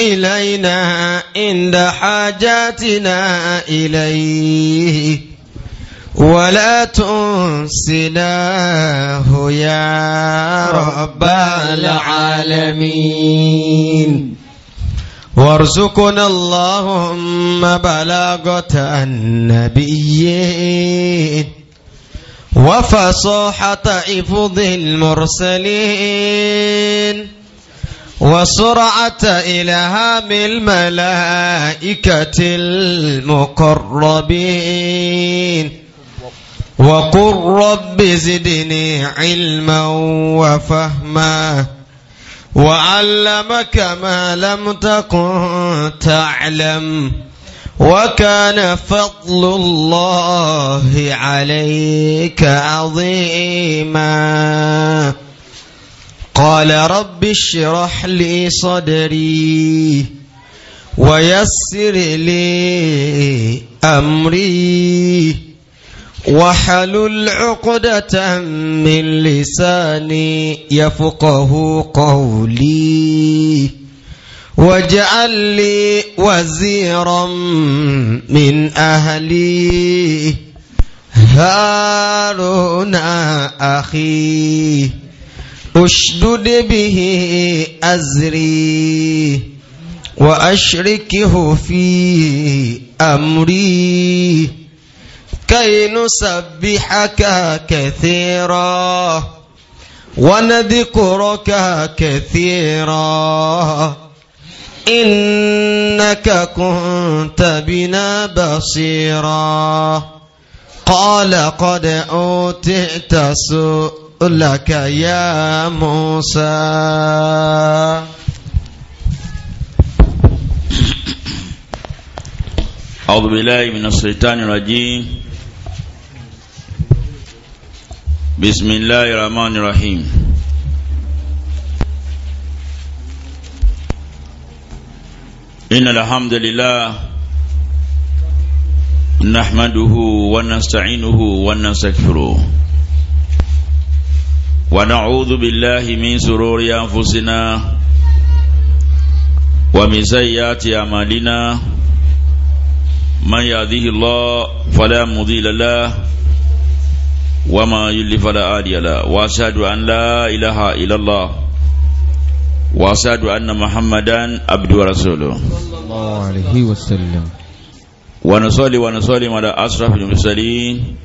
إلينا عند حاجاتنا إليه ولا تنسناه يا رب العالمين وارزقنا اللهم بلاغة النبيين وفصاحة إفض المرسلين وسرعة إلهام الملائكة المقربين وقل رب زدني علما وفهما وعلمك ما لم تكن تعلم وكان فضل الله عليك عظيما قال رب اشرح لي صدري ويسر لي أمري وحلل عقدة من لساني يفقه قولي واجعل لي وزيرا من أهلي هارون أخي اشدد به أزري وأشركه في أمري كي نسبحك كثيرا ونذكرك كثيرا إنك كنت بنا بصيرا قال قد أوتئت سؤالا لك يا موسى أعوذ بالله من الشيطان الرجيم بسم الله الرحمن الرحيم إن الحمد لله نحمده ونستعينه ونستغفره ونعوذ بالله من سرور أنفسنا ومن سيئات أعمالنا من يهده الله فلا مضل له وما يلي فلا هادي له وأشهد أن لا إله إلا الله وأشهد أن محمدا عبد ورسوله صلى الله عليه وسلم ونصلي ونسلم على أشرف المرسلين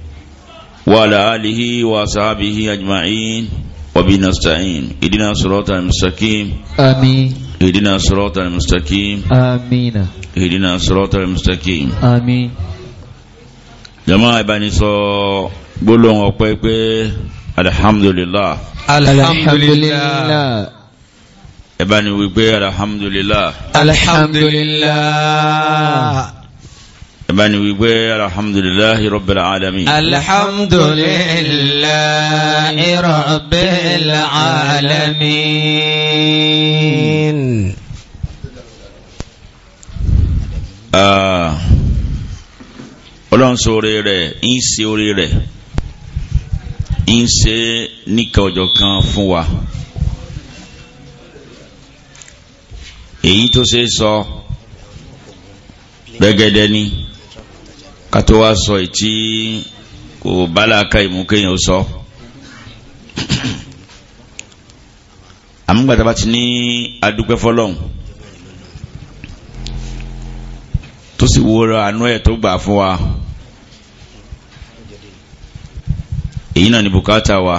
وعلى آله وأصحابه أجمعين وبنستعين إدنا صراط المستقيم آمين إدنا صراط المستقيم آمين إدنا صراط المستقيم آمين جماعة بني صو بلون وقوي الحمد لله الحمد لله ẹ bá ní wípé alhamdulillah alhamdulillah ẹ̀báni wípé alhamdulillahi rabbil alamin. alhamdulillahi rabbil alamin. Ah, ọlọ́run orí rẹ̀ ń ṣe orí rẹ̀ ń ṣe níkà ọjọ́ kan fún wa. èyí tó ṣe sọ gbẹgẹdẹ ni. So, kátó wá sọ ìtí kò bálaka ìmúkéyàn sọ àmúgbàtà bá ti ní adúpẹ́ fọlọ́hún tó sì wúra àánú ẹ̀ tó gbà fún wa èyí náà ni bùkátà wa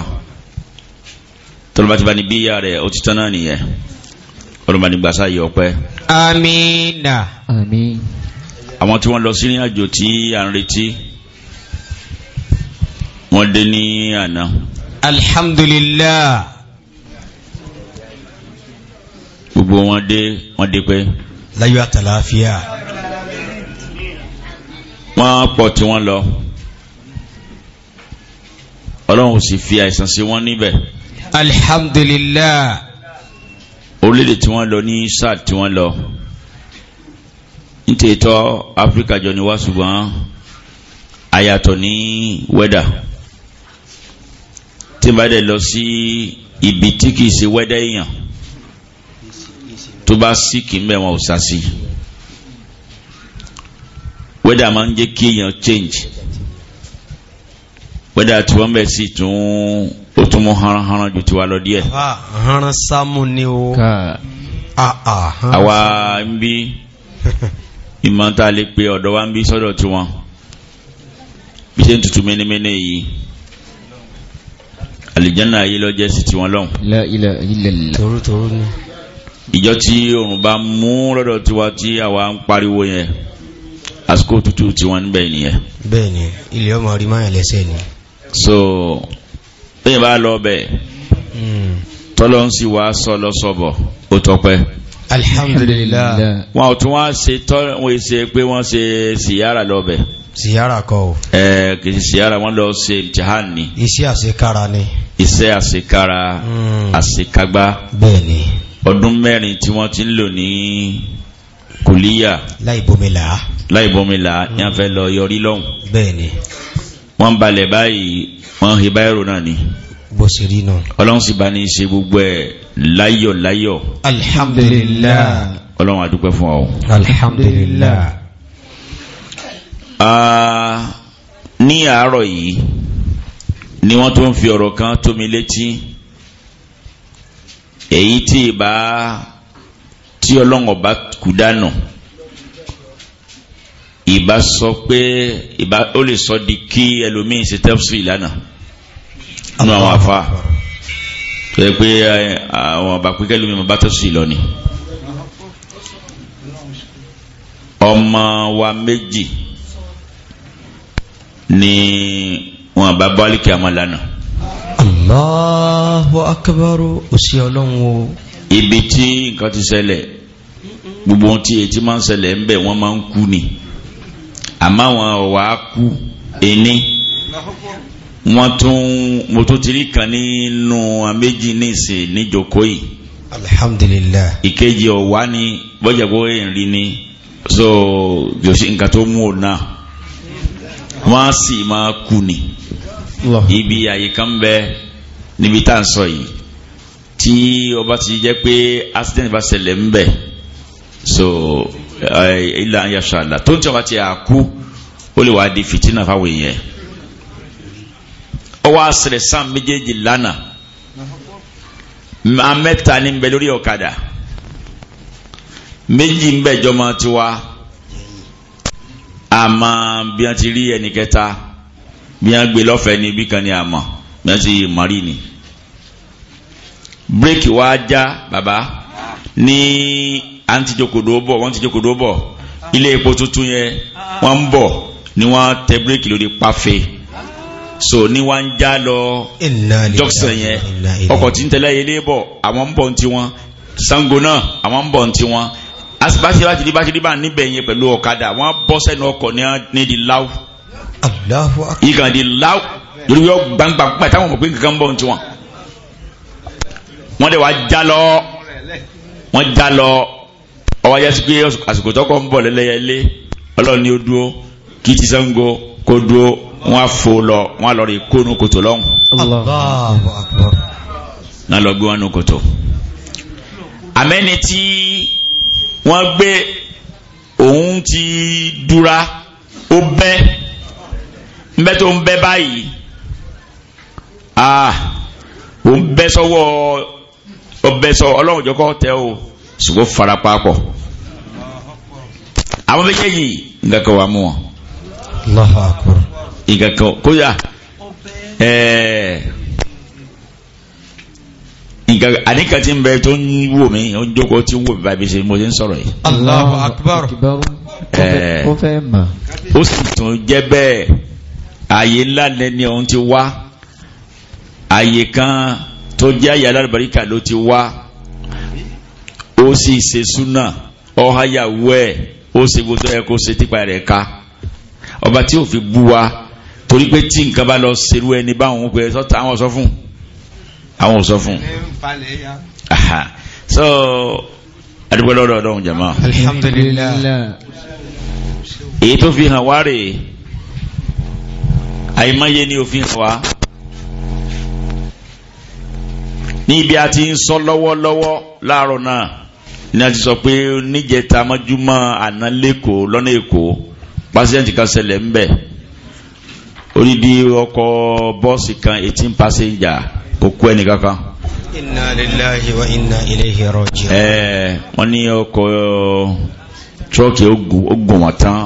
tọ́lọ́bá ti bá ní bíyà rẹ̀ ó ti tán náà nìyẹn ọlọ́mọdé gbàsá yìí ọpẹ́. amiina. amiina àwọn tí wọ́n lọ sí ìrìnàjò tí à ń retí wọ́n dé ní àná. alhamdulillah. gbogbo wọn dé wọn dé pé. láyọ̀ àtàlàáfíà. wọ́n pọ̀ tí wọ́n lọ ọlọ́run sì fi àìsàn sí wọn níbẹ̀. alhamdulillah. orílẹ̀-èdè tí wọ́n lọ ní sáà tí wọ́n lọ ntẹ̀tọ́ Africa jọ ni wá ṣùgbọ́n àyàtọ̀ ní wẹ́dà tí n bá dẹ̀ lọ sí ibi tí kìí ṣe wẹ́dà èèyàn tó bá sí kì í mẹ́wọ̀n ò sá sí wẹ́dà máa ń jẹ́ kí èèyàn change wẹ́dà tí wọ́n bẹ̀ sí tún ó tún mú hánránhánrán ju tiwa lọ díẹ̀. hánrán sámú ni o. Ah, ah, àwa ń bí. ìmọ̀ta lè pe ọ̀dọ̀ wa ń bí sọ́dọ̀ tí wọn bí ṣe ń tutù mẹ́nẹ́mẹ́nẹ́ yìí àlìjánà ayé lọ́jẹ́ sí tiwọn lọ́hùn. tòrú tòrú ni. ìjọ tí oòrùn bá mú lọ́dọ̀ tiwa tí àwa ń pariwo yẹn àsìkò tútù tiwọn níbẹ̀ nìyẹn. bẹ́ẹ̀ ni ilé ọmọ rí máa lẹ́sẹ̀ ni. so bẹ́ẹ̀ bá lọ bẹ́ẹ̀ hmm. tọ́lọ́ ń sì wá sọ lọ́sọ̀bọ̀ ó tọpẹ́ alhamdulillah wọn ò tún wá ṣe tọ́ wọn ṣe pé wọ́n ṣe síyára lọ́bẹ̀ síyára kọ́ o ẹ̀ kì í síyára wọ́n lọ ṣe jahan ni iṣẹ́ àṣekára ni iṣẹ́ àṣekára hmm. àṣekágbá bẹ́ẹ̀ni ọdún mẹ́rin tí wọ́n ti ń lò ní kùlíyà láìbomila láìbomila Ni a fẹ́ lọ yọrí lọ́hùn bẹ́ẹ̀ni wọ́n balẹ̀ báyìí wọ́n hibáyìrò náà ni bó ṣe ọlọ́run sì bá ní í ṣe gbogbo ẹ̀ láyọ̀ láyọ̀. alhamdulillah. ọlọ́run àdúpẹ́ fún ọ. alhamdulillah. Ah, ní àárọ̀ yìí ni wọ́n tó ń fi ọ̀rọ̀ kan tó mi létí èyí tí ìbá tí ọlọ́run ọba kú dànù ìbá sọ pé ìbá ó lè sọ di kí ẹlòmíín ṣe tẹ́pùsì ìlànà nínú àwọn afa tó yẹ pé àwọn àbàpíkẹ́ lómi ọmọ bá tọ́ sí lọ ni ọmọ wa méjì ni wọn bá bọ́ọ̀lìkì àmọ́ lánàá. Allahu akbar òsì ọlọ́run o. ibi tí nǹkan ti ṣẹlẹ̀ gbogbo ohun tí etí máa ń ṣẹlẹ̀ ń bẹ̀ wọ́n máa ń kú ni àmọ́ àwọn ọ̀wá kú ẹni wọ́n tún mo tún ti rí kan nínú àméjì nísìn níjòkó yìí. alhamdulillah. ìkejì ọ̀wá ni bọ́jà kó rí ni so yòsí nǹkan tó mú òun náà wọ́n á sì máa kú ni ibi àyíká ń bẹ níbi tá à ń sọ yìí tí ọba ti jẹ́ pé accident bá ṣẹlẹ̀ ń bẹ so ilà ń yàtọ̀ àlà tó ń tí ọba ti àkú ó lè wá di fìtínà fáwọn èèyàn ọwọ́ àṣẹlẹ̀ sáà méjèèjì lánàá máa mẹ́ta ní bẹ lórí ọ̀kadà méjì ń bẹ jọmọ tiwa àmọ́ bí wọ́n ti rí ẹnì kẹta bí wọ́n gbé lọ́fẹ̀ẹ́ ní ibi kan ní àmọ́ bí wọ́n ti mọ̀rí ni bírèkì wa já bàbá ní à ń ti jòkòdó bọ̀ wọ́n ti jòkòdó bọ̀ ilé epo tuntun yẹn wọ́n ń ni wọ́n tẹ bírèkì lórí pàfẹ́ so ní wá ń já lọ jọ́sẹ̀ yẹn ọkọ̀ tí ń tẹ̀lé ilé bọ̀ àwọn ń bọ̀ ń tiwọn sango náà àwọn ń bọ̀ ń tiwọn asibasi bá ti di bá ti di bá níbẹ̀ yẹn pẹ̀lú ọ̀kadà wọ́n bọ́ sẹ́nu ọkọ̀ ní di láwù ìkàn di láwù lórí yọ gbangba pẹ̀ táwọn ọmọ pé nǹkan ń bọ̀ ń tiwọn wọ́n dẹ̀ wá já lọ wọ́n já lọ ọwọ́ yẹn pé àsìkò tọkọ ń bọ̀ lẹ́lẹ́yẹlé ọlọ́ni ó dúró kí ti sango kó dúró wọn á fò lọ wọn á lọ rí kónú kòtò lọ́hùn. Allahu Akbar. náà lọ gbé wọn nù kòtò. àmẹ́ni wọ́n gbé òun ti dúra ó bẹ́ nbẹ́ tó ń bẹ́ báyìí ah òun bẹ́ sọ́wọ́ ọbẹ̀ sọ ọlọ́run jọkọ́ tẹ o ṣùgbọ́n farapa pọ̀ àwọn méjèèjì nǹkan kan wà mú wọn. Allahu Akbar ìkàkọ̀ kóyà ìkàkọ̀ àníkà tí ń bẹ tó ń wò mí ó jókòó tí wò mí báyìí ṣe mo ṣe ń sọ̀rọ̀ yìí Allahu Akbar ó eh, sì tún jẹ́ bẹ́ẹ̀ ààyè ńlá lẹ́ni ọ̀hún ti wá ààyè kan tó jẹ́ àyè alárìbáríkà ló ti wá ó sì ṣe súnà ọ̀háyàwó ẹ̀ ó ṣe gbogbo ẹ̀ kó ṣe típa rẹ̀ ká ọba tí ò fi bú wa torí pé tí nǹkan bá lọ serú ẹni báwọn pé sọ́tà àwọn sọ fún àwọn sọ fún. so adúgbò lọ́dọ̀ ọ̀dọ́hùn jama. alhamdulilayi. èyí tó fi hàn wá rèé àìmọye ni òfin hàn wá ní ibi a ti ń sọ lọ́wọ́lọ́wọ́ láàárọ̀ náà ni a ti sọ pé níjẹta mọ́júmọ́ àná lẹ́kọ̀ọ́ lọ́nà èkó pásídẹ̀ntì kan ṣẹlẹ̀ ń bẹ̀ onídi ọkọ̀ bọ́ọ̀sì kan eighteen passenger kò kú ẹnìkan kan. inna lillahi wa inna ilayhi raji'un. ẹẹ wọn ní ọkọ̀ tírọ́ọ̀kì ogun wọn tán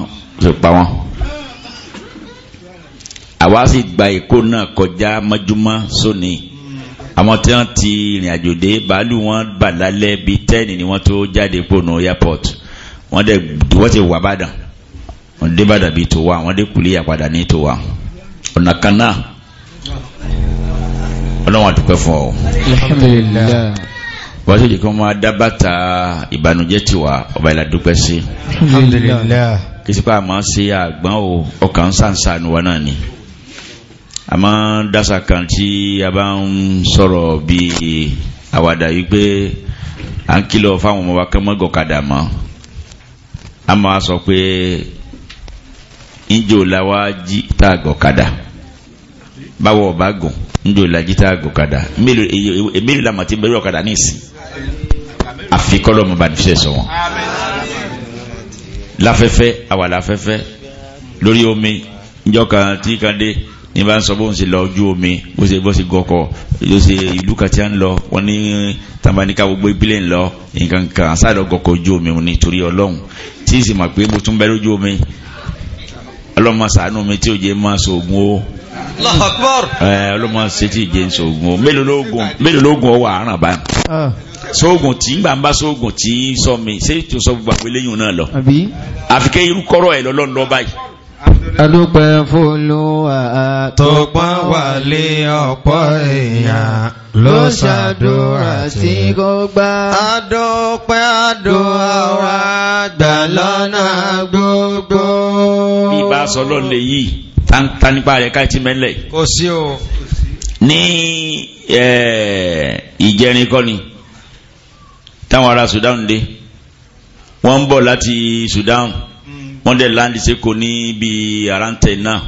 ló pa wọn. àwa sì gba èkó náà kọjá mọ́júmọ́ sóni àwọn tí wọ́n ti ìrìn àjò dé bàálù wọn bà bíi tẹ́ẹ̀nì ni wọ́n tó jáde pònú airport wọ́n dẹ̀ wọ́n ti wà bàdàn wọ́n dé bàdà bíi tó wa wọ́n dé kùlé àpàdà ní tó wa ọ̀nà kan náà ọlọ́wọ́n àdúpẹ́ fún ọ. alhamdulilayi. wọ́n ṣe jẹ́ kí wọ́n máa dá bàtà ìbànújẹ́ tiwa ọba ìlà dúpẹ́ sí. alhamdulilayi. kí àmọ́ ṣe àgbọ̀n o ọkàn sàǹsàánú wa náà ni àmọ́ dasa kan tí a bá ń sọ̀rọ̀ bíi àwàdà yìí pé à ń kìlọ̀ fáwọn ọmọ wa kí wọ́n mọ́gọ̀kadà mọ́ a máa sọ pé njó la wá jí tá a gọ̀ kadà báwo ọba gùn njó la jí tá a gọ̀ mélòó la mọ̀ tí bẹ́ẹ̀ ọ̀kadà ní ìsìn àfi kọ́lọ́ mọ̀ bá ní fẹ́ sọ wọn. láfẹ́fẹ́ àwa láfẹ́fẹ́ lórí omi njọ́ kan tí kan dé ní bá ń sọ bóun ṣe lọ ojú omi bó ṣe bó ṣe gọkọ yóò ṣe ìlú kan tí ń lọ wọn ní tàbáníkà gbogbo ìbílẹ̀ ń lọ nǹkan kan sáàdọ̀ gọkọ ojú omi ní ọlọ́run tí ì sì mọ̀ pé mo tún bẹ lójú omi ọlọ́mọ sàánú mi tí ò jẹ́ máa sògùn o Allahu Akbar ọlọ́mọ sẹ́tì jẹ́ sògùn o mélòó lóògùn ọwọ́ àárọ̀ báyìí tí ń gbà ń bá sóògùn tí ń sọ mi ṣé tó sọ gbogbo àwọn eléyìí náà lọ àfikẹ́ irú kọ́rọ̀ ẹ̀ lọ́lọ́ńdọ́ báyìí adúpẹ́ fólúwà tó wálé ọ̀pọ̀ èèyàn ló ṣàdúrà tí kò gbà adúpẹ́ àdúrà wa gbà lọ́nà gbogbo bá sọ lọ́lẹ̀ yìí tá nípa rẹ̀ káàtì mẹ́lẹ̀. kò sí o. ní ìjẹrin kọ́ni táwọn ará Sudan dé wọ́n ń bọ̀ láti Sudan wọ́n dẹ̀ láǹdì sẹ́kọ̀ọ́ níbi àrántẹ̀ náà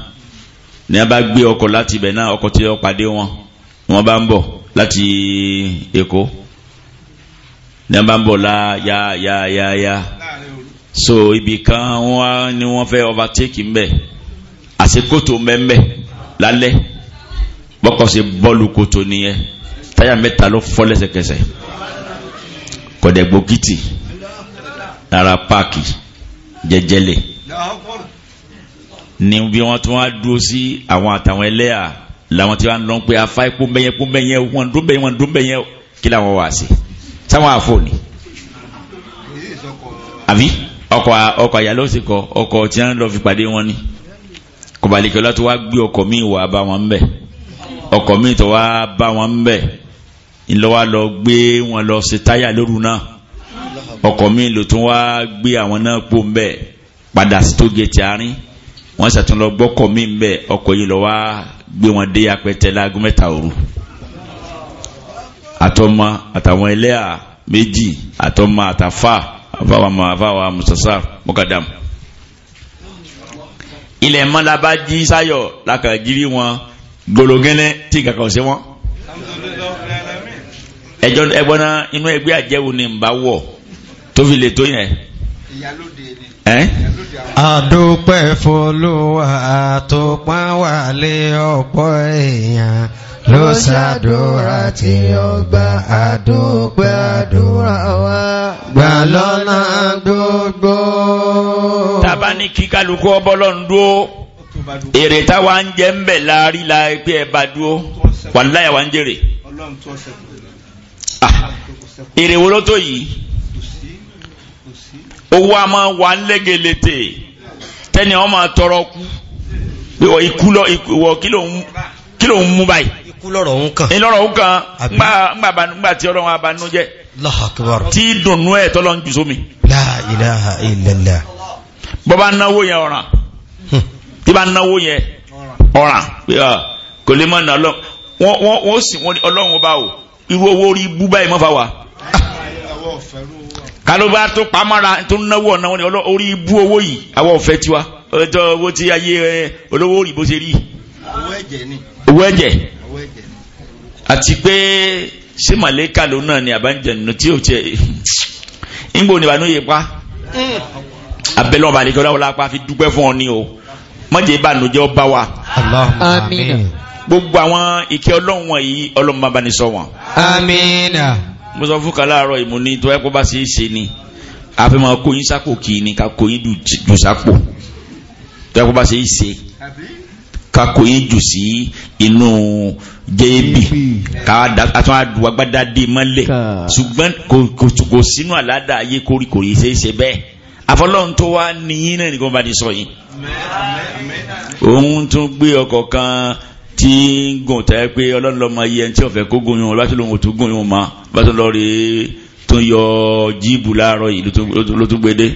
ní a bá gbé ọkọ̀ láti ibẹ̀ náà ọkọ̀ tí ó pàdé wọn wọ́n bá ń bọ̀ láti Èkó ní a bá ń bọ̀ lá so ibì kan wọn ni wọn fẹ́ overtake ń bẹ àti kótó mbẹmbẹ lálẹ́ bọkọsí bọ́ọ̀lù kótó nìyẹn táyà mẹ́ta ló fọ́ lẹ́sẹ̀kẹsẹ̀ kọdẹgbòkìtì lára páàkì jẹjẹlẹ ní bí wọn tún wá dúró sí àwọn àtàwọn ẹlẹ́yà làwọn tí wọn lọ pé afá ikú mbẹyẹ ikú mbẹyẹ wọn dún bẹyẹ wọn dún bẹyẹ kí làwọn wà sí sáwọn àfọ ni àbí ọkọ̀ ọkọ̀ àyà ló sì kọ ọkọ̀ tí wọ́n lọ fi pàdé wọn ni kọ̀bàlìkẹ́ ọlá tó wá gbé ọkọ̀ míì wá bá wọn bẹ̀ ọkọ̀ míì tó wá bá wọn bẹ̀ ńlọ́wọ́ lọ gbé wọn lọ sí táyà lóru náà ọkọ̀ míì ló tún wá gbé àwọn náà pò ń bẹ̀ padà sí tó àárín wọ́n ṣàtún lọ gbọ́kọ̀ míì ń bẹ̀ ọkọ̀ yìí lọ wá gbé wọn dé apẹtẹ láago mẹ́ta òru àtọmọ àtàwọn ẹlẹ́à méjì àtọmọ àtàfà àfàwà mọ àfàwà mùsàsà mọkàdàm. ilẹ̀ mọ́lábá jí sáyọ̀ làkà jírí wọn gbologẹ́nẹ́ tí kàkà ṣe wọn. ẹjọ́ ẹgbọ́n náà inú ẹgbẹ́ àjẹwò ni ń bá wọ̀ tó fi lè Àdúpẹ́ eh? folúwa tó pán wà lé ọ̀pọ̀ èèyàn ló ṣàdúrà tí ọgbà àdúpẹ́ àdúrà wa gbà lọ́nà gbogbo. Tàbá ní kí kálukú ọbọ́lọ́run dúó, èrè táwa ń jẹ ń bẹ̀ láàrí la ẹgbẹ́ ẹ bá dúó, wàláyà wa ń jèrè. Ah, èrè wo ló tó yìí? owó a máa wà ńlẹ́gẹ̀lẹ́tẹ̀ tẹ́ni àwọn máa tọrọ kú ikú lọ ìwọ kí ló ń mú báyìí. ikú lọ́rọ̀ òun kan. ìlọ́rọ̀ òun kan ngbà tí ọlọ́run abanújẹ́. Allahu tí dùnú ẹ̀ tọ́lọ́ ń jù sómi. bọ́bá náwó yẹn ọ̀ràn hmm. tí bá náwó yẹn ọ̀ràn ah, kò lè mọ̀ wọ́n sì wọ́n ọlọ́run ọba o irú owó rí bú báyìí mọ́fà ah. wa. kálóbá tó pamọ́ra tó náwó ọ̀nà wọn ni orí ibú owó yìí àwọn ọ̀fẹ́ tiwa ọjọ́ owó tí ayé olówó rí bó ṣe rí owó ẹ̀jẹ̀ àti pé ṣé màlẹ́kà ló náà ni àbájáde tí ò tiẹ̀ ńgbò ní ìbànú yìí pa eh. abẹ́lẹ́ ọba àlejò ọlọ́wọ́ lápá fi dúpẹ́ fún ọ ní o mọ̀jẹ̀ ìbànújẹ́ bá wa. àmín. gbogbo àwọn ìkẹ́ ọlọ́run wọ̀nyí ọlọ́run bá bá ní sọ wọn. àmín mo sọ fún kan láàárọ̀ ìmú ni tó ẹ kó bá ṣe é ṣe ni àfi máa kó yín sápò kì í ni ká kó yín jù sápò tó ẹ kó bá ṣe é ṣe ká kó yín jù sí inú jẹ́ẹ́bì ká àtún àdùwágbádá dé mọ́lẹ̀ ṣùgbọ́n kò sínú àládà ayé kórìkòrì ṣe é ṣe bẹ́ẹ̀ àfọlọ́run tó wá níyín náà nìkan bá ti sọ yín òun tún gbé ọkọ̀ kan tí ń gùn tẹ́ pé ọlọ́run lọ́mọ iye ẹni tí wọ́n fẹ́ kó gùn yún ọlọ́run lòun ò tún gùn yún ma bá tó lọ rí tó yọ jíìbù láàárọ̀ yìí ló tún gbédé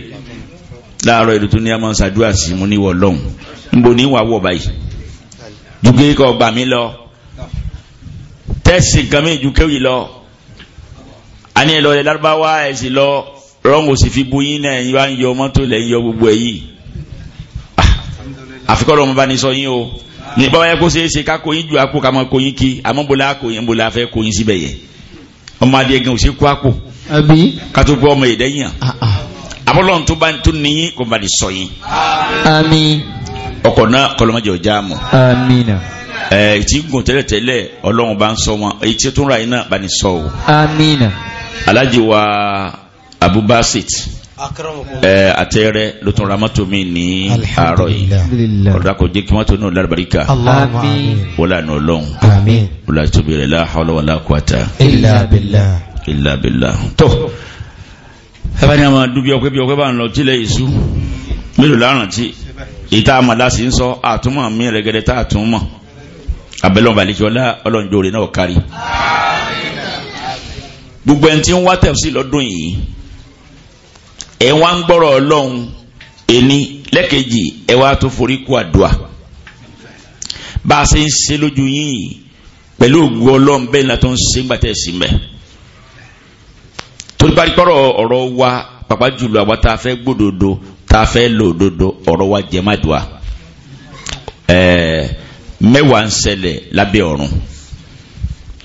láàárọ̀ yìí ló tún ní àmọ́ ṣàdúrà sí mu níwọ̀ lọ́hùn níbo ní wàá wọ̀ báyìí dùgbé kọ bà mí lọ tẹ́sì nǹkan mi ju kéwì lọ àní ẹ̀ lárúbáwá ẹ̀ sì lọ rọ́ǹgò sì fi bu yín náà ẹ̀ ah, yín o ní bàbá yẹ kó ṣe é ṣe ká kóyin ju àpò ká máa kóyin kí àmọ́ bọ́lá kóyin bọ́lá fẹ́ kóyin síbẹ̀ yẹ ọmọ adìẹ gan ò ṣe kó àpò kátó gbọ́ ọmọ èdè yàn ah, ah. àbọ̀lọ́n tó bá tó níyìn kó bá lè sọ ọkọ̀ náà kọlọ́mọdé ọjà mọ̀. na. ẹ ti gùn tẹ́lẹ̀tẹ́lẹ̀ ọlọ́run bá ń sọ wọn èyí tí tó ń ra yín náà bá ní sọ o. alájí wa abubasit àtẹ́rẹ́ ló tún ra mọ́tò mi ní àárọ̀ yìí ọ̀dọ́kọ̀ jẹ́ kí mọ́tò náà lárúbaríkà wọ́n la hawla wala kuata. illa billah illa billah tó ẹbá ní a máa dúbí ọpẹ́ bí Isu. bá ń lọ Ita ìṣú mélòó atuma mi rẹ̀gẹ̀dẹ̀ tá àtúmọ̀ abẹ́lọ́n balikiola ọlọ́njọ́ rẹ̀ náà kárí gbogbo ẹni tí ń wá tẹ̀sí ẹ wá ń gbọ́rọ̀ ọlọ́run ẹni lẹ́kẹ̀jì ẹ wá tó forí kú àdúà bá a ṣe ń ṣe lójú yín pẹ̀lú ògùn ọlọ́run bẹ́ẹ̀ náà tó ń ṣe gbàtẹ́ sí mẹ́ torí bá gbọ́rọ̀ ọ̀rọ̀ wa pàpà jùlọ àwa tá a fẹ́ gbódodo tá a fẹ́ lò òdodo ọ̀rọ̀ wa jẹ́ má dùà mẹ́wàá ń ṣẹlẹ̀ lábẹ́ ọ̀run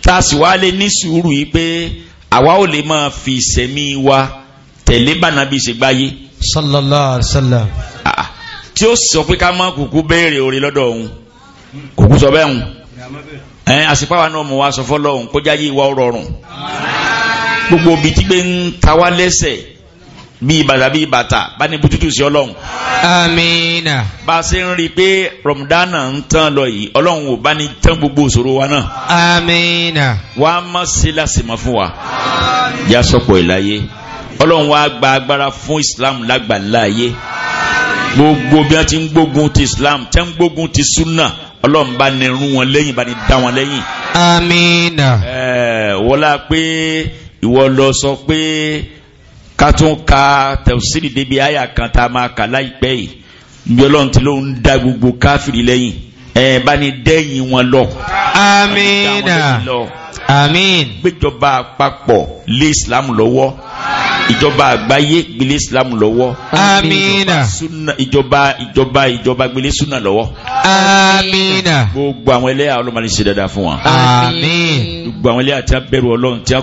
tá a sì wá lé ní sùúrù yìí pé àwa ò lè máa fi ìṣẹ̀mí wa tẹ̀lé bànàbí ìṣègbáyé. sallallahu alaihi wasallam. Ah, tí ó sọ pé ká má kúkú béèrè oore lọ́dọ̀ òun kúkú sọ bẹ́ẹ̀ hùn. ẹ̀ àsìpáwa náà mo wá sọ fọlọ́hún kó jáyé ìwà ọ̀rọ̀rùn. gbogbo bíi tí gbé ń ta wá lẹ́sẹ̀ bíi bàtà bíi bàtà bá ní bututu sí ọlọ́run. amiina. bá a ṣe ń rí i pé rọmdánà ń tán lọ yìí ọlọ́run ò bá ní tán gbogbo òṣòro wa náà. amiina. wàá má ṣe lásìmọ́ fún wa. yasọ̀pọ̀ ìláyé ọlọ́run wa gba agbára fún islam lágbàláyé gbogbo bí wọ́n ti ń gbógun ti islam tẹ́ ń gbógun ti sunna ọlọ́run bá ní rún wọn lẹ́yìn bá ní dá wọn lẹ́yìn. amina. ẹẹ eh, wọlá pé ìwọ lọ sọ pé ká tún ka tẹ̀síìrì débi àyà kan tá a máa kà láìpẹ́ yìí bí ọlọ́run ti ló da gbogbo káfìrí lẹ́yìn ẹ eh, bá ní dẹ́yìn wọn lọ. amina amin. gbẹjọba àpapọ̀ lé islam lọ́wọ́ ìjọba àgbáyé gbélé islam lọ́wọ́. amiina. ìjọba ìjọba ìjọba gbélé sunna lọ́wọ́ amina. gbogbo àwọn ẹlẹ́yà ọlọ́mọdé ṣe dáadáa fún wa. àmín. gbogbo àwọn ẹlẹ́yà tí a bẹ̀rù ọlọ́run tí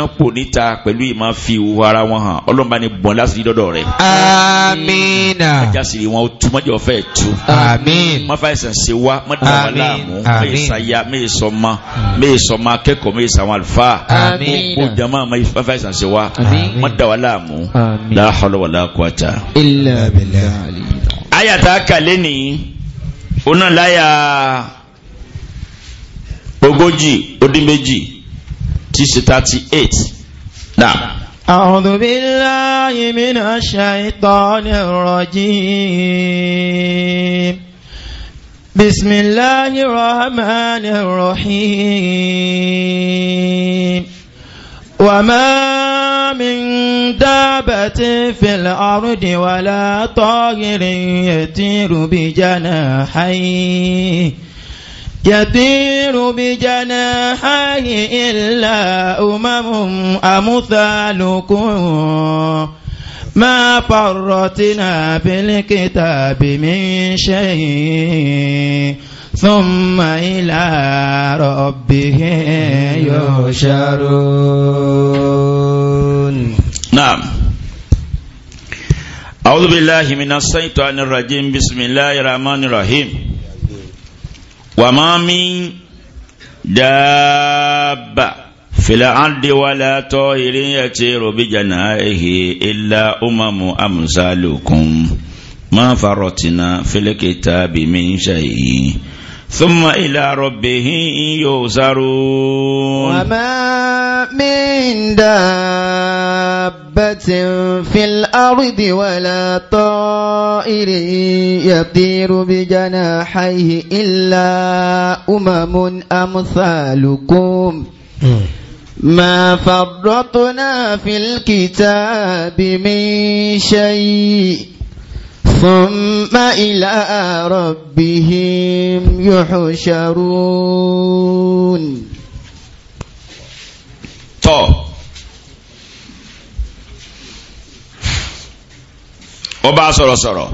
a kò níta pẹ̀lú ìmọ̀ fi wo ara wọn hàn ọlọ́mọba ni bọ̀n láti dọ́dọ̀ rẹ̀. amina. ajá siri wọn o tu mọ́jọ́ fẹ́ tu. àmín. má fa ẹsẹ̀ ṣe wa má dùn wọn láàmú. àmín. mẹ́yẹ sáyà mẹ́yẹ sọmọ mẹ́yẹ sọmọ akẹ́kọ̀ọ́ mẹ́yẹ sàwọn àlùfáà. àmín. gbogbo jama má má dà wọn láàmú. la hawla wala quwwata. illa billah. ayata ona láyà ogójì ó dín méjì tí ṣe thirty eight náà. أعوذ بالله من الشيطان الرجيم بسم الله الرحمن الرحيم وما دابة في الأرض ولا طائر يطير بجناحيه يطير بجناحيه إلا أمم أمثالكم ما فرطنا في الكتاب من شيء ثم إلى ربه يشارون نعم أعوذ بالله من الشيطان الرجيم بسم الله الرحمن الرحيم وما من دابة في الأرض ولا طائر يطير بجناحه إلا أمم أمثالكم ما فرطنا في الكتاب من شيء ثم إلى ربه يوزرون وما من دابة في الأرض ولا طائر يطير بجناحيه إلا أمم أمثالكم ما فرطنا في الكتاب من شيء ثم إلى ربهم يحشرون tọ́ ọba sọ̀rọ̀sọ̀rọ̀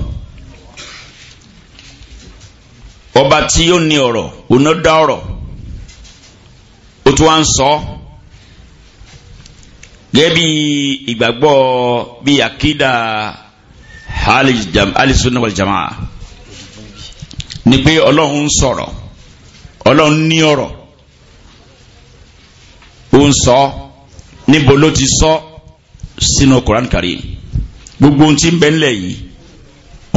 ọba tí ó ní ọ̀rọ̀ òná dá ọ̀rọ̀ ó tún wá ń sọ gẹ́gẹ́ bí ìgbàgbọ́ bí àkídà alisunna wal jamaa ni pé ọlọ́run ń sọ̀rọ̀ ọlọ́run ní ọ̀rọ̀ ó ń sọ níbo ló ti sọ sínú Quran Karim gbogbo ohun tí ń bẹ ńlẹ̀ yìí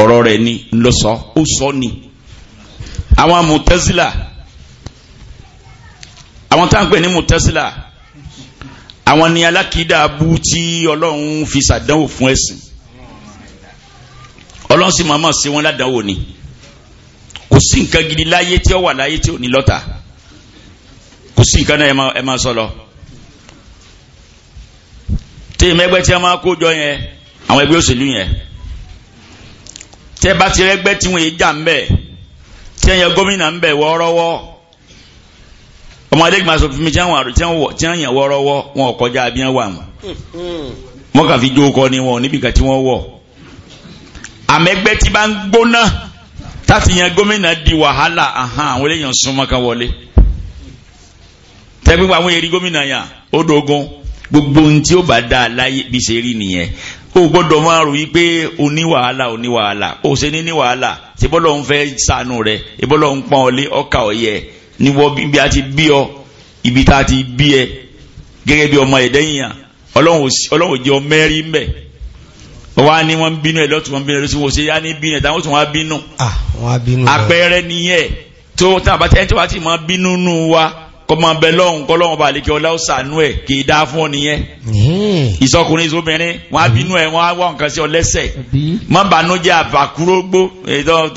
ọ̀rọ̀ rẹ̀ ni ló sọ ó sọ ni àwọn mutazila àwọn tá à ń pè ní mutazila àwọn ni alákìídà abú tí ọlọ́run fi ṣàdánwò fún ẹ̀sìn ọlọ́run sì máa wọn ládàáwò ni kò sí nǹkan gidi láyé tí ó wà láyé tí ò ní kò sí nǹkan náà ẹ máa sọ lọ. tí ìmẹ́gbẹ́ tí a máa kó jọ yẹn àwọn ẹgbẹ́ òṣèlú yẹn bá ti tí tí gómìnà ń bẹ̀ wọ́ọ́rọ́wọ́ ọmọ fún mi tí wọ́n yàn wọ́ọ́rọ́wọ́ wọn ò kọjá fi ni wọn ò níbi àmẹ́gbẹ́ tí bá ń gbóná láti yan gómìnà di wàhálà àhán àwọn eléyàn súnmọ́ kan wọlé tẹ́gbẹ́pọ̀ àwọn èrì gómìnà yàn ó dogun gbogbo ohun tí ó bá dá a láyé bí ṣe rí nìyẹn o gbọ́dọ̀ máa rò wípé o ní wàhálà o ní wàhálà o ṣe ní ní wàhálà ṣe bọ́lọ̀ ń fẹ́ sànù rẹ̀ ṣe ń pọ́n ọlé ọkà ọ̀yẹ́ níwọ̀ ibi a ti bí ọ ibi tá ti bí ẹ gẹ́gẹ́ bí ọmọ ẹ̀dẹ́yìn yàn ọlọ́run ò jẹ́ ọmọ ẹ̀rí mbẹ́ wọ́n á ní wọ́n bínú ẹ̀ lọ́tún wọ́n bínú ẹ̀ lọ́tún wọ́n ṣe yá ní bínú ẹ̀ táwọn tún wọ́n á bínú. àpẹẹrẹ nìyẹn tó tá a bá tẹ́ni tó bá ti máa bínú nù wa kọ́ máa bẹ lọ́hùn kọ́ lọ́hùn bá lè kí ọlá ó sànú ẹ̀ kì í dáa fún ọ nìyẹn. ìsọkùnrin ìsọmọbìnrin wọ́n bínú ẹ̀ wọ́n á nǹkan sí ọ lẹ́sẹ̀ má bànújẹ́ àbàkúrógbó ètò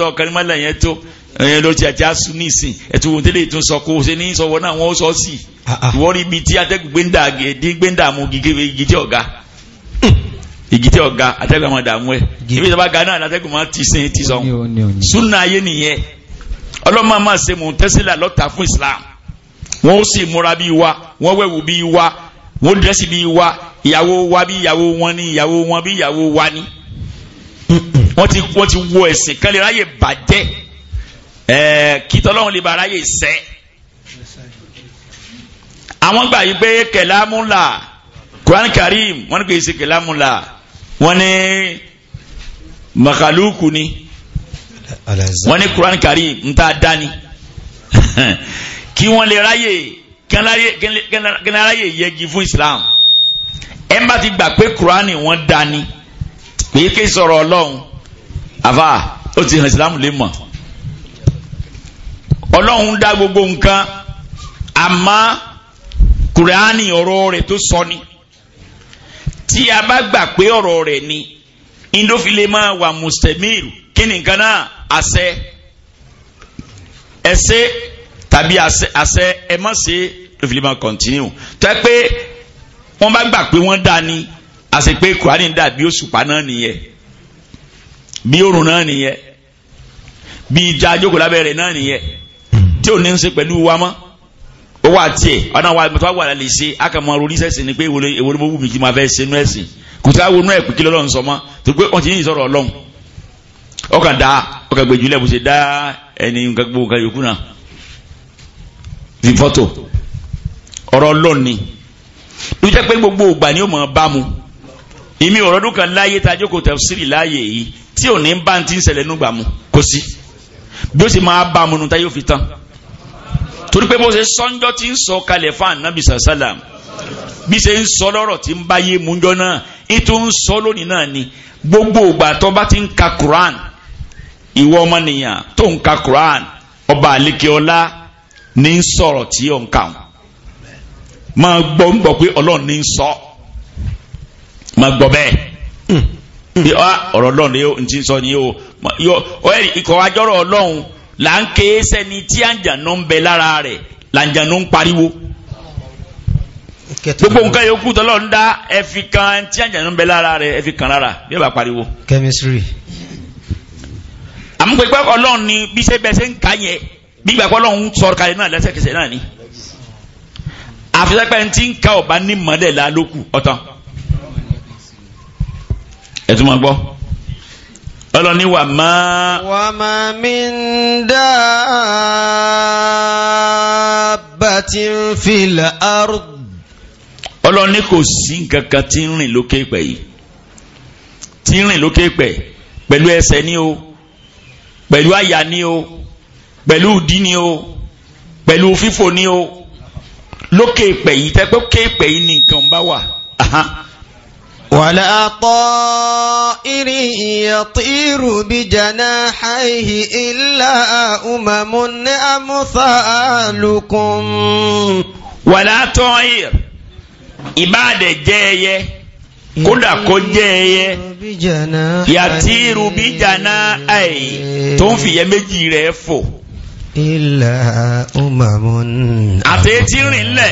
igi tí ọ̀ga atẹ́gùn àwọn ìdààmú ẹ̀ ibi ìjọba ga náà atẹ́gùn máa ti sin ti sọ súnà ayé nìyẹn ọlọ́mọ máa ṣe mò ń tẹ́sílà lọ́ta fún Islam wọ́n ó sì múra bí wa wọ́n wẹ̀wù bí wa wọ́n dẹ́sì bí wa ìyàwó wa bí ìyàwó wọn ni ìyàwó wọn bí ìyàwó wa ni wọ́n ti wọ́n ti wọ ẹ̀sìn kan lè ráyè bàjẹ́ ẹ̀ẹ́ kí tọ́lọ́run lè ba ráyè sẹ́ àwọn gbà yí pé kẹlámúlà Quran Karim wọn kì í ṣe kẹlámù la wọn ní makaluku ni wọn ní Quran Karim ń ta dání kí wọn lè ráyè kí wọn ráyè yẹgi fún Islam ẹ bá ti gbà pé Quran wọn dání pé kí sọ̀rọ̀ Ọlọ́run àfà ó ti hàn Islam lè mọ̀ Ọlọ́run dá gbogbo nǹkan àmọ́ kùránì ọ̀rọ̀ rẹ̀ tó sọ ni tí a bá gbà pé ọ̀rọ̀ rẹ̀ ni indófilé máa wà mùsùlùmí kí ni nǹkan náà àṣẹ ẹsẹ tàbí àṣẹ ẹ má ṣe lófilé máa kọ̀ntínú tó yẹ pé wọ́n bá gbà pé wọ́n dá ni àṣẹ pé kùránì dà bí òṣùpá náà nìyẹn bí òrùn náà nìyẹn bí ìjà àjókòó lábẹ́rẹ́ náà nìyẹn tí ò ní ń ṣe pẹ̀lú wa mọ́ ó wà tiẹ̀ ọ̀nà wa tó wà lálẹ́ ṣe akamọ̀ oníṣẹ́sì ni pé ìwòlò mo wù mí kí ma fẹ́ ṣe nú ẹ̀sìn kò sí àwọn onú ẹ̀ pé kí lọ́lọ́run sọ mọ́ torí pé wọ́n ti ní ìsọ̀rọ̀ ọlọ́run ọkàn dá ọkàn gbèjú lẹ́bù ṣe dá ẹni nǹkan gbogbo nǹkan yòókù náà fi fọ́tò ọ̀rọ̀ ọlọ́run ni ló jẹ́ pé gbogbo ògbà ni ó mọ̀ bá mu ìmí ọ̀rọ̀ ọdún mu kò torí pé bó ṣe sọ́njọ́ ti ń sọ kalẹ̀ fún anabi sàlám bí ṣe ń sọ lọ́rọ̀ tí ń múnjọ́ náà ètò ń sọ ni gbogbo ìgbà tó bá ti ń ka Quran ìwọ ọmọnìyàn tó ń ka Quran ọba àlekeọlá ní ń sọ̀rọ̀ tí ó ń kà wọ́n máa gbọ́ ń gbọ́ pé ọlọ́run ní ń sọ máa gbọ́ bẹ́ẹ̀ hmm. Hmm. Ah, ọ̀rọ̀ ọlọ́run ní ti o là ń ké sẹ́ni tí àǹjànú ń bẹ lára rẹ̀ làǹjànú ń pariwo gbogbo nǹkan yòókù tọ́lọ́ ń dá ẹ fi kan tí àǹjànú ń bẹ lára rẹ̀ ẹ fi kan lára bí ẹ bá pariwo. chemistry. àmúpẹ́ pẹ́ ọlọ́run ni bí ṣe bẹ́ẹ̀ ṣe ń kà yẹn bí ìgbà pé ọlọ́run sọ̀rọ̀ kalẹ̀ náà lẹ́sẹ̀kẹsẹ̀ náà ni àfisẹ́pẹ́ ti ń ka ọ̀bá ní mọ́lẹ̀ la lókù ọ̀tán ẹ̀tún máa gbọ́ ọlọ́ni wà má. wà má min dabbatin fil ard. ọlọ́ni kò sí nǹkan kan tí ń rìn lókè pẹ̀ yìí tí ń rìn lókè pẹ̀ pẹ̀lú ẹsẹ̀ ni o pẹ̀lú àyà ni o pẹ̀lú ìdí ni o pẹ̀lú fífò ni o lókè pẹ̀ yìí tẹ́ pé yìí ni nǹkan bá wà. Aha. ولا طائر يطير بجناحيه إلا أمم أمثالكم ولا طائر إبادة jẹ́ ẹyẹ kódà kó jẹ́ ẹyẹ yàtìrù bíjàná àì tó ń fìyẹ́ méjì rẹ̀ fò àtẹ̀ẹ́tì rìnlẹ̀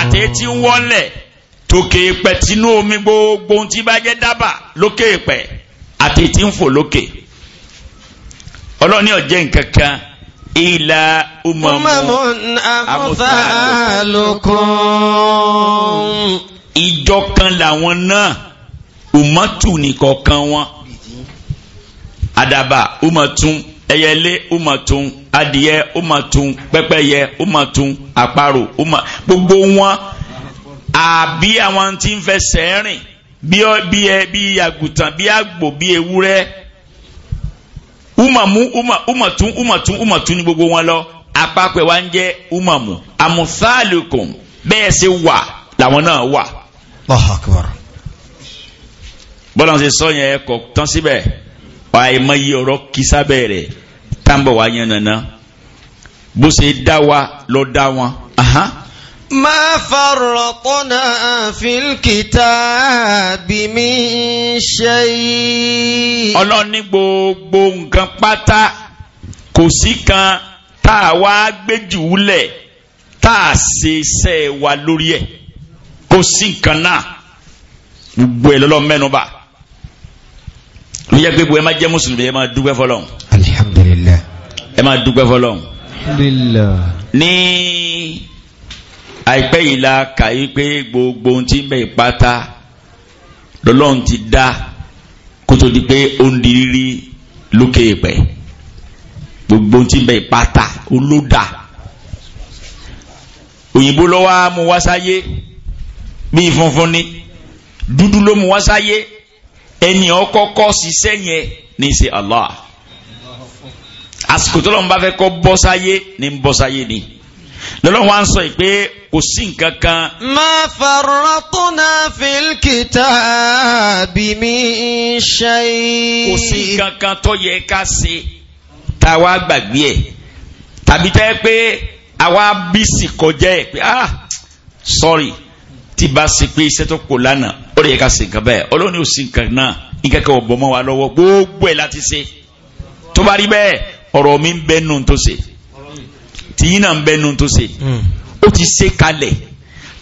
àtẹ̀ẹ́tì wọ́lẹ̀ tòkè ìpẹ́ tinú omi gbogbo ohun tí bá jẹ́ dábà lókè ìpẹ́ àti tí ń fò lókè ọlọ́ni ọ̀jẹ́ nǹkan kan ìlà umamu amúfàlùkùn. ìjọ kan làwọn náà umatu nìkọ̀ọ̀kan wọn àdàbà umatun ẹyẹlé umatun adìyẹ umatun pẹ́pẹ́yẹ umatun àparò uma gbogbo wọn àbí àwọn tí ń fẹsẹ̀ rìn bí ẹ bí àgùntàn bí àgbò bí ewúrẹ́ umamu uma umatun umatun umatun ní gbogbo wọn lọ apapẹ̀ wa ń jẹ́ umamu amusalukum bẹ́ẹ̀ sì wà làwọn náà wà. Allahu Akbar. bọ́lá ń ṣe sọ yẹn kọ̀ tán síbẹ̀ àìmọye ọ̀rọ̀ kìsà bẹ̀rẹ̀ táǹbọ̀ wa yẹn nana bó ṣe dá wa lọ dá wọn. ما فرطنا في الكتاب من شيء ọlọ́run ní gbogbo nǹkan pátá kò sí kan tá a wá gbé jùúlẹ̀ tá a ṣe iṣẹ́ wa lórí ẹ̀ kò sí nǹkan náà gbogbo ẹ̀ lọ́lọ́ mẹ́nuba níjẹ́ gbogbo ẹ má jẹ́ mùsùlùmí ẹ má dúpẹ́ fọlọ́n. alihamdulilayi. ẹ má dúpẹ́ fọlọ́n. alihamdulilayi. ní àìpẹ́ yìí la kàyí pé gbogbo ohun tí ń bẹ ìpátá lọ́lọ́run ti dá kó tó di pé ó ń di lókè pẹ́ gbogbo tí ń bẹ ìpátá olódà òyìnbó lọ́wọ́ mu wá sáyé bíi funfun ni dúdú ló mu wá sáyé ẹni ọkọ́kọ́ ṣiṣẹ́ yẹn ní ṣe Allah àsìkò tó lọ́n bá fẹ́ kọ́ bọ́ sáyé ní bọ́ sáyé ni. Bo, ni lọ́lọ́run wá ń sọ pé kò sí nǹkan kan. ma farratna fil kitabi min shay. kò sí nǹkan kan tó yẹ ká ṣe tá a wá gbàgbé ẹ̀ tàbí tẹ́ pé àwa bí sì kọjá ẹ̀ pé ah sorry tí bá ṣe pé iṣẹ́ tó kò lánàá ó lè yẹ ká ṣe nǹkan bẹ́ẹ̀ ọlọ́run ò sí nǹkan náà nǹkan kan ò bọ́ mọ́ wa lọ́wọ́ gbogbo ẹ̀ láti ṣe tó bá rí bẹ́ẹ̀ ọ̀rọ̀ mi ń bẹ́ẹ̀ nù tó ṣe tìyín náà ń bẹnu tó ṣe hmm. ó ti ṣe kalẹ̀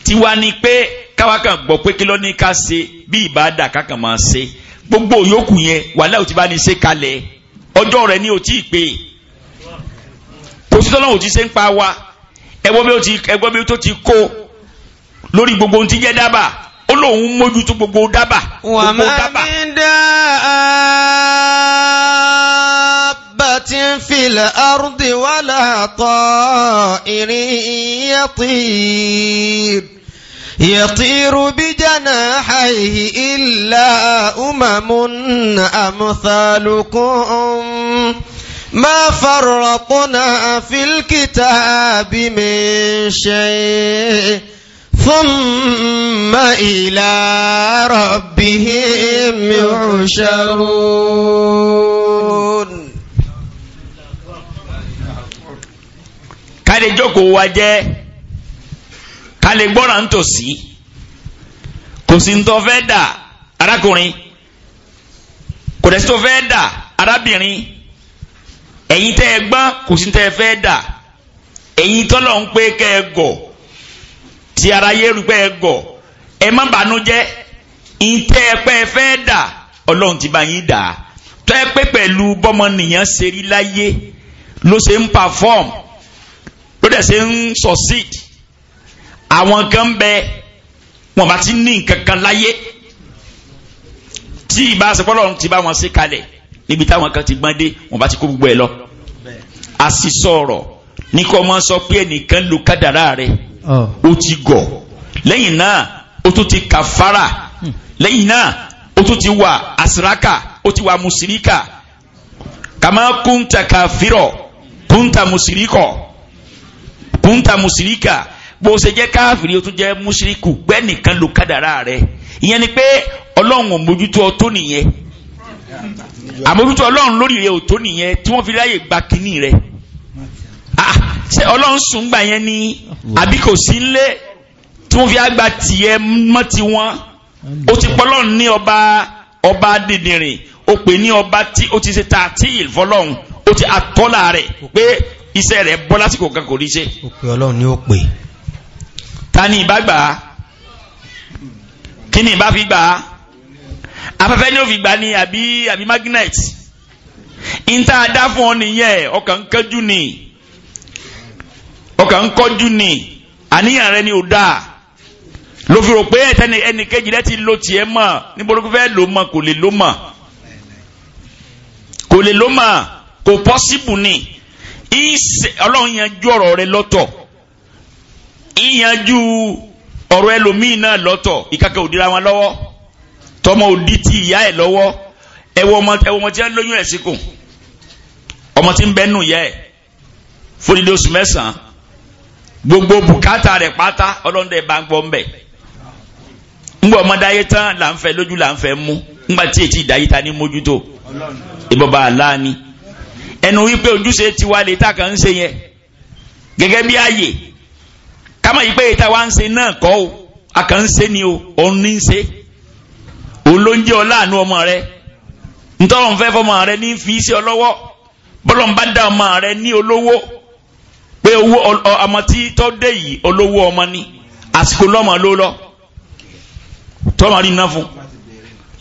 tiwa ni pé káwa kan gbọ́ pé kí ló ní ká ṣe bí ìbáàdà kákan máa ṣe gbogbo yòókù yẹn wàhálà ò ti bá ní ṣe kalẹ̀ ọjọ́ rẹ̀ ni ò tí ì pé kò sí tọ́lọ́wọ́ ti ṣe ń pa wa ẹgbọ́n bí ó tó ti kó lórí gbogbo ohun tí jẹ́ dábàá ó lóun mójútó gbogbo dábàá gbogbo dábàá. wàá máa في الأرض ولا طائر يطير يطير بجناحيه إلا أمم أمثالكم ما فرطنا في الكتاب من شيء ثم إلى ربهم يحشرون ká lè jókòó wa jẹ́ ká lè gbọ́ràn nítòsí kò sí tó fẹ́ dà arákùnrin kò dẹ̀ sí tó fẹ́ dà arábìnrin ẹ̀yin tẹ́ ẹ gbọ́n kò sí tẹ́ ẹ fẹ́ dà ẹ̀yin tọ́lọ̀ ń pé kẹ́ ẹ gọ̀ tí ara yé rúpẹ́ ẹ gọ̀ ẹ má bànú jẹ́ ìtẹ́ ẹ pẹ́ ẹ fẹ́ dà ọlọ́run ti bá yín dà tọ́ ẹ pé pẹ̀lú bọ́mọ nìyẹn ṣe rí láyé ló ṣe ń pàfọ́ọ̀mù ló dẹ̀ ṣe ń succeed àwọn kan bẹ wọn bá ti ní nǹkan kan láyé tí ìbá sẹpọlọ ti bá wọn ṣe kalẹ̀ níbi táwọn kan ti gbọ́n dé wọn bá ti kó gbogbo ẹ lọ àṣìṣọ ọ̀rọ̀ ní kó máa sọ pé ẹnìkan ló kádàrá rẹ̀ ah. ó ti gọ̀ lẹ́yìn náà ó tún ti kàfàrà lẹ́yìn náà ó tún ti wà àsìrákà ó ti wà mùsíríkà kàmá kúńtà kàfírọ̀ kúńtà mùsíríkọ̀ kúńtà mùsíríkà bó ṣe jẹ́ káfìrí o tún jẹ́ mùsíríkù gbẹ́nìkan ló kádàrá rẹ̀ ìyẹn ni pé ọlọ́run ò mójútó ọ tó nìyẹn àmójútó ọlọ́run lórí rẹ̀ ò tó nìyẹn tí wọ́n fi láyè gba kínní rẹ̀ ah, ṣe ọlọ́run sùn gbà yẹn ni àbí kò sí nlé tí wọ́n fi àgbà tiẹ̀ mọ́ tiwọn ó ti pọ́lọ́run ní ọba ọba dìndìnrìn ó pè ní ọba tí ó ti ṣe tààtì ìfọlọ́run ó ti àtọ́là rẹ̀ pé iṣẹ́ rẹ̀ bọ́ lásìkò kan kò rí ṣe. ó ọlọ́run ni ó pè. ta ni ìbá gbà á kí ni ìbá fi gbà á afẹ́fẹ́ ni ó fi gbà ní àbí àbí magnet níta dá fún ọ nìyẹn ọkàn kẹjú ni ọkàn ń kọjú ni àníyàn rẹ ni ò dáa ló fi rò pé ẹtẹni ẹnìkejì rẹ ti lo tiẹ̀ mọ̀ níbo ló fẹ́ lò mọ̀ kò lè lò mọ̀ kò lè lò mọ̀ kò pọ́síbù ni. ọlọ́run yanjú ọ̀rọ̀ rẹ lọ́tọ̀ ìyanjú ọ̀rọ̀ ẹlòmíín náà lọ́tọ̀ ìkàkẹ́ wọn lọ́wọ́ tọmọ òdì ti ìyá lọ́wọ́ ẹwọ ọmọ tí wọn lóyún ọmọ tí ń bẹ́ nù yẹ ẹ̀ án gbogbo bùkátà rẹ pátá ọlọ́run dẹ̀ bá ń gbọ́ mbẹ̀ ngbọ tán là ń lójú là ń mú tí èyí ẹnu wípé ojúṣe tiwa lè ta kàn ń ṣe yẹn gẹ́gẹ́ bí ààyè kámọ̀ yìí pé ìta wa ń ṣe náà kọ́ o a kàn ń ni o òun ní ń ṣe òun ló ń jẹ́ ọláàánú ọmọ rẹ ntọ́rọ̀ ń fẹ́ fọmọ rẹ ní fi ṣe ọlọ́wọ́ bọ́lọ̀ ń bá dá ọmọ rẹ ní olówó pé owó ọmọ tí tọ́ dé yìí olówó ọmọ ni àsìkò lọ́mọ ló lọ tọ́mọ rí iná fún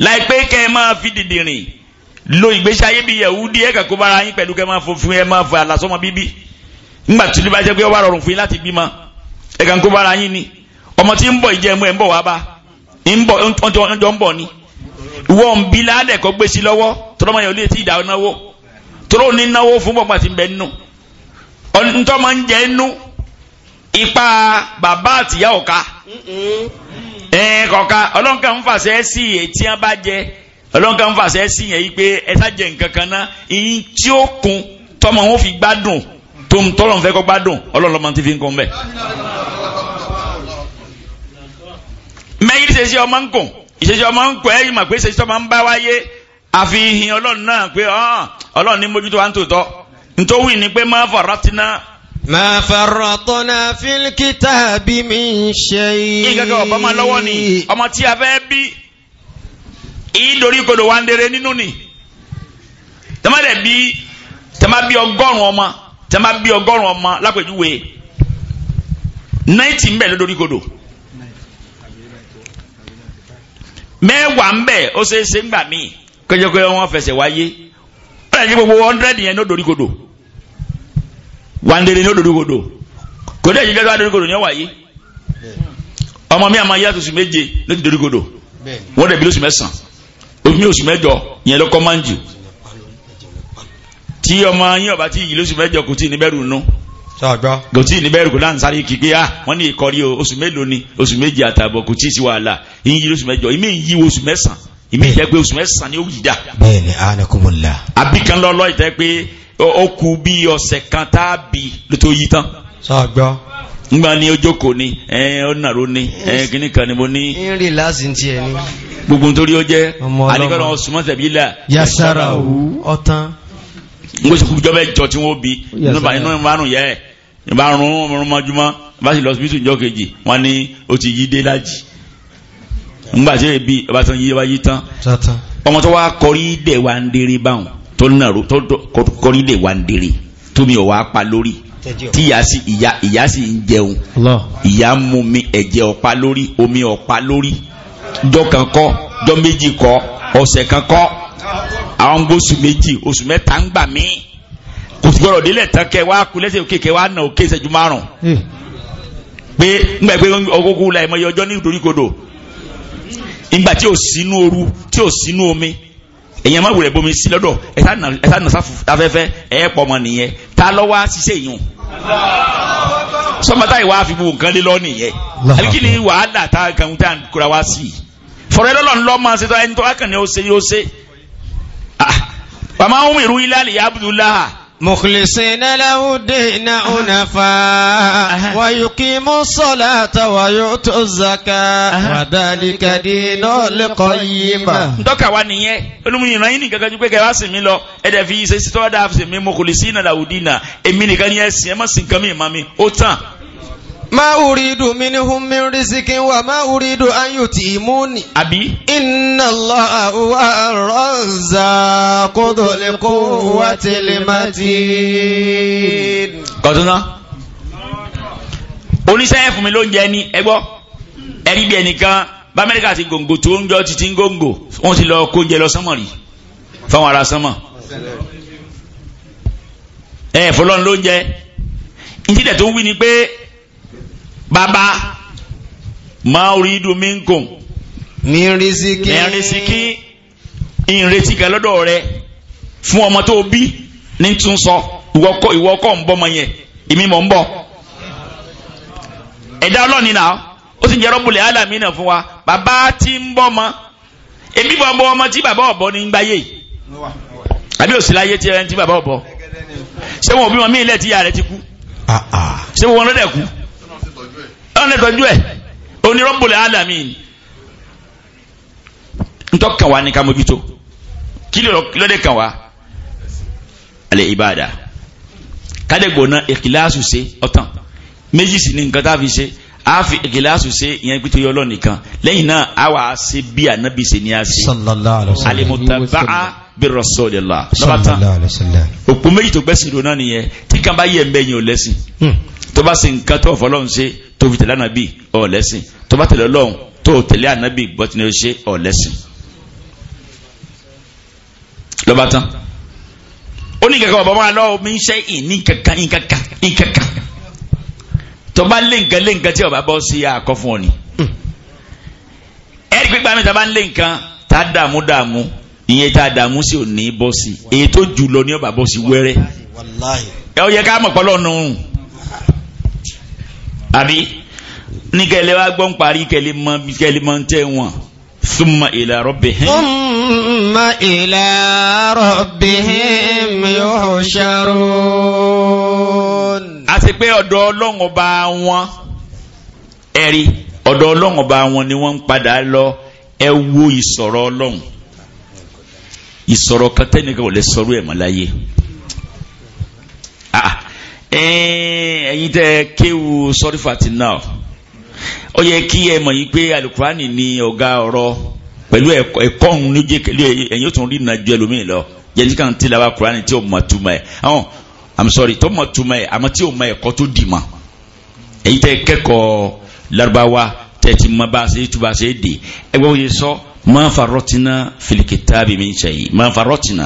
láìpẹ́ kẹ́ ẹ máa fi dìde rìn lo ìgbésí ayé bí yẹ̀wúdí ẹ̀ kàkó bára yín pẹ̀lú kẹ́ máa fò fún ẹ máa fò àlàsọ́mọ bíbí ńgbà tí olùbá jẹ́ pé ó bá rọrùn fún yín láti bímọ ẹ̀ kàkó bára yín ni ọmọ tí ń bọ̀ ìjẹ́mu ẹ̀ ń bọ̀ wá bá ń bọ̀ ọjọ́ ń bọ̀ ni ìwọ ń bí ládẹ̀ kọ́ gbèsè lọ́wọ́ tọ́lọ́mọ yẹn ò lè ti ìdá náwó tọ́lọ́ ní náwó fún bọ̀ pàtí bẹ́ẹ̀ nù ntọ́ máa ń jẹ inú ipa bàbá àtìyá ọ̀ka ẹ̀ẹ́n kọ̀ọ̀ka ọlọ́nkà ń fàṣẹ sí ètí wọn bá jẹ ọlọ́run kan fàṣẹ sí yẹn yìí pé ẹ sájẹ nǹkan kan ná ìyín tí ó kun tọmọ wọn fi gbádùn tó ń tọrọ nfẹ kọ gbádùn ọlọ́run lọmọ ti fi ń kọ mbẹ. mẹ́yìí ṣe ṣe ọmọ ń kùn ìṣeṣe ọmọ ń kùn ẹ́ yìí mà pé ṣeṣe ọmọ ń bá wáyé àfihàn ọlọ́run náà pé ọlọ́run ní mójútó wa ń tòótọ́ ntòwìn ni pé má fọ̀rọ̀ tinná ma farratna fil kitabi min shay. ìgẹ́gẹ́ ọ̀bọ̀n máa lọ́wọ́ ni ìdórí kodò wa ń dèrè nínú ni tẹ́má dẹ̀ bí tẹ́má bí ọgọ́rùn ọmọ tẹ́má bí ọgọ́rùn ọmọ lápẹ̀júwe náìtì ń bẹ lódórí kodò mẹ́wàá ń bẹ ó ṣe é ṣe ń gbà míì kọjọkọjọ wọn fẹsẹ̀ wáyé ó lè ní gbogbo hundred yẹn ní odòrí kodò wa ń dèrè ní odòrí kodò kò dé ìjọba wa dòrí kodò ní ọwáyé ọmọ mi àmọ́ yàtọ̀ sí méje ló kodò wọ́n dẹ̀ lóṣù mẹ́sàn-án ojú ní oṣù mẹ́jọ yẹn lọ́kọ́ máa ń jù tí ọmọ yín ọba tí yìí lóṣù mẹ́jọ kò tí ì níbẹ̀rù nù kò tí ì níbẹ̀rù kò láǹ sáré kí pé ah, wọ́n ní ìkọrí oṣù mélòó ni oṣù méjì àtààbọ̀ kò tí ì sí wàhálà yín yí lóṣù mẹ́jọ ìmí yí oṣù mẹ́sàn ìmí jẹ́ pé oṣù mẹ́sàn ni ó yí dà. bẹ́ẹ̀ni anakumola. àbí kan lọ́lọ́ ìtẹ́ pé ó kù bí ọ̀sẹ̀ kan tá a bì lótó yí tán. sọ àgbọ̀. ngba ni ojoko ni ẹn eh, ọ̀nàró ni ẹn eh, kìnnì kan ni mo e ní. irin láti ti ẹ gbogbo nítorí ó jẹ́ àdìgbọ́n ọ̀sùnmọ́ tẹ̀bí là. yasara wu ọ̀tán. n kò sọkú jọba ẹjọ tí wọn bí inú bá inú bá yẹ ẹ bá rún ọmọrún lọ ni o ti yí dé lájì. ebi ọba tán yí ọba yí tán. ọmọ tó wá kọrí dẹ̀ wá ń dèrè báwọn tó tí ìyá sì ìyá ìyá sì ń jẹun ìyá ń mu mi ẹ̀jẹ̀ ọ̀pá lórí omi ọ̀pá lórí jọ́ kan kọ́ jọ́ méjì kọ́ ọ̀sẹ̀ kan kọ́ àwọn ń gbóṣù méjì oṣù mẹ́ta ń gbà mí kò sì gbọ́dọ̀ délẹ̀ tán kẹ wá kú lẹ́sẹ̀ òkè kẹ wá nà òkè ìṣẹ́jú márùn eh. pé ńgbà pé ọgógó la ẹ̀mọ́ ọjọ́ ní ìdoríkodò ìgbà tí ò sínú ooru tí ò sínú omi èèyàn má wulẹ̀ bomi sí lọ́dọ̀ ẹ̀ta nà sáfẹ́fẹ́ ẹ̀ pọ̀ mọ́ nìyẹn ta lọ́wọ́ á ṣiṣẹ́ yìí sọmọtà ìwà àfibù nǹkan lé lọ nìyẹn àbí kí ni wàhálà tá a kan tá a kura wá sí i fọ̀rọ̀ ẹ lọ́lọ́ ńlọ́ máa ṣe tó ẹni tó wá kàn ní ó ṣe yóò ṣe. Ah, wàá ń mú ìrú ilé àlè abdullah مخلصين له الدين أنفا ويقيموا الصلاة ويؤتوا الزكاة وذلك دين القيمة ntọ́ka wa nìyẹn olùmúyìnbá yín nìkan kanjú pé kẹ́ ẹ wá sìn mí lọ ẹ̀dẹ̀ fi ṣe sí tọ́wọ́ dáa fi sìn mí mọ̀kòlì sí ìnàlà òdì náà èmi nìkan ní ẹ̀sìn ẹ̀ má sìn kan mí ìmọ̀ mi ó tàn ma uridu minhum min rizikin wa ma uridu an yutimuni abi inna allaha huwa ar-razzaqu dhul quwwati al-matin koduna oníṣẹ́ fún mi ló ń jẹ ní ẹgbọ́ ẹ̀rí bí ẹnìkan bá amẹ́ríkà ti gòǹgò tó ń jọ títí ń gòǹgò wọ́n ti lọ kó oúnjẹ lọ sánmọ̀ rí fáwọn ará sánmọ̀ ẹ̀ fọlọ́n ló ń jẹ ìdílẹ̀ tó ń wí ni pé bàbá máa rí domingo. mi riziki. mi riziki ìrètí kan lọ́dọ̀ rẹ fún ọmọ tó bí ní tún sọ ìwọ kọ́ ń bọ́ ọmọ yẹn èmi mọ̀ ń bọ̀. ẹ̀dá ọlọ́ọ̀ni náà ó sì jẹ́ rọ́bùlẹ̀ álámì náà fún wa bàbá tí ń bọ́ ọmọ èmi bọ̀ bọ́ ọmọ tí bàbá ọ̀bọ ní gbáyé àbí òsì láyé tí ẹ ń tí bàbá ọ̀bọ ṣé wọn ò bí wọn mí ilẹ̀ tí ìyá rẹ ti kú ah, ah. ṣé wọn lọ́dẹ̀ kú ọlọ́run ẹ̀tọ́jú ẹ̀ onírọ́bùlẹ̀ alamin ntọ́kàn wa ní ká mójútó kí lóde kàn wá alẹ́ ìbáàdà kádẹ́gbọ̀nà ìkìláàsù ṣe ọ̀tàn méjì sí ní nǹkan tá a fi ṣe a fi ìkìláàsù ṣe ìyẹn pé torí ọlọ́run nìkan lẹ́yìn náà a wà á ṣe bí ànábì ṣe ní a ṣe alimutaba'a bi rasulillah lọ́ba tán òpó méjì tó gbẹ́sìn lónà nìyẹn tí kan bá yẹ̀ ń bẹ́yìn ò lẹ́sìn hmm. tó bá ṣe nǹkan tó ọ̀fọ́ tó fi tẹ̀lé ànábì ọ̀lẹ́sìn tó bá tẹ̀lé ọlọ́run tó tẹ̀lé ànábì bọ́tìní ṣe ọ̀lẹ́sìn. lọ́ba tán ó ní kankan bàbá máa lọ ń ṣe ìní kankan ní kankan tó bá lé nǹkan lé nǹkan tí ọba bọ́ sí àkọ́ fún ọ ni. ẹ̀rí pípa mi ta bá ń lé nǹkan tá a dààmú dààmú ìyẹn tá a dààmú sí ò ní bọ́ sí èyí tó jù lọ ní ọba bọ́ sí wẹ́rẹ́. ẹ ó yẹ ká mọ̀ pọ́lọ́ nù àbí ní kẹlẹ́ wá gbọ́n parí kẹlẹ́ mọ́ kẹlẹ́ mọ́ ń tẹ́ wọn summa ila rabbihim. summa ila rabbihim yuhsharun. a sì pé ọ̀dọ̀ ọlọ́run ọba wọn ẹ̀rí ọ̀dọ̀ ọlọ́run ọba wọn ni wọ́n ń padà lọ ẹ wo ìsọ̀rọ̀ ọlọ́run ìsọ̀rọ̀ kan tẹ́nìkan ò lè sọ̀rọ̀ ẹ̀ mọ́ láyé. Ah, Eh, ẹ̀yin tẹ́ kéwu sọ́rífàtì náà ó yẹ kí ẹ mọ̀ yí pé alukurani ni ọ̀gá ọ̀rọ̀ pẹ̀lú ẹ̀kọ́ ọ̀hún ló jẹ́ ẹ̀yin ó tún rí ìnàjú ẹlòmíì lọ jẹ́ ní kàn tí làwọn tí ò mọ̀ túmọ̀ ẹ̀ ọ̀hún i'm sorry tó mọ̀ túmọ̀ ẹ̀ àmọ́ tí ò mọ̀ ẹ̀kọ́ tó dì mọ̀ ẹ̀yin tẹ́ kẹ́kọ̀ọ́ Lárúbáwá tẹ́ ti mọ̀ bá a ṣe é ṣe é dè ẹgbẹ́ wo yẹ sọ máa fa rọ́tìnà filikitaabi mi ń ṣe yìí máa fa rọ́tìnà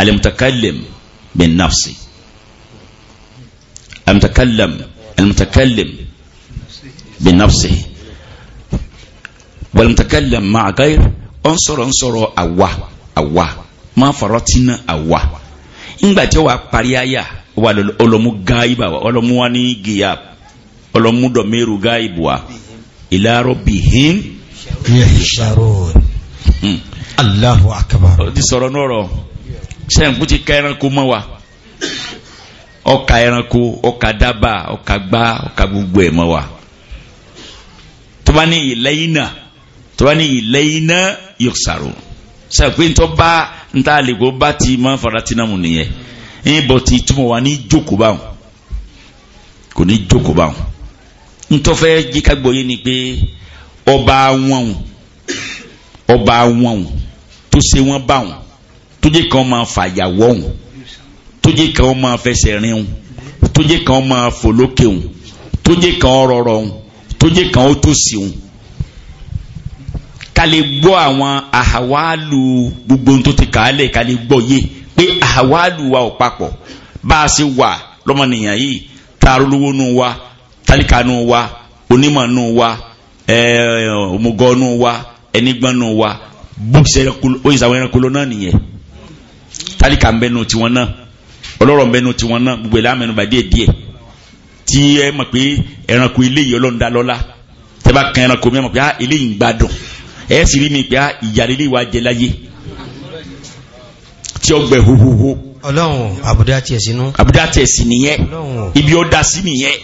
alimutakalim bin nafsi المتكلم المتكلم بنفسه والمتكلم مع غير انصر انصر أوا أوا ما فرطنا أوا ńgbà tí ó wà parí àyà wà ọlọmú gáìbà wà ọlọmú wa ní gíyà ọlọmú dọmẹrù gáìbù wa ìlàrọ bìhín. yẹsàrò Allahu akbar. ó ti sọ̀rọ̀ nọ̀rọ̀ sẹ́yìn kú ti kẹ́ran kó mọ́ wa ọkà ẹranko ọkà dábà ọkà gbá ọkà gbogbo ẹ̀ mọ́ wa tó bá ní ìlẹ́yìn náà tó bá ní ìlẹ́yìn náà yóò sàrò sàpé ntọ́ bá ntá àlèkò bá ti máa fara tinamu nìyẹn ní bọ̀ ti túmọ̀ wa ní jókòó báwọn kò ní jókòó báwọn ntọ́fẹ́ jíkàgbọ́ yé ni pé ọba wọn ọba wọn tó ṣe wọn báwọn tó jẹ́ kí wọ́n máa fàyà wọ́n tó jẹ́ kàn máa fẹsẹ̀ rin un tó jẹ́ kàn máa fò lókè un tó jẹ́ kàn rọrọ un tó jẹ́ kàn ó tòsí un ká lè gbọ́ àwọn àhàwálù gbogbo tó ti kàálẹ̀ ká lè gbọ́ yé pé àhàwálù wa ò papọ̀ bá a ṣe wà lọ́mọnìyàn yìí taaró nù wa tálíkà nù wa onímọ̀ nù wa òmùgọ̀ nù wa ẹnigbọ́n nù wa bó ṣe oyinza wọn ẹranko lọ náà nìyẹn tálíkà ń bẹ nù tiwọn náà ọlọ́rọ̀ mẹ́nu tiwọn náà gbogbo ẹ̀ lámẹ́nu bá díẹ̀ díẹ̀ tí ẹ mọ̀ pé ẹranko eléyìí ọlọ́run dá lọ́lá tẹ́ bá kan ẹranko mi mọ̀ pé á ah, eléyìí ń gbádùn ẹ sì rí mi pé á ah, ìyá lílé wa jẹ láyé tí ó gbẹ hohoho. ọlọ́run àbùdá tiẹ̀ sínú. àbùdá tiẹ̀ sí nìyẹn ibi ó da sí nìyẹn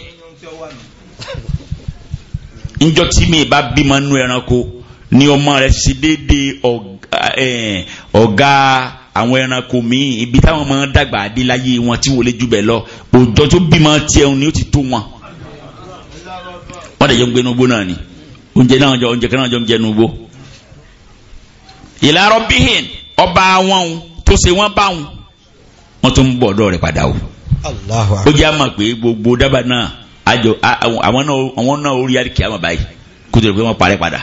njọ tí mi bá bímọ nú ẹranko ni ọmọ rẹ ṣe déédéé ọ̀gá àwọn ẹranko míì ibi táwọn máa ń dàgbà dé láyé wọn tí wọ́n lè jù bẹ́ẹ̀ lọ òòjọ́ tó bímọ tiẹ̀ ni ó ti tó wọn. wọ́n dẹ̀ jẹ́ ń gbénu gbó náà ni oúnjẹ náà jọ oúnjẹ kan náà jọ ń jẹnu gbó. ìlà rọ́bìhìn ọba wọn o tó ṣe wọ́n bá wọn wọ́n tún ń bọ̀ ọ̀dọ́ rẹ̀ padà o. ó jẹ́ àmọ̀ pé gbogbo dábàá náà àjọ àwọn náà ó rí àríkè àmọ̀ báyìí kó tó lè pé wọ́n parẹ́ padà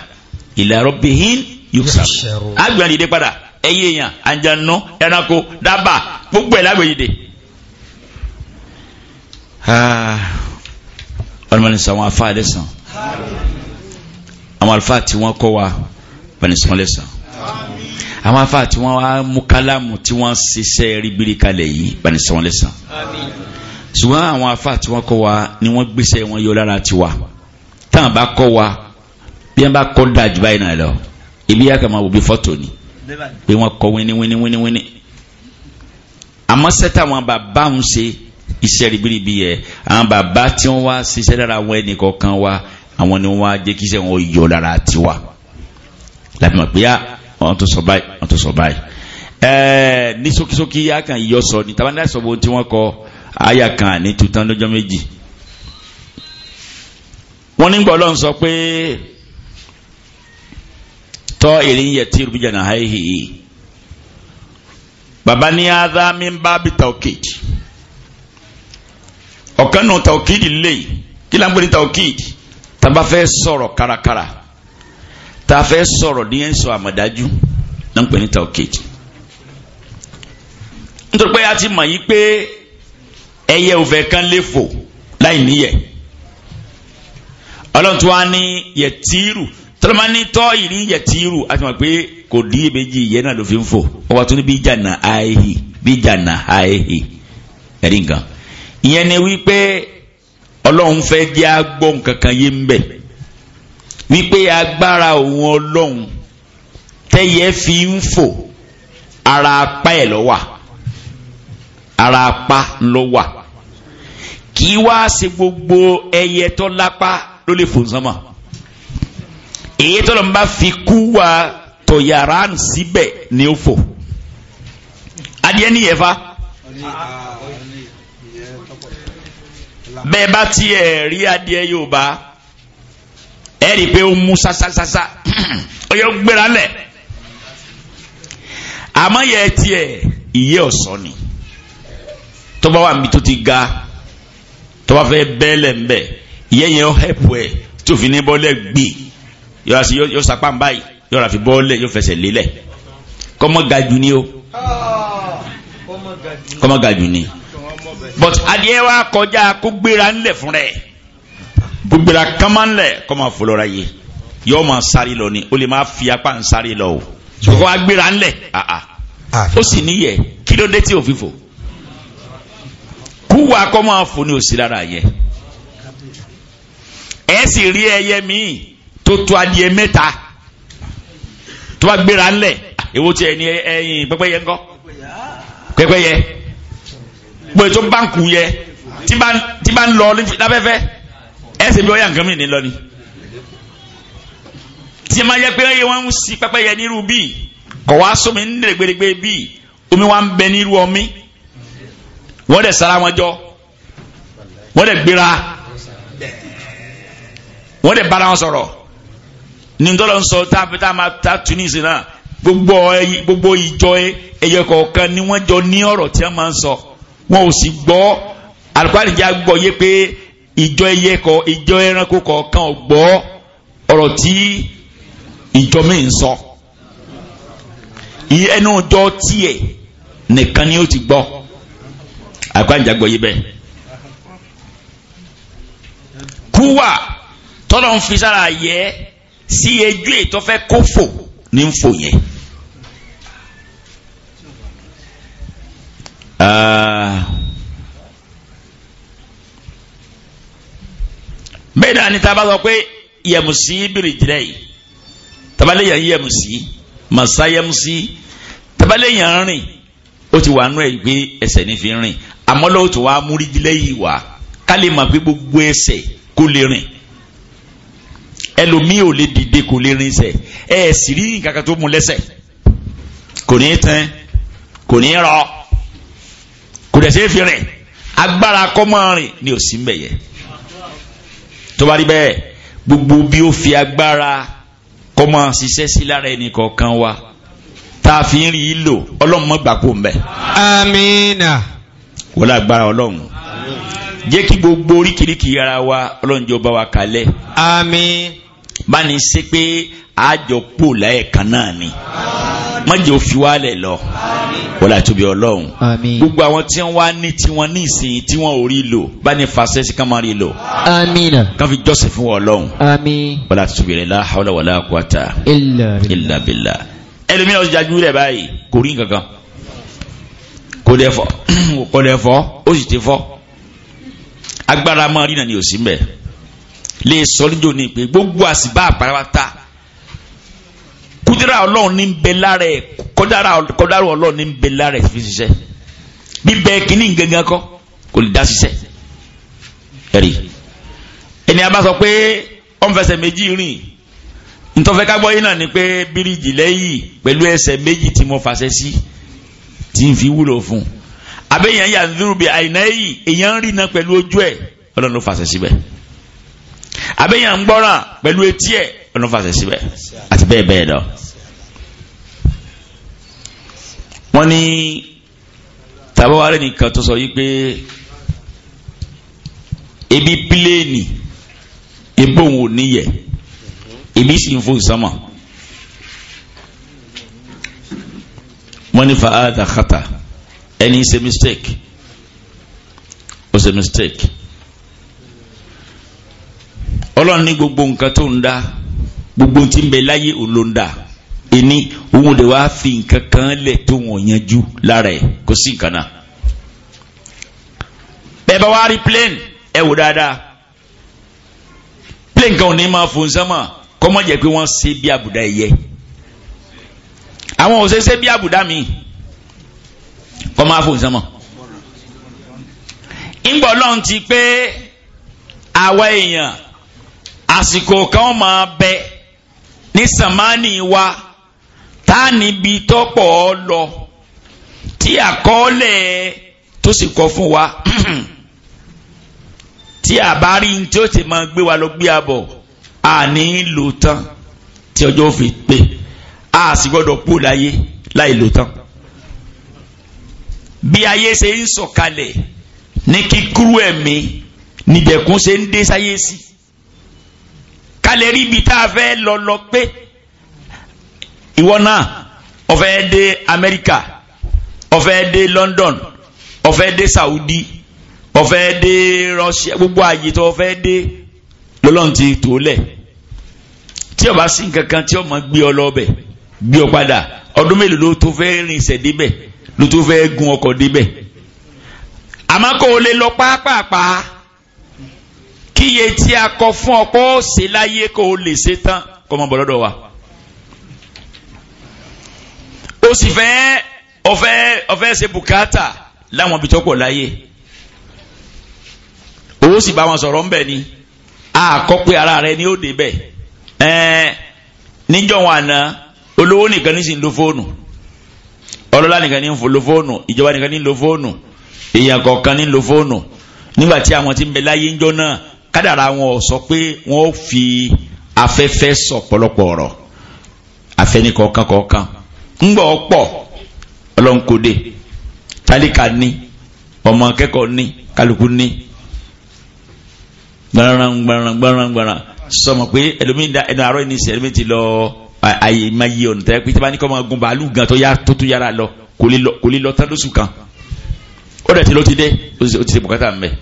ìlà rọ́bìhìn yóò sàrò àgbẹ̀rẹ̀ ìdè padà ẹyẹ èèyàn àjànú ẹranko dábà gbogbo ẹ̀ lágbèyìde. Ah, ọlọ́mọdé sọ àwọn afáà lẹ́sàn àwọn alfáà tí wọ́n kọ́ wa bẹ̀rẹ̀ lẹ́sàn àwọn afáà tí wọ́n wá mú kálámù tí wọ́n ṣiṣẹ́ ribiri kalẹ̀ yìí bẹ̀rẹ̀ lẹ́sàn ṣùgbọ́n àwọn afáà tí wọ́n kọ́ wa ni wọ́n gbéṣẹ́ wọn yọ lára tiwa táwọn bá kọ́ wa bí wọ́n bá kọ́ dájú báyìí náà lọ ibi yà kà máa wò bí fọ́tò ni pé wọ́n kọ́ wíní wíní wíní wíní àmọ́ sẹ́tà àwọn bàbá ń ṣe iṣẹ́ ribiribi yẹ àwọn bàbá tí wọ́n wá ṣiṣẹ́ dára wọn ẹnì kọ̀ọ̀kan wa àwọn ni wọ́n á jẹ́ kíṣẹ́ wọn yọ lára tiwa láti mọ̀ pé á ah, wọ́n tún sọ báyìí wọ́n tún sọ báyìí ẹ̀ẹ́ ní ṣókíṣókí yá kan yíyọ sọ ní tàbí láti tí wọ́n kọ àyà kan ní tuntun lọ́jọ́ méjì wọ́n nígbà ọlọ́run sọ pé. tọ́'irin yatiru bi janahihi baba ní adá min babi tawkid ọ̀kan nù tawkid lè kí ló ń gbé tawkid tàbá fẹ́ sọ̀rọ̀ kárakára tàbá sọrọ sọ̀rọ̀ ní sọ àmọ̀dájú ló ń pè tawkid nítorí pé a ti mọ̀ yí pé ẹyẹ kan lè fò láì ọlọ́run ní tọ́lọ́mọ ní tọ́ ìrí yẹ tíìrù àti mọ̀ pé kò ní èméjì ìyẹn náà ló fi ń fò ọba tó ní bí jàǹnà àìhì bí jàǹnà àìhì ẹ̀rí nǹkan ìyẹn ni wípé ọlọ́run fẹ́ jẹ́ agbọ́ nǹkan kan yé ń bẹ̀ wípé agbára òun ọlọ́run tẹ́yẹ fi ń fò ara apá ẹ̀ ló ara apá ló wà wá ṣe gbogbo ẹyẹ tó lápá ló lè fò sánmọ̀ èyí tó lọ́n bá fi kú wa tọ̀yàrá síbẹ̀ ni ó fò adìẹ ní yẹfa bẹ́ẹ̀ bá tiẹ̀ rí adìẹ Yorùbá ẹ rí i pé ó mú sásásásá ó yọ gbéra lẹ̀ àmọ́ yẹ tiẹ̀ ìyẹ́ ọ̀sán ni tó bá wà níbi tó ti ga tó bá fẹ́ bẹ́ẹ̀ lẹ̀ ń yẹn ó hẹ́pù ẹ̀ tí òfin ní bọ́lẹ̀ gbé yóò sì yóò sapá ń báyìí yóò rà fi bọ́ọ̀lẹ̀ yóò fẹsẹ̀ lélẹ̀ kọ́mọ́ ga jù ni o kọ́mọ́ ga jù ni but adìẹ wa kọjá kó gbéra ńlẹ̀ fún rẹ̀ kó gbéra kánmá ńlẹ̀ kọ́mọ́ fọlọ́ra yé yóò máa sáré lọ ni o lè máa fi apá ń sáré lọ o ṣùgbọ́n wa gbéra ńlẹ̀ ó sì níyẹ kí ló dé tí ò fífò kúwa kọ́mọ́ fò ni ò sí lára yẹ ẹ sì rí ẹyẹ míì tó tó adìẹ mẹ́ta tó bá gbéra ńlẹ̀ èwo tiẹ̀ ní ẹyin pẹ́pẹ́yẹ ńkọ́ pẹ́pẹ́yẹ pé tó báǹkù yẹ tí bá ń lọ lábẹ́fẹ́ ẹsẹ̀ bí ọ̀yà nǹkan mìíràn lọ ni tí ma yẹ pé wọ́n ń si pẹ́pẹ́yẹ nírú bíi kọ̀ wá sómi nílẹ̀ gbèrègbè bíi omi wa ń bẹ nírú ọmí wọ́n dẹ̀ sara wọn jọ wọ́n dẹ̀ gbéra wọ́n dẹ̀ bára wọn sọ̀rọ̀ ní tọ́lọ̀ ń sọ tá a fi tá a máa ta tunisi náà gbogbo ìjọ ẹyẹ kọ̀ọ̀kan ni wọ́n jọ ní ọ̀rọ̀ tí wọ́n máa ń sọ wọn ò sì gbọ́ alùpàdé jẹ́ àgbọ̀ yé pé ìjọ ẹyẹ kọ ìjọ ẹranko kọ̀ọ̀kan ò gbọ́ ọ̀rọ̀ tí ìjọ mi ń sọ ẹnu ọjọ́ tiẹ̀ nìkan ni ó ti gbọ́ alùpàdé jẹ́ yé bẹ́ẹ̀ kúwà tọ́lọ̀ ń fi sára yẹ Si ejú ètò fẹ́ kó fò ní ń fò yẹn. Ah. bẹ́ẹ̀ náà ni tábà sọ pé yẹ̀mùsí bìrìjìrẹ́ yìí tabalẹ̀ yẹn yẹ̀mùsí màsá yẹ̀mùsí tabalẹ̀ yẹn rìn ó ti wà nú ẹ̀ gbé ẹsẹ̀ nífi rìn àmọ́ lọ́wọ́ tó wá múrídìlẹ́ yìí wá ká lè mọ̀ gbogbo ẹsẹ̀ kó lè rìn ẹlòmíì ò lè dìde kò lè rinṣẹ́ ẹ sì rí nǹkan tó mú lẹ́sẹ̀ kò ní tán kò ní rọ kò dẹ̀ ṣeé fi rìn agbára kọ́mọ́rin ni ò sí mbẹ̀yẹ tó bá rí bẹ́ẹ̀ gbogbo bí ó fi agbára kọ́mọ́ ṣiṣẹ́ sí lára ẹnì kọ̀ọ̀kan wa tá a fi ń rí i lò ọlọ́run mọ́ gbàgbó mbẹ́. amiina. wọlé agbára ọlọ́run jẹ́ kí gbogbo oríkìríkì ara wa ọlọ́run jọba wa kalẹ̀. àmín bá ní ṣe pé àjọ pò lẹ́ẹ̀kan náà ni mọ́jẹ́ òfin wa lẹ̀ lọ wọ́n láti tóbi ọlọ́run gbogbo àwọn tí wọ́n wá ní tiwọn ní ìsìn tí wọ́n ò lò bá ní fàṣẹ sí kán máa rí lò kán fi jọ́sìn fún ọlọ́run wọ́n láti tóbi rẹ̀ la hawla wala quwata illa billah ẹlòmíràn ti jajú rẹ̀ báyìí kò rí nǹkan kan kò dẹ̀ fọ́ kò dẹ̀ fọ́ ó sì ti fọ́ agbára máa rí náà ni ò sí mbẹ́ lè sọ níjó ní pé gbogbo àsìbá àpárátá kúdírà ọlọ́run ní bẹ lára ẹ̀ kọ́dára ọlọ́run ní bẹ lára ẹ̀ fi ṣiṣẹ́ bíbẹ kínní gangan kọ́ kò lè dá ṣiṣẹ́ ẹ̀rí ẹni a bá sọ pé ọ̀n fẹsẹ̀ méjì rìn ntọ́fẹ́ ká gbọ́ yín náà ni pé bíríìjì lẹ́yìn pẹ̀lú ẹsẹ̀ méjì tí mo fàṣẹ sí tí n fi wúlò fún un àbẹ́yẹn yà ń dúró bí àìnáyì èèyàn rìn náà pẹ̀lú ojú ẹ̀ ọlọ́run ló fàṣẹ síbẹ̀ abẹ́yàn ń gbọ́ràn pẹ̀lú etí ẹ̀ ọ̀nà fàṣẹ síbẹ̀ àti bẹ́ẹ̀ bẹ́ẹ̀ lọ. wọ́n ní tàbáwárẹ̀ nìkan tó sọ yí pé ebi pílẹ́ẹ̀nì ebi òun ò níyẹ ebi sì ń fún ìsọmọ. wọ́n ní fa àdàkàtà ẹni ṣe mistake ó ṣe mistake ọlọ́run ní gbogbo nǹkan tó ń dá gbogbo tí ń bẹ láyé òun ló ń dá ẹni òun lè wá fi nǹkan kan lẹ̀ tó wọ̀n yanjú lára ẹ̀ kó sí nǹkan náà. bẹ́ẹ̀ bá wá rí plane ẹ wò dáadáa plane kan ò ní máa fò ń sánmà kọ́ mọ́ jẹ́ pé wọ́n ṣe bí àbùdá ẹ̀yẹ àwọn òṣèṣe bí àbùdá mi kọ́ máa fò ń sánmà. lọ́n ti pé àwa èèyàn àsìkò kan máa bẹ ní sàmánì wa tá níbi tọ́pọ̀ lọ tí àkọọ́lẹ̀ tó sì kọ fún wa tí àbárí tí ó ti máa gbé wa lọ gbé abọ̀ àní lò tán tí ọjọ́ fi pé a sì gbọ́dọ̀ kú láyé láì lò tán bí ayé ṣe ń sọ̀kalẹ̀ ní kíkúrú ẹ̀mí nìjẹ̀kún ṣe ń dé sáyé sí. Si ká lè rí ibi tá a fẹ́ lọ lọ pé ìwọ náà ó dé Amẹ́ríkà ó dé London ó fẹ́ dé Saudi ó fẹ́ dé Russia gbogbo àyè tó ó fẹ́ dé lọ́lọ́run ti tó lẹ̀ tí ó bá sí nǹkan kan tí ó máa gbé ọ lọ gbé ọ padà ọdún mélòó ló tó fẹ́ rìn ìṣẹ̀ débẹ̀ ló tó fẹ́ gun ọkọ̀ débẹ̀ àmọ́ kò lè lọ pápápá kíye tí a kọ fún ọ kó láyé kó o lè ṣe tán kó mọ bọ̀ lọ́dọ̀ wa. o sì fẹ́ ọ̀fẹ́ ọ̀fẹ́ ṣe bùkátà láwọn ibi tó pọ̀ láyé o sì bá wọn sọ̀rọ̀ ńbẹ ni a kọ́ pé ara rẹ ni ó dé bẹ̀ ẹ̀ẹ́n níjọ́ wọn àná olówó nìkan ní sì ń lo fóònù ọlọ́lá nìkan ní ń lo fóònù ìjọba nìkan ní ń lo fóònù èèyàn kọ̀ọ̀kan ní ń lo fóònù nígbà tí àwọn tí ń bẹ láyé ń jọ náà kádàrá wọn ò sọ pé wọn ò fi afẹ́fẹ́ sọ pọ̀lọpọ̀ ọ̀rọ̀ afẹ́nikọ̀ọ̀kan kọ̀ọ̀kan ńgbọ́ pọ̀ ọlọ́nkode tálíkà ní ọmọ akẹ́kọ̀ọ́ ní kálukú ní gbaran gbaran gbaran gbaran sọmọ pé ẹlòmíín da ẹnu àárọ̀ ìnísẹ̀ ẹlòmíín ti lọ àyè máa yí ọ̀nà tẹ́lẹ̀ pé tí a bá ní kọ́ máa gun bàálù gan tó yá tó tún yára lọ kò lè lọ tán lóṣù kan ó dẹ̀ ti ló ti dé ó ti ṣe bùkátà ń bẹ̀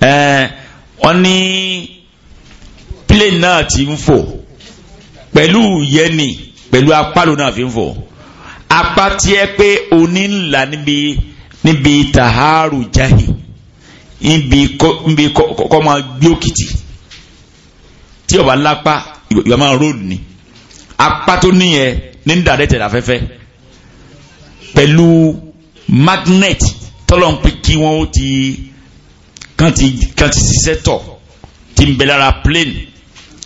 ẹ̀ẹ́ wọ́n ní plane náà ti ń fò pẹ̀lú yẹni pẹ̀lú apálo náà fi ń fò apá tí ẹ pé oní ńlá níbi níbi taharu jahi níbi kọ́ máa gbé òkìtì tí ọba lápá ìwà máa róòlù ni apá tó níyẹn ní ń dàdẹ́ tẹ̀lé pẹ̀lú magnet tọ́lọ́ ń pè kí wọ́n ti kan ti kan ti ṣiṣẹ́ tọ̀ ti ń bẹ lára plane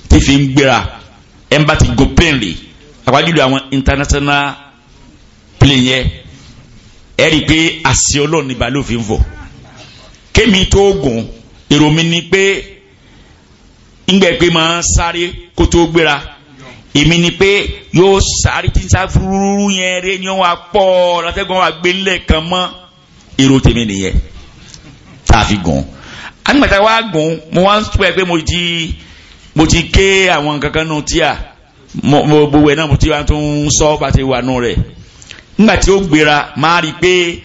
ti fi ń gbéra ẹ̀ ń bá ti go plane rè àpájùlọ àwọn international plane yẹn ẹ̀ rí i pé àṣẹ ọlọ́run ní balẹ̀ òfin fọ̀ kémi tó gùn èrò mi ni pé ngbẹ pé máa ń sáré kó tó gbéra èmi ni pé yóò sáré tí ń sá fúrúrú yẹn ré ni wọn pọ̀ látẹ́gbọ́n wa gbé ńlẹ̀ kan mọ́ èrò tèmi nìyẹn tá a fi gùn anigbata wa gùn mo wa sọ pé mo ti mo ti ké àwọn kankan nù tíà mo e náà mo ti sọ wà nù nígbà tí ó gbéra máa rí i pé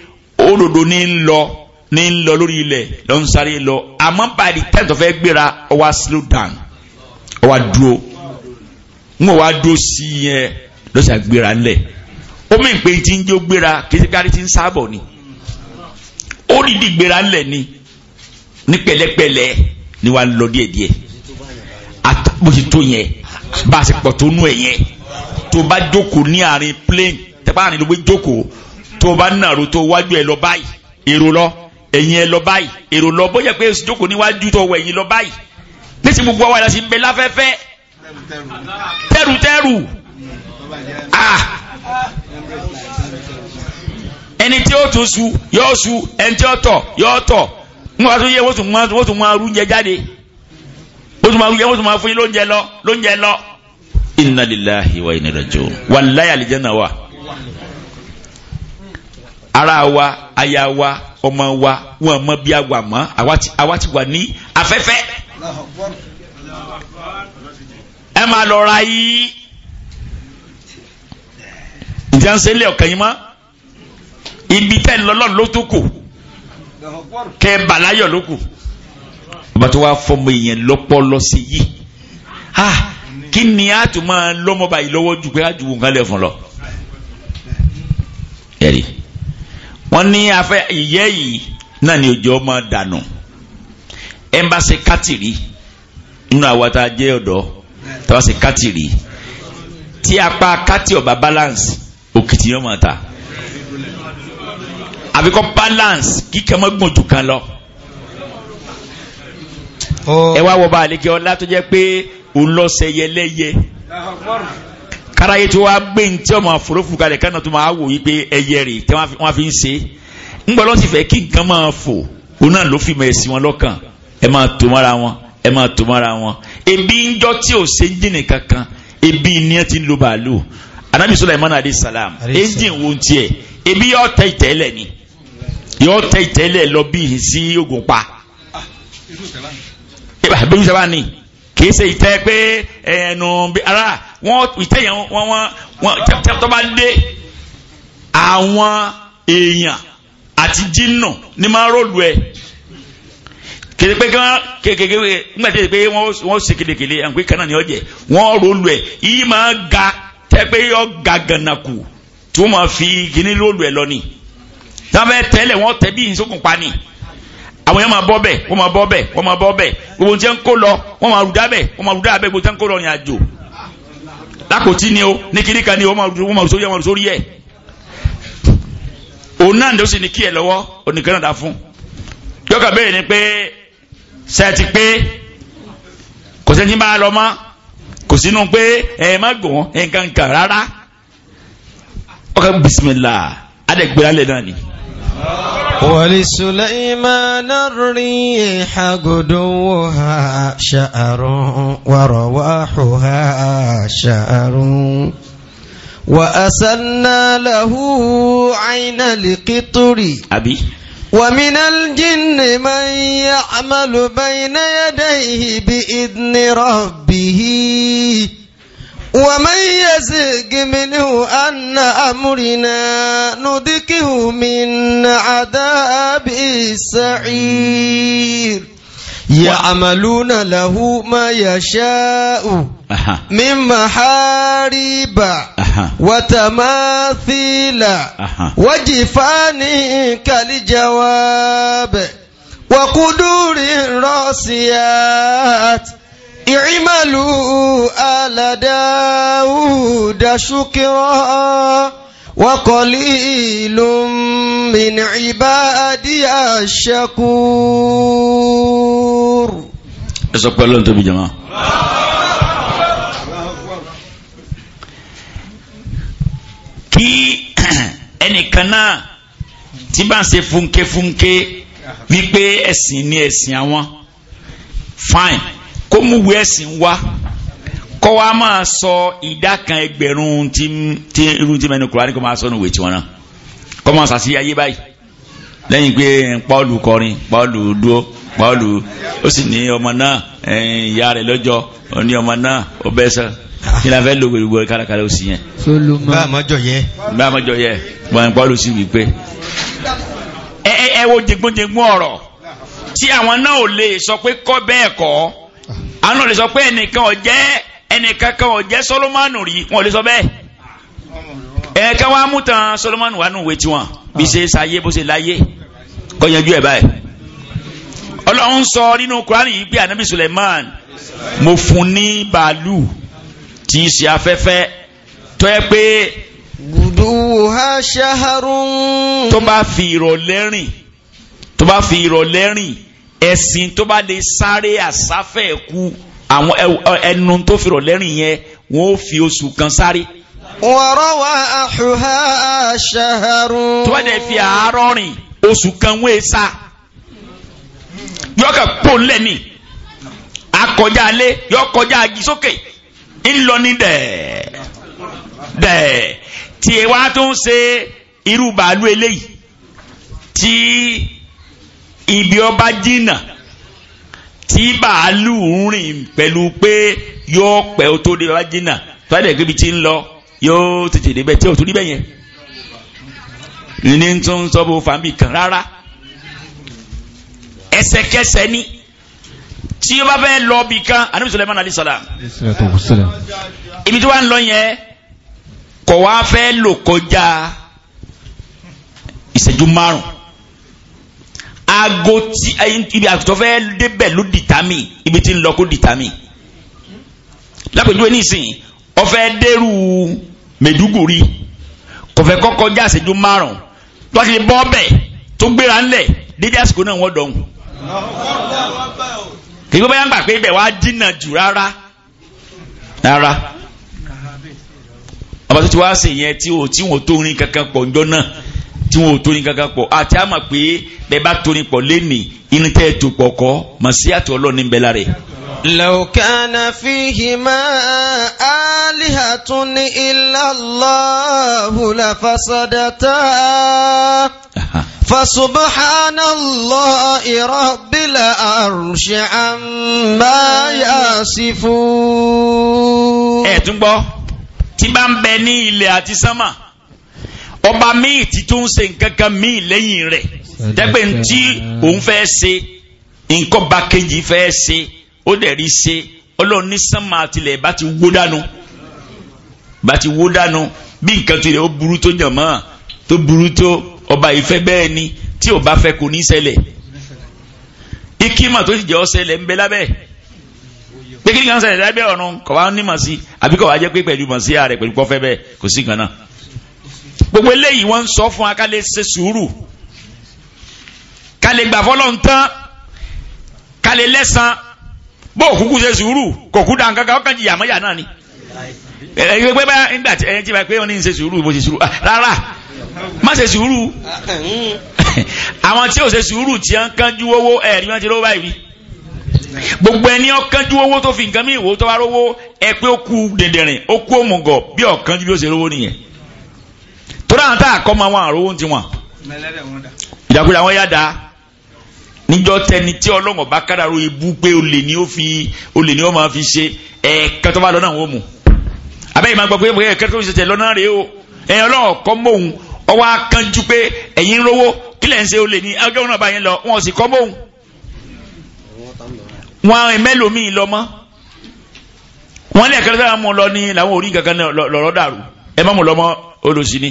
ní lọ ní ń lọ lórí ilẹ̀ ń sáré lọ àmọ́ fẹ́ gbéra ọ wa slow down dúró dúró sí i yẹn gbéra ni ó gbéra ńlẹ̀ ni. ní pẹ̀lẹ́pẹ̀lẹ́ ni wàá lọ díẹ̀díẹ̀ bó ti tó yẹn bá a sì pọ̀ tó nú ẹ̀ yẹn tó bá jókòó ní àárín plane tẹ́pá àárín ló gbé jókòó tó bá nàró tó wájú ẹ lọ báyìí èrò lọ ẹ̀yìn ẹ lọ báyìí èrò lọ bóyá pé jókòó níwájú tó wọ ẹ̀yìn lọ báyìí nísì gbogbo àwọn ẹ̀dá sì ń bẹ láfẹ́fẹ́ tẹ́rùtẹ́rù ẹni tí ó tún su yóò su ẹni tí ó tọ̀ yóò tọ̀ wọn bá yẹ wọ́n tún máa rúnjẹ jáde wọ́n tún máa rúnjẹ wọ́n tún máa fún yín lóúnjẹ lọ lóúnjẹ lọ. inna lillahi wa inna rajo wàláyà àlìjẹ́nà wa ara wa aya wa ọmọ wa wọn mọ bí a wà mọ àwa ti wà ní afẹ́fẹ́ ẹ máa lọ ra yìí ìjà ń sẹ́lẹ̀ ọ̀kàn yín mọ́ ibi tẹ́ ń ló tó kù kẹ balayọ ló kù ọba tó wá fọmọ èèyàn lọpọlọ sí yìí ha kí ni a tún máa lọmọba yìí lọ́wọ́ ju pé a ju nǹkan lẹ fún lọ. yẹ́rì wọ́n ní afẹ́ ìyẹ́ yìí náà ni òjò ọmọ dànù ẹ̀ ń bá ṣe kátìrì nínú àwa tá a jẹ́ ọ̀dọ́ tá a ṣe kátìrì tí apá kátì ọba balance òkìtì yọmọ ta àbí balance kí kẹ́ mọ́ gbọ̀n jù kan lọ. ẹ wá wọ bá àlejò ọlá tó jẹ́ pé òun lọ sẹyẹ lẹ́yẹ káráyé tó wá gbé ní tí ọmọ àforófù kalẹ̀ kánà tó máa wò yí pé ẹyẹ rè tí wọ́n fi ń ṣe ń gbọ́dọ̀ sì fẹ́ kí nǹkan máa fò òun náà ló fi mọ̀ ẹ̀sìn wọn lọ́kàn ẹ máa tó mọ́ra wọn ẹ máa tó mọ́ra wọn ebi ń jọ tí ò ṣe jìnnì kankan ebi ni ẹ ti ń lo bàálù anabi Sulaiman alayhi salam ẹ jìn wo tiẹ̀ ebi yọ tẹ ìtẹ́lẹ̀ ni yóò tẹ ìtẹ́lẹ̀ lọ bí i sí ogun pa àbẹ́yìn sábà ni kìí ṣe ìtẹ́ pé ẹnu ara wọn ìtẹ́ yẹn wọn wọn wọn tẹ́tọ́ bá dé àwọn èèyàn àti jìnnà ní máa rọlù ẹ kìí pé kí wọn kékeré nígbà tí pé wọn ṣe kédekèlé àwọn pé kánà ni ọ jẹ wọn rọlù ẹ yìí máa ga tẹ́ pé yọ ga gànàkù tí wọn máa fi kíní rọlù ẹ lọ ni tábẹ́ tẹ́lẹ̀ wọ́n tẹ́ bí ìsókùn pani àwọn yẹn máa bọ́ bẹ̀ wọ́n máa bọ́ bẹ̀ wọ́n máa bọ́ bẹ̀ gbogbo tí wọ́n kó lọ wọ́n máa rúdá bẹ̀ wọ́n máa rúdá bẹ̀ gbogbo tí wọ́n kó lọ rìn àjò lákòtí ni o ní kiri kan ni o wọ́n máa sórí ẹ̀ wọ́n máa sórí òun náà ló sì ní kí ẹ lọ́wọ́ oníkan dá fún yọkà bẹ́ẹ̀ ni pé sẹ́ẹ̀tì pé kò sẹ́ni bá lọ mọ́ kò sínú pé ẹ má gùn nǹkan kan rárá ọkà bísímìlà adẹ́gbẹ́rẹ́ náà ni. ولسليمان الريح قدوها شأر ورواحها شأر وأسلنا له عين القطر أبي ومن الجن من يعمل بين يديه بإذن ربه ومن يزغ منه أن أمرنا نذكه من عذاب السعير يعملون له ما يشاء من محارب وتماثيل وجفان كالجواب وقدور راسيات اعملوا آل داود شكرا وقليل من عبادي الشكور ẹ̀sọ́pẹ́ lọ́n tóbi jama kí ẹnìkan náà tí bá ń ṣe fúnkéfúnké wípé ẹ̀sìn ni ẹ̀sìn àwọn fine kó mú wẹ́ ẹ̀sìn wá kọ́ wa máa sọ ìdá kan ẹgbẹ̀rún tí irú tí mẹ́nu Kùránì kó máa sọ nùwé tiwọn náà kọ́ máa sàṣì ayé báyìí lẹ́yìn pé Pọ́ọ̀lù kọrin Pọ́ọ̀lù dúró Pọ́ọ̀lù ó sì ní ọmọ náà ìyá rẹ̀ lọ́jọ́ ó ní ọmọ náà ó bẹ́ sọ kí la fẹ́ lo gbèrúgbò kárakára ó sì yẹn. bá a mọ́jọ yẹ. bá a mọ́jọ yẹ wọn Pọ́ọ̀lù sì wí pé ẹ ẹ wo jẹgbọ́njẹgbọ́n ọ̀rọ̀ tí àwọn náà ò lè sọ pé kọ́ bẹ́ẹ̀ kọ́ àwọn olè sọ pé ẹnìkan ọ̀jẹ́ ẹnìkan kan ọ̀jẹ́ Sólómánù rí wọn ò lè sọ bẹ́ẹ̀ ẹ̀ẹ̀kan wa mú tan Sólómánù wà nù ìwé tiwọn bí ṣe ṣayé bó ṣe láyé kọ́ yanjú ẹ̀ báyìí ọlọ́run sọ nínú Kùránì yìí pé ànábì Suleiman mo fún ní bàálù tí í ṣe afẹ́fẹ́ tó yẹ pé tó bá fi ìrọ̀lẹ́ tó bá fi ìrọ̀lẹ́ ẹ̀sìn tó bá lè sáré àsáfẹ́ ẹ̀kú àwọn ẹnu tó fìrọ̀ lẹ́rìn yẹn wọ́n ó fi oṣù kan sáré. wọ́rọ́ wa àhùhá ṣaharu. tó bá dẹ̀ fi àárọ̀ rìn oṣù kan wọ́n é e sá. yọkà pò lẹ́nì akọjá alẹ́ yọkọjá agi ńlọni dẹ̀ dẹ̀ tiẹ̀ wá tó ń ṣe irú bàálù eléyìí tí ibi ọba jìnnà tí bàálù ń rìn pẹ̀lú pé yóò pẹ́ o tó dé ọba jìnnà tó bá dẹ̀ gbébi tí ń lọ yóò tètè débẹ̀ tí o tó níbẹ̀ yẹn ní tó ń sọ bó fàmì kan rárá ẹsẹ̀kẹsẹ̀ ni tí o bá fẹ́ lọ bì kan anabi Sulaiman alayhi salam ibi tí wàá ń lọ yẹn kọ̀ wá fẹ́ lò kọjá ìṣẹ́jú márùn-ún aago tí ibi àgùntàn fẹ́ débẹ̀ ló dìtámì ibi tí ń lọ kó dìtámì lápèjúwe nísìnyí ọfẹ dẹrù mẹdúgùrí kọfẹ kọkọ já àṣẹjú márùn tó a ti bọ ọbẹ tó gbéra ńlẹ̀ dédé àsìkò náà wọn dọhùn kì í gbọ́ bá yàn gbà pé ibẹ̀ wàá dínà jù rárá rárá ọba tó ti wá sí tí wọn ò tó rin kankan pọ̀ ńjọ́ náà tí wọn ò torí kankan pọ̀ àti àmà pé bẹ́ẹ̀ bá torí pọ̀ lẹ́nìí irin tẹ́ ẹ tó pọ̀ kọ́ màsíyàtọ̀ ọlọ́ọ̀ni ń bẹ lára ẹ̀. لو كان فيهما آلهة إلا الله لفسدتا فسبحان الله رب العرش عما يصفون. ẹ tún gbọ́ tí bá ń bẹ ní ilẹ̀ àti sánmà ọba míì tí tó ń ṣe nǹkan kan míì lẹ́yìn rẹ̀ dẹ́gbẹ́ tí òun fẹ́ ṣe nǹkan bá kejì fẹ́ ṣe ó dẹ̀ ṣe ọlọ́run ní sánmà àtìlẹ̀ bá ti wó dànù bá ti wó dànù bí nǹkan tó yẹ ó burú tó jàn mọ́ tó burú tó ọba ìfẹ́ bẹ́ẹ̀ ni tí ò bá fẹ́ kò ní ṣẹlẹ̀ ikima tó ti jẹ́ ọ̀ṣẹlẹ̀ ń bẹ lábẹ́ pé kí ni kan ṣẹlẹ̀ lábẹ́ ọ̀run kọ̀ wá ní màsí àbí jẹ́ pé pẹ̀lú màsí ààrẹ pẹ̀lú pọ́fẹ́ bẹ́ẹ̀ kò sí kan náà gbogbo eléyìí wọ́n ń sọ fún wa ká lè ṣe sùúrù ká lè gbà fọ́lọ́ ntán ká lè lẹ́sàn bó kúkú ṣe sùúrù kò kú dáhùn kankan ọkàn jìyà mọ́yà náà ni ẹ̀yin pé báyà nígbà tí ẹ̀yin ti bá pé wọ́n ní ṣe sùúrù bó ṣe sùúrù ah, rárá má ṣe sùúrù àwọn tí ò ṣe sùúrù tí wọ́n kánjú owó ẹ̀rí wọn ti lówó báyìí gbogbo ẹni ọkànjú owó tó fi nǹkan mi ìwò tó wá rówó ẹ pé ó kú dẹ̀dẹ̀rìn ó kú òmùgọ̀ bí ọ̀kánjú bí ó ṣe rówó nìyẹn torí àwọn tá a kọ́ máa wọn àròwó ti wọn. ìdàkúdà wọn yá da níjọ tẹni tí ọlọ́wọ̀n bá kádàrú ibú pé olè ni ó fi olè ni ó máa fi ṣe ẹ̀ẹ́kẹ́ tó bá lọ́nà wọn mú abẹ́yìí máa gbọ́ pé ẹ̀ẹ́kẹ́ tó ń ṣẹṣẹ lọ́nà rèé o ẹ̀yìn ọlọ́wọ̀n kọ́ mọ́hún ọwọ́ akanjú pé ẹ̀yin rówó kílẹ̀ ń ṣe olè ní ọjọ́ náà bá yẹn lọ wọn sì kọ́ mọ́hún wọn àwọn mẹ́lòmíì lọ mọ́ wọn lẹ́ẹ̀kẹ́ lọ́dọ̀ àwọn ọmọ lọ ní làwọn orí kankan lọ́rọ́ dàrú ẹ má mú lọ́mọ olóṣì ni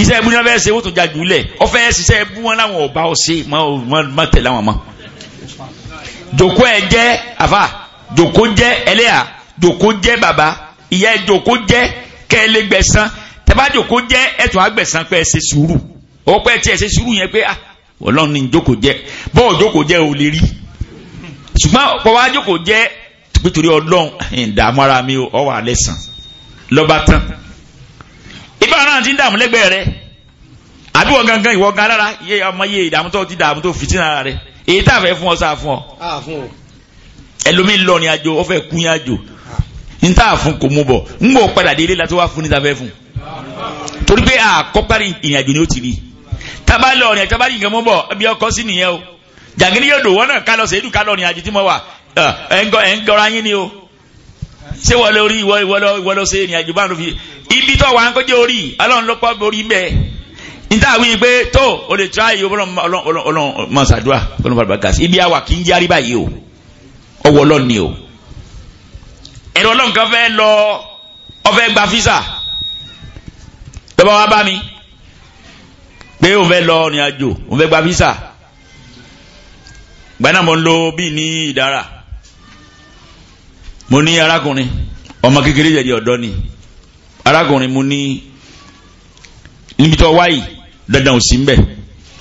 iṣẹ́ ẹbú ni wọ́n fẹ́ ṣe wọ́n tún já jùlẹ̀ ọ fẹ́ ṣiṣẹ́ ẹbú wọn láwọn ọba ọ̀ṣẹ́ má tẹ̀lé àwọn ọmọ. jòkó ẹ jẹ́ àfà jòkó jẹ́ ẹlẹ́yà jòkó jẹ́ bàbá ìyá ẹ jòkó jẹ́ kẹ́lẹ́ gbẹ̀sán tẹ́bá jòkó jẹ́ ẹ̀tún àgbẹ̀sán pé ẹ ṣe sùúrù ọpẹ́ tí ẹ ṣe sùúrù yẹn pé ah ọlọ́run ní ìjókòó jẹ́ bọ́ọ̀ jókòó jẹ́ ò lè rí ṣùgbọ́n pọ̀wá jókòó jẹ́ pítorí ọlọ́run ìdààmú ara mi ọwà lẹ́sàn lọ́ba tán ibà náà ti ń dààmú lẹ́gbẹ̀ẹ́ rẹ àbí gangan ìwọ gan lára iye ọmọ iye ìdààmú tó ti dààmú tó fìtínà ara rẹ èyí tá a fún ọ sáà fún ọ ẹlòmíì lọ ní àjò ó fẹ́ kú ní àjò n tá a fún kò mú bọ̀ n bò padà délé la ta fún torí pé àkọ́parí ìrìnàjò ni ó ti rí tábà lọ o jàngínní yóò dò náà ṣé wọ́n lórí ìwọ ìwọ lọ ìwọ lọ ṣe ìrìn àjò bá ń fi ibi tó wà ń kọjá orí ọlọ́run ló pọ̀ orí mẹ́ẹ̀ níta àwọn yìí pé tó o lè tra yìí ọlọ́run ọlọ́run máa ṣàdúrà ọlọ́run bàbá gàsí ibi àwà kì í járí báyìí o ọwọ́ ọlọ́run ni o ẹ̀rọ ọlọ́run kan fẹ́ lọ ọfẹ́ gba físà lọ́ba wa bá mi pé òun fẹ́ lọ ìrìn àjò òun fẹ́ gba físà gbaná mo ń lo bíi ní ìdára mo ní arákùnrin ọmọ kékeré jẹ̀dí ọ̀dọ́ ni arákùnrin mo ní níbi tó wáyì dandan ò sí ń bẹ̀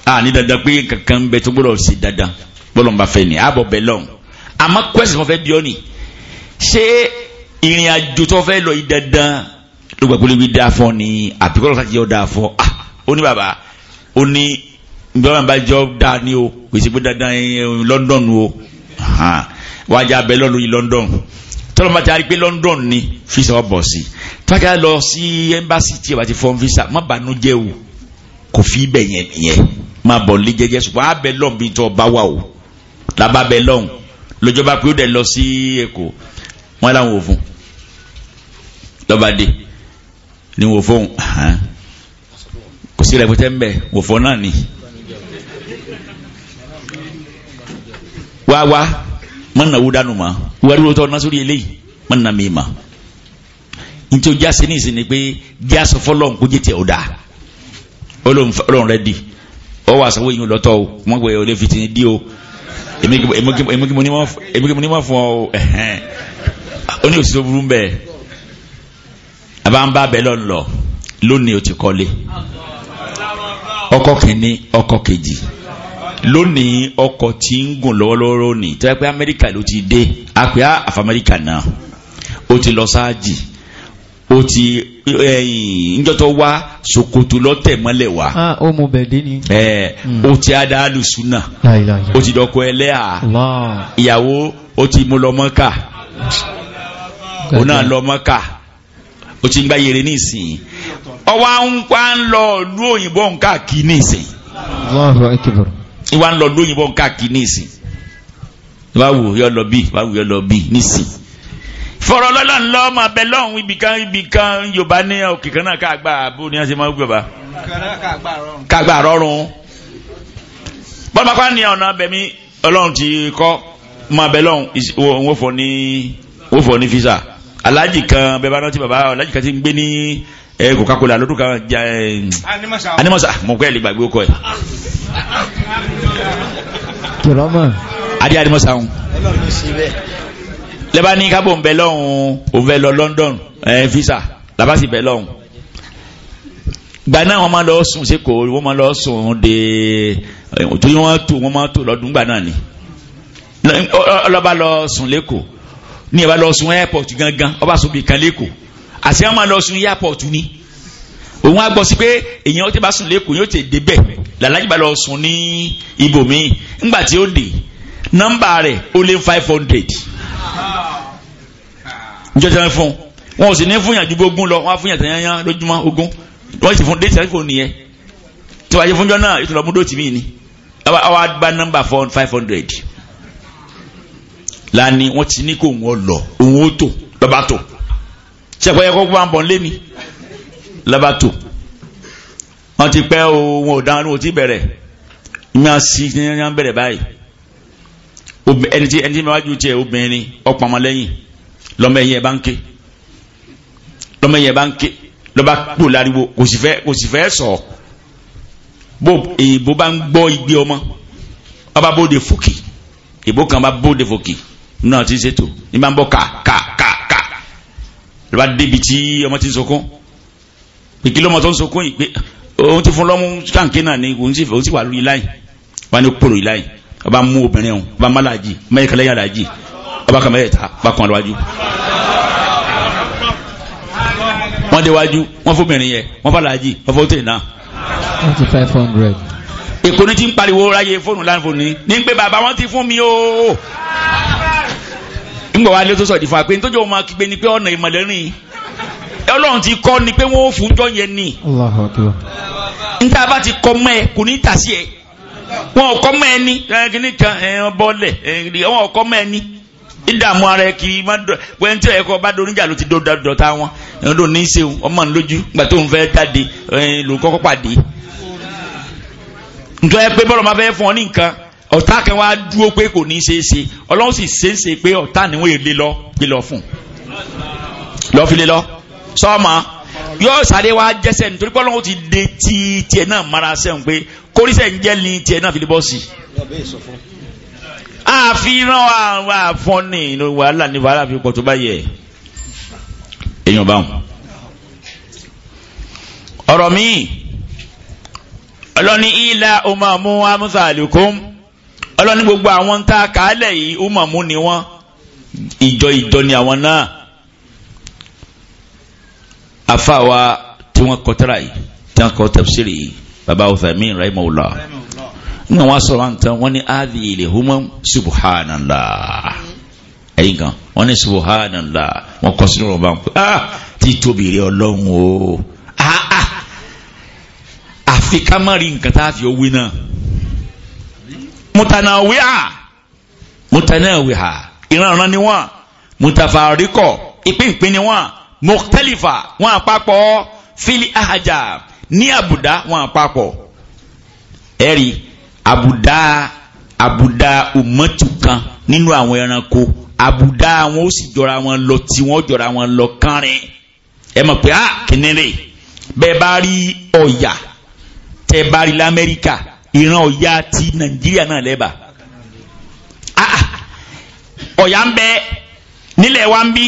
a ní dandan pé kankan ń bẹ tó gbọ́dọ̀ sí dandan gbọ́dọ̀ bá fẹ́ ni àbọ̀ bẹ̀ lọ́hùn àmọ́ kwẹ́sì mo fẹ́ bí ọ́ ni ṣé ìrìn àjò tó fẹ́ lọ yìí dandan ló gbà pé ló bí dáa fọ́ ni àbíkọ́ lọ́ta ti yọ dáa fọ́ ah ó ní bàbá ó ní gbọ́dọ̀ bá jọ dáa ni o kò sí pé dandan eh, London o ah, wájà bẹ̀ lọ́nu yìí London tọ́lọ́ bá ti pé London ni fisa wa bọ̀ sí tọ́jà lọ sí ẹ́mbásí tí ìwà ti fọ́n fisa má bànú jẹ́ o kò fi ibẹ̀ yẹn nìyẹn má bọ̀ lé jẹ́jẹ́ ṣùgbọ́n á bẹ lọ́n bí tọ́ bá wà o làbá bẹ lọ́n lọ́jọ́ bá pé ó dẹ̀ lọ sí Èkó wọ́n láwọn ò fún lọ́ba ni wò fún kò sí rẹpẹtẹ ń bẹ wò fún náà ni wá má nàwó dànù ma wàlúwo tọ́ nasórí eléyìí má nà mí ma nítorí jáse ní ìsìn ni pé jáse fọlọ́n kó jẹ́ tiẹ̀ ọ̀dà ọlọ́run rẹ di ọ wà sọ́wọ́ yìí lọ́tọ̀ o wọ́n gbé olè fìtì di o èmi kí mo ní wọ́n fún ọ ẹ̀hẹ́n ó ní òsì tó burú bẹ́ẹ̀ àbámbá bẹ́ẹ̀ lọ́nà lónìí o ti kọ́lé ọkọ̀ kìíní ọkọ̀ kejì. lónìí ọkọ̀ tí ń gùn lọ́wọ́lọ́wọ́ ní tó pé amẹ́ríkà ló ti dé àpẹ́ àfọ náà ó ti lọ sáájì ó ti ẹyìn wá sokoto lọ́tẹ̀ mọ́lẹ̀ wá. Ah, ó mu bẹ̀ẹ́dẹ́ ni. ẹ hmm. ó ti adáàlù súnà ó ti dọ́kọ ìyàwó ó ti lọ mọ́kà ó lọ mọ́kà ó ti ń yèrè nísìnyí ọwọ́ ń pa ń lọ ìwà ń lọ lóyìnbó káàkiri nísìn wá wù yọ lọ bí wá wù yọ lọ bí nísìn fọ̀rọ̀ lọ́la ńlọ ọmọ abẹ lọ́hùn ibìkan ibìkan yorùbá ní òkè kan náà káàgbà àbó ni a ṣe máa ń gbọ̀bà. káàgbà rọrùn. bọ́lá bá ní ọ̀nà abẹ mi ọlọ́run ti kọ́ ọmọ abẹ lọ́hùn òun fọ ní fisa aláàjì kan bẹ́ẹ̀ bá rántí bàbá aláàjì kan ti ń gbé ní ẹ kò kákó la lọ́dún kan ja ẹ animasa mọ̀ ẹ̀ lè gbàgbé kọ́ ẹ̀. kìlọ́mọ̀. adé animasa ń. lẹ́bàá ní kábò ń bẹ lọ́hùn òun fẹ́ lọ London ẹ̀ visa làbá sì bẹ lọ́hùn. gba náà wọ́n máa lọ sùn sẹ́kọ̀ wọ́n máa lọ sùn de torí wọ́n tó wọ́n máa tó lọ́dún gbà náà ni ọlọ́ba lọ sùn lẹ́kọ̀ọ́ ní ìbá lọ sùn airport gangan ọba sùn bìkan lẹ́kọ̀ọ́ àti àwọn máa lọ sùn ní airport ni òun á gbọ́ sí pé èèyàn ti bá sùn lẹ́kọ̀ọ́ yóò ti débẹ̀ làlájì bá lọ sùn ní ibòmíì ńgbà tí ó dé nọ́mbà rẹ̀ ó lé five hundred njọ́jọ́ fún wọn ò sì ní fún yàn ju ogún lọ wọn á fún yàn tẹ̀yán lójúmọ́ ogún wọ́n sì fún déètì tẹlifóònù nìyẹn tí wàá yẹ fúnjọ́ náà ètò ọmọdé òtí mi ni àwa gba nọ́mbà five hundred Lani wọ́n ti ní kó òun ọ lọ òun ó tò bàbá tò ṣẹ̀pọ̀ yẹ kó bá ń bọ̀ lé mi lọ́ba tó wọ́n ti pẹ́ o wọn ò dáhùn wọn ti bẹ̀rẹ̀ ìmọ̀ sí ní wọ́n bẹ̀rẹ̀ báyìí ẹni tí ẹni tí mi wájú tiẹ̀ obìnrin ọ̀pọ̀ ọmọlẹ́yìn lọ́mọ ẹ̀yìn ẹ̀ bá ń ké lọ́mọ ẹ̀yìn ẹ̀ bá ń ké lọ́ba kpò láriwo kò sì fẹ́ kò sì fẹ́ sọ̀ bó èyìnbó bá ń gbọ́ igbe ọmọ ọba bóde fòkì èyìnbó kan bá bóde fòkì náà ti ṣètò ní bá ń bọ́ kà kà kà ló bá débi tí ọmọ ti ń sọkún pé kí lọ́mọ tó ń sọkún yìí pé òun ti fún lọ́mú kàǹkì náà ni òun sì wà lórí láyìn wà ní kúrò láyìn ọba mú obìnrin ọ̀hún ọba má làjì mẹ́yìn kẹlẹ́yìn àlàjì ọba kan mẹ́yẹ̀ta ọba kan lọ́wájú. wọ́n déwájú wọ́n fóbìnrin yẹ wọ́n fà làjì wọ́n fọ́ tèè twenty five hundred. èkó ní ti ń pariwo ráyè fóònù láńfóònù ní pé bàbá wọn ti fún mi ooo. ńgbà wa lé tó sọ̀dí fún wa pé nítorí ọmọ akígbe ni pé ọ̀nà ìmọ̀lẹ́ rìn ọlọ́run ti kọ́ ni pé wọ́n ó fún jọ yẹn ni níta bá ti kọ́ mọ́ ẹ kò ní tà sí ẹ wọn ò kọ́ mọ́ ẹ ní kan bọ́lẹ̀ wọn ò ara ẹ má bá ti wọn ló ní í ọmọ ní lójú gbà tó ń fẹ́ jáde pàdé pé bọ́lọ̀ máa fẹ́ fún ọ ní ọ̀tá kan wá dúró pé kò ní ṣeé ṣe ọlọ́run sì ṣeé ṣe pé ọ̀tá ni wọ́n lè lọ gbé lọ fún lọ́ fi lè lọ sọ́ọ̀mọ́ yóò sáré wá jẹ́sẹ̀ nítorí pé ọlọ́run ti de ti tiẹ̀ náà mara sẹ́hùn pé kórìsẹ̀ ń jẹ́ ní tiẹ̀ náà fi lè bọ́ sí i. àfihàn àwọn àfọ́nì ní wàhálà ní wàhálà fi pọ̀ tó bá yẹ èèyàn bá wọn. ọ̀rọ̀ mi ọlọ́ni ilà ọmọ àmúhà musa ọlọ́ni gbogbo àwọn ń ta kàálẹ̀ yìí umamu ni wọ́n ìjọ ìjọ ni àwọn náà àfàwà tí wọ́n kọtara yìí tí wọ́n kọ tafsiri yìí baba Uthaymin rahimahullah nínú àwọn sọ̀rọ̀ àǹtán wọ́n ní áàdì ilẹ̀ humam subhanallah ẹ̀yìn kan wọ́n ní subhanallah wọ́n kọ́ sínú ọ̀rọ̀ bá ah tí tóbi rẹ̀ ọlọ́run o ah ah àfi má rí nǹkan tá a fi owó náà mutanawiha mutanawiha ìrànràn ni wọ́n mutafarikọ ìpínpín ni wọ́n mọ̀tẹ́lifà wọn àpapọ̀ fili ahajà ní àbùdá wọn àpapọ̀ ẹ̀rí àbùdá àbùdá umatu kan nínú àwọn ẹranko àbùdá wọn ó sì jọra wọn lọ tí wọn ó jọra wọn lọ kánrin ẹ mọ̀ pé ah kìnìún rè bẹ́ẹ̀ bá rí ọ̀yà tẹ́ bá rí lamẹ́ríkà ìran ọ̀yà ti nàìjíríà náà lẹ́bà ah, ah. ọ̀yà ń bẹ nílẹ̀ wa ń bí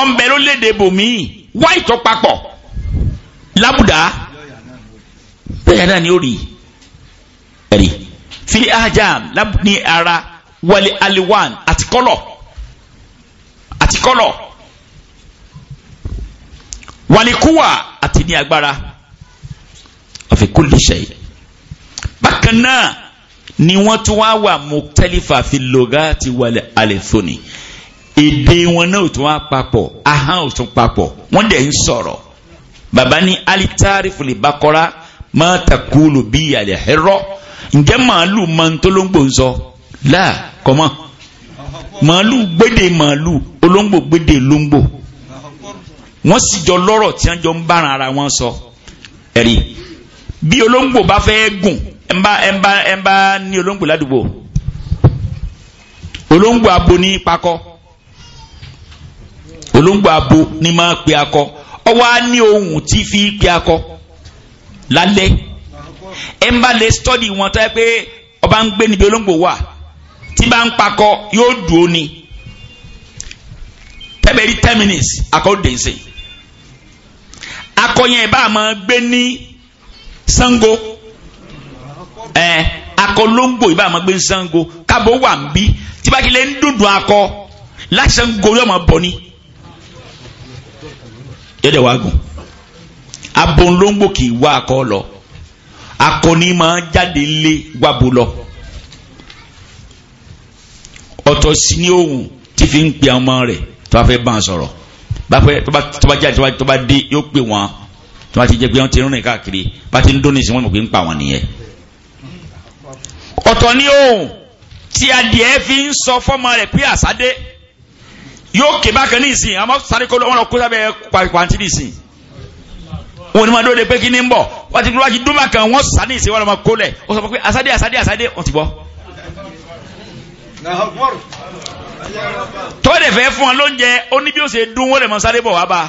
ọ̀ ń bẹ lólédè bòmí wá ìtọ́ papọ̀ lábùdá bẹ́ẹ̀ náà ni ó rí ẹ̀rí fili ajam ní ara wali aliwan àti kọ́lọ̀ àti kọ́lọ̀ walikuwa àti ní agbára ọ̀fẹ́ kò lè kan náà ni wọ́n tún wá wà mọ̀tẹ́lifà fi lọ́gá ti wà alẹ́fóni èdè wọn náà tún wá papọ̀ ahán ò tún papọ̀ wọ́n dẹ̀ ń sọ̀rọ̀ bàbá ní alitari fúli bakọ́ra máa takulu bí yàrá ẹ̀rọ ǹjẹ́ màálù máa ń tólóńgbò ń sọ láà kọ́mọ́ màálù gbédè màálù olóńgbò gbédè lóńgbò wọ́n sì jọ lọ́rọ̀ tí wọ́n jọ ń bára ara wọn sọ ẹ̀rí bí olóńgbò bá fẹ́ gùn ẹnba ẹnba ẹnba ni olóńgbò ládùúgbò olóńgbò abo ní pakọ olóńgbò abo ní máa pe akọ ọwọ́ á ní ohun tí fi pe akọ lálẹ́ ẹnba lè stọ́dì wọn tó yẹ pé ọba ń gbé níbi olóńgbò wà tí bá ń pakọ yóò dùn ó ni tẹ́bẹ̀rí terminus minutes akọ dé nsè akọ bá a máa gbé ní Ṣàngó ẹ eh, akọlóńgbò ibà máa gbé Ṣàngó kábò wà ń bí tìbákilẹ̀ ń dùndùn akọ láti Ṣàngó yóò máa bọ̀ ni yẹ́dẹ̀ wá gùn abonlóńgbò kì í wá akọ lọ akọ ni máa jáde lé wàbò lọ ọ̀tọ̀ sí ní òun tí fi ń pe ọmọ rẹ̀ tó bá fẹ́ bá a sọ̀rọ̀ báfẹ́ tó bá jáde tó bá dé yóò pè wọ́n tó bá ti jẹ́ pé wọ́n ti rìn káàkiri bá ti ń dún ní ìsìn wọn mọ̀ pé ń pa wọn nìyẹn ọ̀tọ̀ ní ohun tí adìẹ fi ń sọ fọ́mọ rẹ̀ pé àsádé yóò ké bákan ní ìsìn àmọ́ sáré kó lọ́wọ́ kó sábẹ́ pàǹtí ní ìsìn wọn ni wọn dóde pé kí ni ń bọ̀ wọ́n ti wájú dúmọ̀ kan wọ́n sá ní ìsìn wọn lọ́mọ kó lẹ̀ ó sọ pé àsádé àsádé àsádé wọ́n ti bọ́. tọ́lẹ̀ fẹ́ fún wọn lóúnjẹ ó ní bí ó ṣe dún wọ́n lè mọ sáré bọ̀ wá bá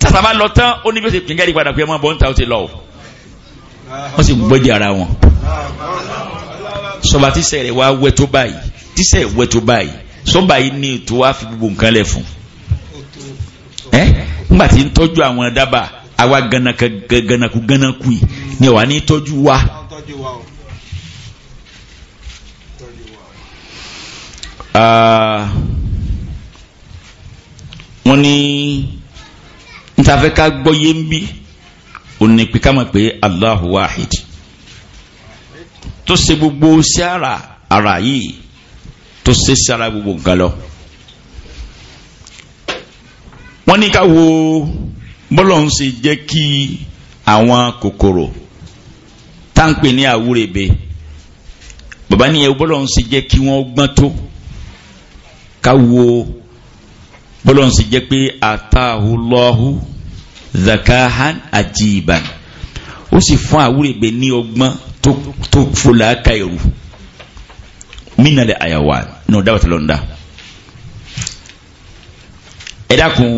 tàtàbà lọ tán ó ní bí ó ṣe pínkẹ́ wọ́n sì gbọ́dẹ̀ ara wọn sọba tíṣẹ́ rẹ̀ wá wẹ́ tó báyìí tíṣẹ́ wẹ́ tó báyìí sọba yìí ní ètò wá fi gbogbo nǹkan lẹ̀ fún ẹ́ nígbà tí ń tọ́jú àwọn dábàá àwa gànàkà gànàkù yìí ni wà ní tọ́jú wa. wọ́n ní ntàfẹ́ ká gbọ́ yé ń bí òní pé ká mọ̀ pé Allahu wahid tó ṣe gbogbo sí ara ara yìí tó ṣe sí ara gbogbo nǹkan lọ. wọ́n ní ká wo bọ́lọ̀ ń ṣe jẹ́ kí àwọn kòkòrò táǹpẹ̀ ní àwúrẹ́bẹ bàbá ní bọ́lọ̀ ń ṣe jẹ́ kí wọ́n gbọ́n tó ká wo bọ́lọ̀ ń ṣe jẹ́ pé àtàhùlọ́hù zakahan ajiban ó sì fún àwúrẹ̀gbẹ̀ ní ọgbọ́n tó fòlàáka ẹ̀rù mínàlẹ̀ àyàwó náà dábàtà lọ́nda ẹ dákun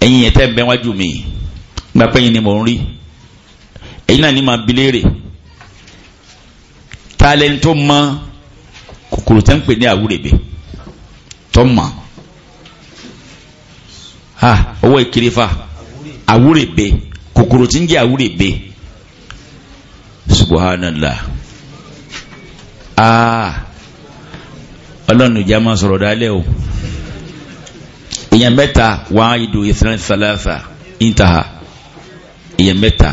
ẹ̀yin yẹn tẹ́ ń wájú mi gba pẹ́yìn ni mò ń rí ẹ̀yin náà ní máa bi léèrè ta tó mọ kòkòrò tẹ́ ń pè ní àwúrẹ̀gbẹ̀ tó mọ̀ ha owó ìkiri fa awúrèbe kòkòrò tí ń jẹ́ awúrèbe subhanallah ah ọlọ́run ìjà máa sọ̀rọ̀ dálẹ́ o èèyàn mẹ́ta wàá ìdò ìsìlẹ̀ sàlàsà ìntàhà èèyàn mẹ́ta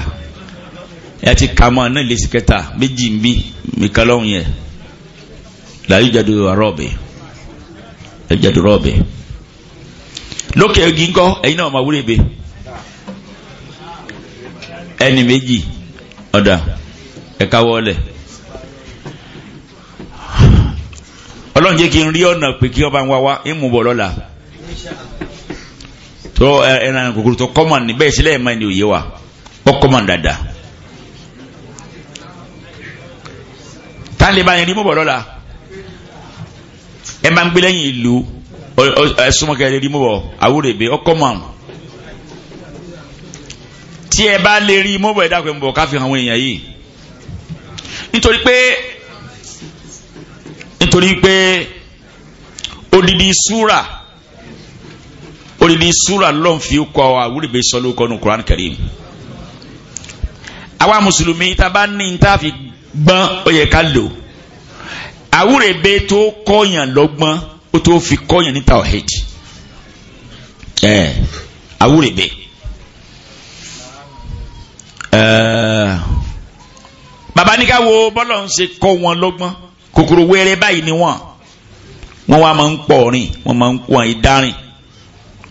ẹ ti ka mọ́ náà lè sìkẹ́ta méjì ń bí mìkálọ́hún yẹn làyé jáde rọ́ọ̀bì ẹ jáde rọ́ọ̀bì lókè igi ńkọ́ ẹ̀yin náà máa wúrẹ́ bẹ́ẹ̀ ẹni méjì ọ̀dà ẹ̀ka wọlé ọlọ́run jẹ́ kí n rí ọ̀nà pé kí ọba ń wá wá ń mú bọ̀ lọ́la tó ẹran kòkòrò tó kọ́mọ̀ ní bẹ́ẹ̀ sílẹ̀ ẹ̀ma ni òye wa ó kọ́mọ̀ dáadáa tá n lè bá yẹn rí mú bọ̀ lọ́la ẹ máa ń gbé lẹ́yìn ìlú ẹ súnmọ́ kẹrin rí mú bọ̀ àwúrẹ̀bẹ̀ ó kọ́mọ̀ tí ẹ bá lè rí mọ́bọ̀ ẹ̀dá pé mọ̀bọ̀ ká fi hàn àwọn èèyàn yìí nítorí pé nítorí pé odidi súrà odidi súrà lọ́n fi kọ́ àwúrẹ́gbẹ́ sọ ló kọ́ nu Quran Karim àwa mùsùlùmí tá a bá ní tá a fi gbọ́n ó yẹ ká lò àwúrẹ́gbẹ́ tó kọ́yàn lọ́gbọ́n ó tó fi kọ́yàn ní tawhid ẹ̀ àwúrẹ́gbẹ́. Eh, bàbá ní ká wo bọ́lọ̀ ń ṣe kọ́ wọn lọ́gbọ́n kòkòrò wẹ́rẹ́ báyìí ni wọ́n wọ́n wá máa ń pọ̀ rìn wọ́n máa ń pọ̀ ìdárìn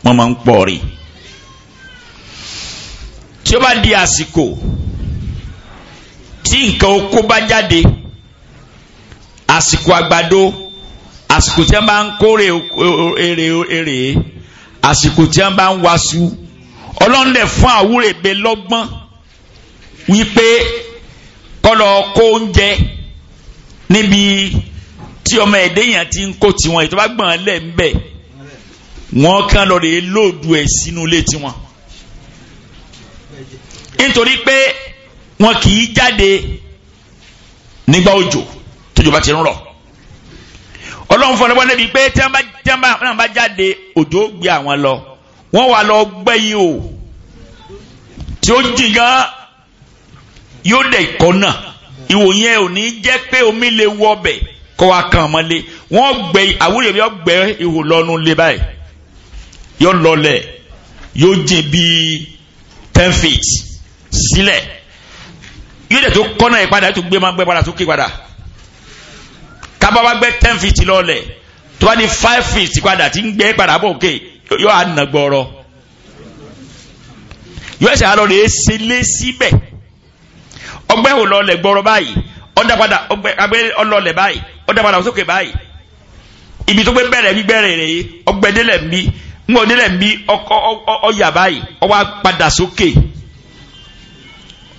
wọ́n máa ń pọ̀ rìn tí ó bá di àsìkò tí nǹkan oko bá jáde àsìkò àgbàdo àsìkò tí wọ́n bá ń kórè èrè èrè àsìkò tí wọ́n bá ń wasu ọlọ́run dẹ̀ fún àwúrẹ̀ bẹ lọ́gbọ́n wípé kọlọ kó oúnjẹ níbi tí ọmọ ẹ̀dẹ́yìn ti ń kó tiwọn ètò bá gbọ̀n lẹ̀ ń bẹ̀ wọ́n kàn lọ rèé lóòdù ẹ̀ sínú ilé tiwọn nítorí pé wọn kì í jáde nígbà òjò tójò bá ti ń rọ̀ ọlọ́run fún ọlọ́wọ́ níbi pé tí wọ́n bá jáde òjò gbé àwọn lọ wọ́n wà lọ gbẹ́yìn o tí ó jì gan yóò dẹ̀ kọ́ náà ìwò yẹn ò ní jẹ́ pé omi lè wọ ọbẹ̀ kọ́ wa kàn mọ́lé wọ́n gbẹ àwúrò yẹn gbẹ ìwò lọ́nu lé báyìí yọ lọlẹ̀ yóò jìn bíi ten feet sílẹ̀ yóò dẹ̀ tó kọ́ náà yẹn padà yóò tó gbé máa gbẹ padà tó ké padà tábà wá gbẹ ten feet lọ́lẹ̀ tó bá di five feet padà tí ń gbé padà bọ̀ òkè yóò ànàgbọ̀rọ̀ yóò ẹ̀sẹ̀ àlọ́ rẹ̀ ṣe lé síbẹ̀. ọgbẹ́ ò lọlẹ̀ gbọ́rọ̀ báyìí ọ̀dà padà ọgbẹ́ báyìí ọ̀dà padà sókè báyìí ibi tó gbé bẹ̀rẹ̀ bí bẹ̀rẹ̀ rèé ọgbẹ́ délẹ̀ ń bí ń ń bí ọyà báyìí ọwọ́ padà sókè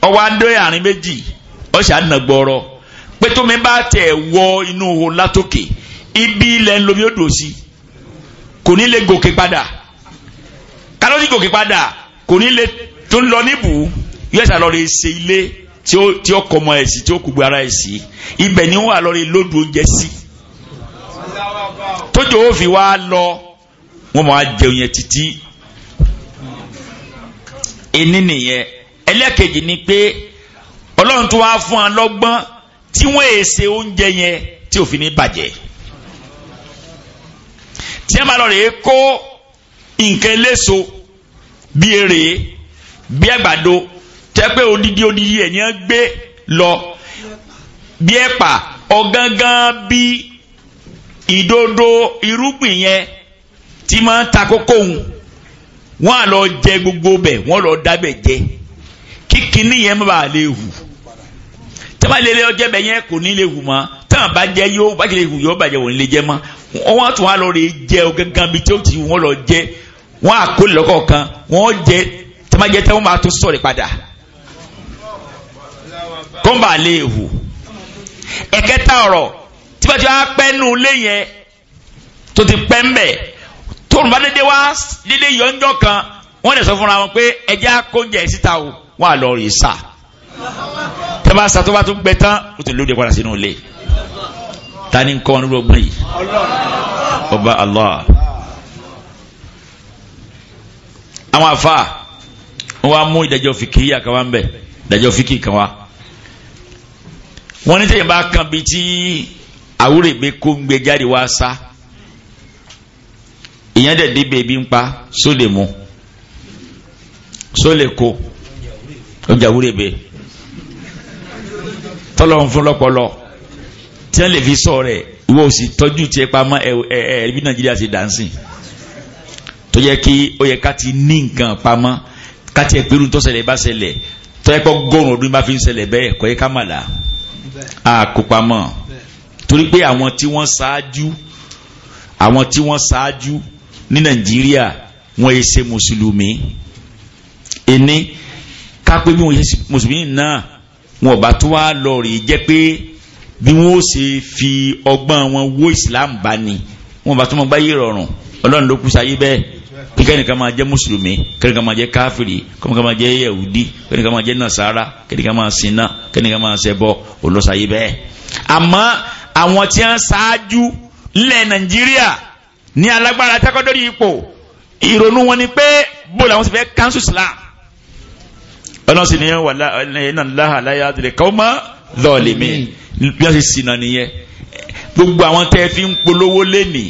ọwọ́ adé àárín méjì gbọ́rọ̀ pé tó mi bá tẹ̀ wọ inú ibi ilẹ̀ ń lomi sí kò ní lè gòkè padà gòkè padà kò ní lè tó ń lọ níbù lè ṣe ilé tí ó kọmọ ẹ̀ sí tí ó kúgbe ara ẹ̀ sí ibẹ̀ ni ó wà lọ́ọ́ rí lódù oúnjẹ sí tójó ó fi wá lọ wọ́n máa jẹun yẹn títí ẹni nìyẹn ẹlẹ́kejì ni pé ọlọ́run tó wá fún wa lọ́gbọ́n tí wọ́n èè ṣe oúnjẹ yẹn tí òfin ní bàjẹ́ tí ẹ máa lọ kó nǹkan eléso bí erè bí àgbàdo tẹ́pẹ́ odidi odidi ẹ̀ ní ẹ gbé lọ bí ẹ̀pà ọ̀gángan bí ìdodo irúgbìn yẹn tí máa ń ta kókó òun wọ́n á lọ jẹ gbogbo bẹ̀ wọ́n lọ dábẹ̀ jẹ kíkiní yẹn má bàa lè hù tẹ́pẹ́ lè lé ọjẹ́ bẹ̀ yẹn kò ní lè hù mọ́ tán bá jẹ yóò bá jẹ yóò bàjẹ́ wọ́n lè jẹ mọ́ wọ́n tún wá lọ rè jẹ o gángan tí ó ti wọ́n lọ jẹ wọ́n àkólé lọ́kọ̀ọ̀kan wọ́n jẹ tẹ́májẹ tẹ́ máa tún sọ̀rọ̀ padà kọ́ńbà lè hù ẹ̀kẹta ọ̀rọ̀ tí bá ti wá pẹ́ nù lé yẹn tó ti pẹ́ ń bẹ̀ tóun bá dédé wá dédé yọjọ́ kan wọ́n lè sọ fúnra wọn pé ẹja kóúnjẹ síta o wọ́n á lọ rè sá tẹ́ bá sa tó bá tún gbẹ tán o ti lóde padà sínú ilé ta ni nkọ́ nínú ọgbọ́n yìí ọba Allah àwọn afa wọn wá mú ìdájọ́ fìkì yà kan wá ń bẹ̀ ìdájọ́ fìkì kan wá wọ́n ní tẹ̀yìn bá kan bíi tí àwúrẹ̀gbẹ́ kó ń gbé jáde wá sá ìyẹn dẹ̀ débẹ̀ ebi ń pa sólè mu sólè kó ọjà àwúrẹ̀gbẹ́ tọ́lọ́run fún lọ́pọ̀lọ́ tí wọ́n lè fi sọ rẹ̀ ìwọ ò sì tọ́jú tiẹ̀ pamọ́ ẹ̀ ẹ̀ bí nàìjíríà ti dànsìn tó yẹ kí ó yẹ ká ti ní nǹkan pamọ́ ká tiẹ̀ pẹ̀lú tó ṣẹlẹ̀ bá ṣẹlẹ̀ tó yẹ kó gọ́rùn ọdún bá fi ń ṣẹlẹ̀ bẹ́ẹ̀ kọ́ yẹ ká mà dáa àkópamọ́ torí pé àwọn tí wọ́n ṣáájú àwọn tí wọ́n ṣáájú ní nàìjíríà wọ́n yẹ ṣe mùsùlùmí ẹni kápẹ́ bí wọ́n yẹ ṣe mùsùlùmí náà wọn ò bá tó wá lọ rí jẹ́ pé bí wọ́n ó ṣe fi ọgbọ́n wọn wó ìsìlámù bá ní wọn bá tó mọ gbáyé rọrùn ọlọ́run ló kú sáyé bẹ́ẹ̀ kíkẹ́ nìkan máa jẹ́ mùsùlùmí kẹ́nìkan máa jẹ́ káfìrí kẹ́nìkan máa jẹ́ yahudi kẹ́nìkan máa jẹ́ nasara kẹ́nìkan máa sinna kẹ́nìkan máa ṣẹbọ olóṣàyí bẹ́ẹ̀. àmọ́ àwọn tí wọ́n ṣáájú lẹ̀ nàìjíríà ní alágbára tẹ́kọ̀dọ́rì ipò ìrònú wọn ni pé bó làwọn sì fẹ́ kánṣu islam. ọlọ́run sì ní wàlá iná láhà láyé àdìrẹ káwọ́mọ́ lọ́ọ̀lẹ́mí bí wọ́n ṣe sinna nìyẹn gbogbo àwọn tẹ́ fi ń polówó lénìí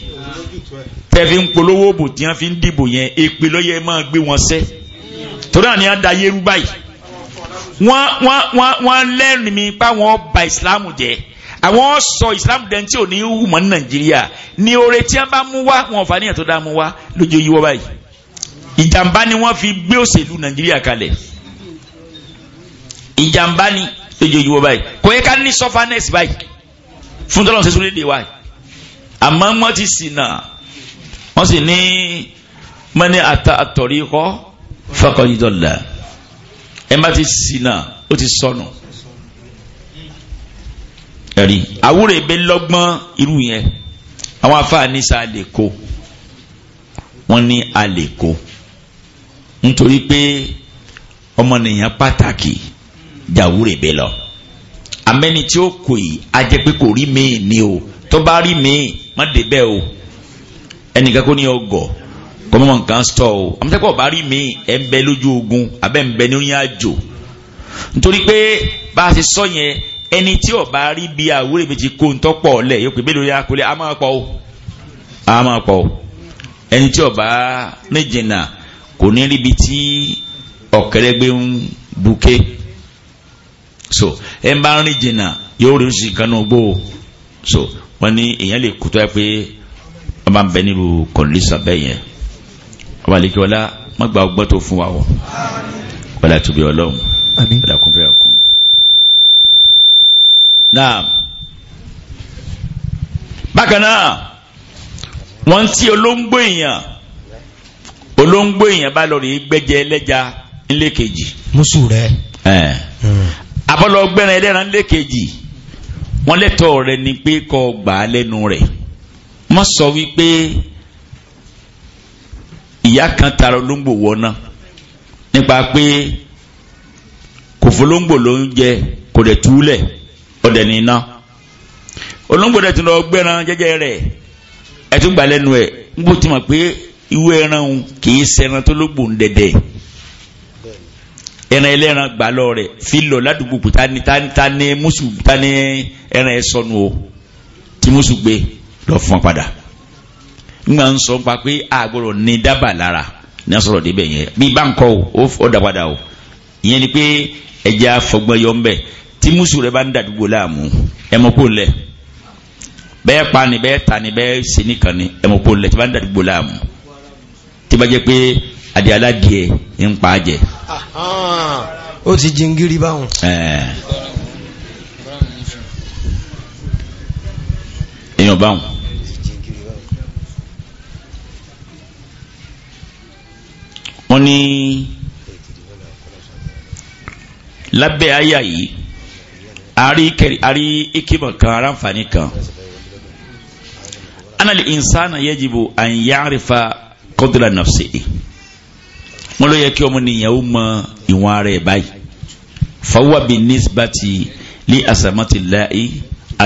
tẹ́fi ń polówó bò tí wọ́n fi ń dìbò yẹn èpè lọ́yẹ máa gbé wọn sẹ́ torí àná ada yẹrú báyìí wọ́n wọ́n wọ́n wọ́n lẹ́rìn mi pa wọ́n ba ìsìlámù jẹ́ àwọn sọ ìsìlámù dẹ́n tí ò ní hù mọ́ ní nàìjíríà ní oore tí wọ́n bá mú wá wọn ò fà níyàn tó dá mú wá lójú yíwọ́ báyìí ìjàmbá ni wọ́n fi gbé òṣèlú nàìjíríà kalẹ̀ ìjàmbá ni lójú yíwọ́ báyìí kò yẹ ká ní sọ́fánẹ́sì báyìí fún wọ́n sì ní mẹ́ni ata àtọ̀rí kọ́ fakọ̀yìndọ̀là ẹ má ti ṣìnà ó ti sọnù ẹ̀rí àwúrẹ̀ bẹ lọ́gbọ́n irú yẹn àwọn afáàní sa lè kó wọ́n ní a lè kó nítorí pé ọmọnìyàn pàtàkì jàwúrẹ̀ bẹ lọ amẹ́ni tí ó kò yìí a pé kò rí mi-ín o tó bá rí mi-ín débẹ̀ o ẹnìkan kò ní ọgọ̀ kọ́mọ́ nǹkan stọ̀ o àmọ́tẹ́kọ̀ bá rí mi ẹ̀ ń bẹ lójú ogun abẹ́ ń bẹ nírìn àjò nítorí pé bá a ti sọ yẹn ẹni tí ọba rí bí àwúrẹ́ mi kó ń tọ́pọ̀ ọ̀lẹ̀ yóò pé bẹ́ẹ̀ lórí akọlẹ̀ a máa pọ̀ o a máa pọ̀ o ẹni tí ọba méjìnà kò ní ríbi tí ọ̀kẹ́rẹ́ ń buké so ẹ bá rìn jìnà yóò rí oṣù kan náà gbó o so wọ́n ní èèyàn lè kú tó pé wọ́n bá ń bẹ nílùú kọ̀ǹdísà bẹ́ẹ̀ yẹn ọba àlekí ọlá wọ́n gba ọgbọ́n tó fún wa wọ̀ ọlá tóbi ọlọ́run ọlá kún fẹ́ràn kún. náà bákan náà wọ́n ń tí olóńgbò èèyàn olóńgbò èèyàn bá lọ rí gbẹ́jẹ ẹlẹ́ja nílé musu rẹ. Hmm. abọ́lọ́ gbẹ́ran ẹlẹ́ran nílé wọ́n lẹ́tọ̀ọ́ rẹ ni pé kọ́ gbà á lẹ́nu rẹ̀ wọ́n sọ wípé ìyá kan tara olóńgbò wọná nípa pé kò fọlóńgbò ló ń jẹ kò dẹ̀ túlẹ̀ ọ̀dẹ̀ ní iná olóńgbò dẹ̀ tún lọ gbẹ́ran jẹ́jẹ́ rẹ̀ ẹ̀ tún gbà lẹ́nu ẹ̀ ń bò tí mọ̀ pé ìwé ẹran òun kì í ṣẹran tó lógbò ń dẹ̀dẹ̀ ẹran ẹlẹ́ran gbà lọ rẹ̀ fi lọ ládùúgbò tani tani tani mùsùlùmí tani ẹran ẹ sọnù o tí mùsùlùmí gbé lọ fún wọn padà nígbà ń sọ pa pé àgbọ̀rọ̀ ní dábà lára ní a sọ̀rọ̀ débẹ̀ yẹn bí báńkọ́ o ó dá padà o ìyẹn ni pé ẹja fọgbọ́n yọ ń bẹ̀ tí mùsùlùmí rẹ bá ń dàdúgbò láàmú ẹ mọ̀ kó lẹ̀ bẹ́ẹ̀ pa ni bẹ́ẹ̀ ta ni bẹ́ẹ̀ ṣe nìkan ni ẹ mọ̀ kó lẹ̀ tí bá ń dàdúgbò láàmú tí bá jẹ́ pé adé aládìẹ ń pa á jẹ. ó ti jingiri báwọn. èèyàn báwọn. wọ́n ní lábẹ́ àyà yìí àrí ikimọ̀ kan aráǹfààní kan anali insana yejibu, an ya'rifa qadra nafsihi wọ́n ló yẹ kí ọmọ nìyẹn ó mọ ìwọ̀n ara ẹ̀ báyìí fawa bi nisbati li asamati la'i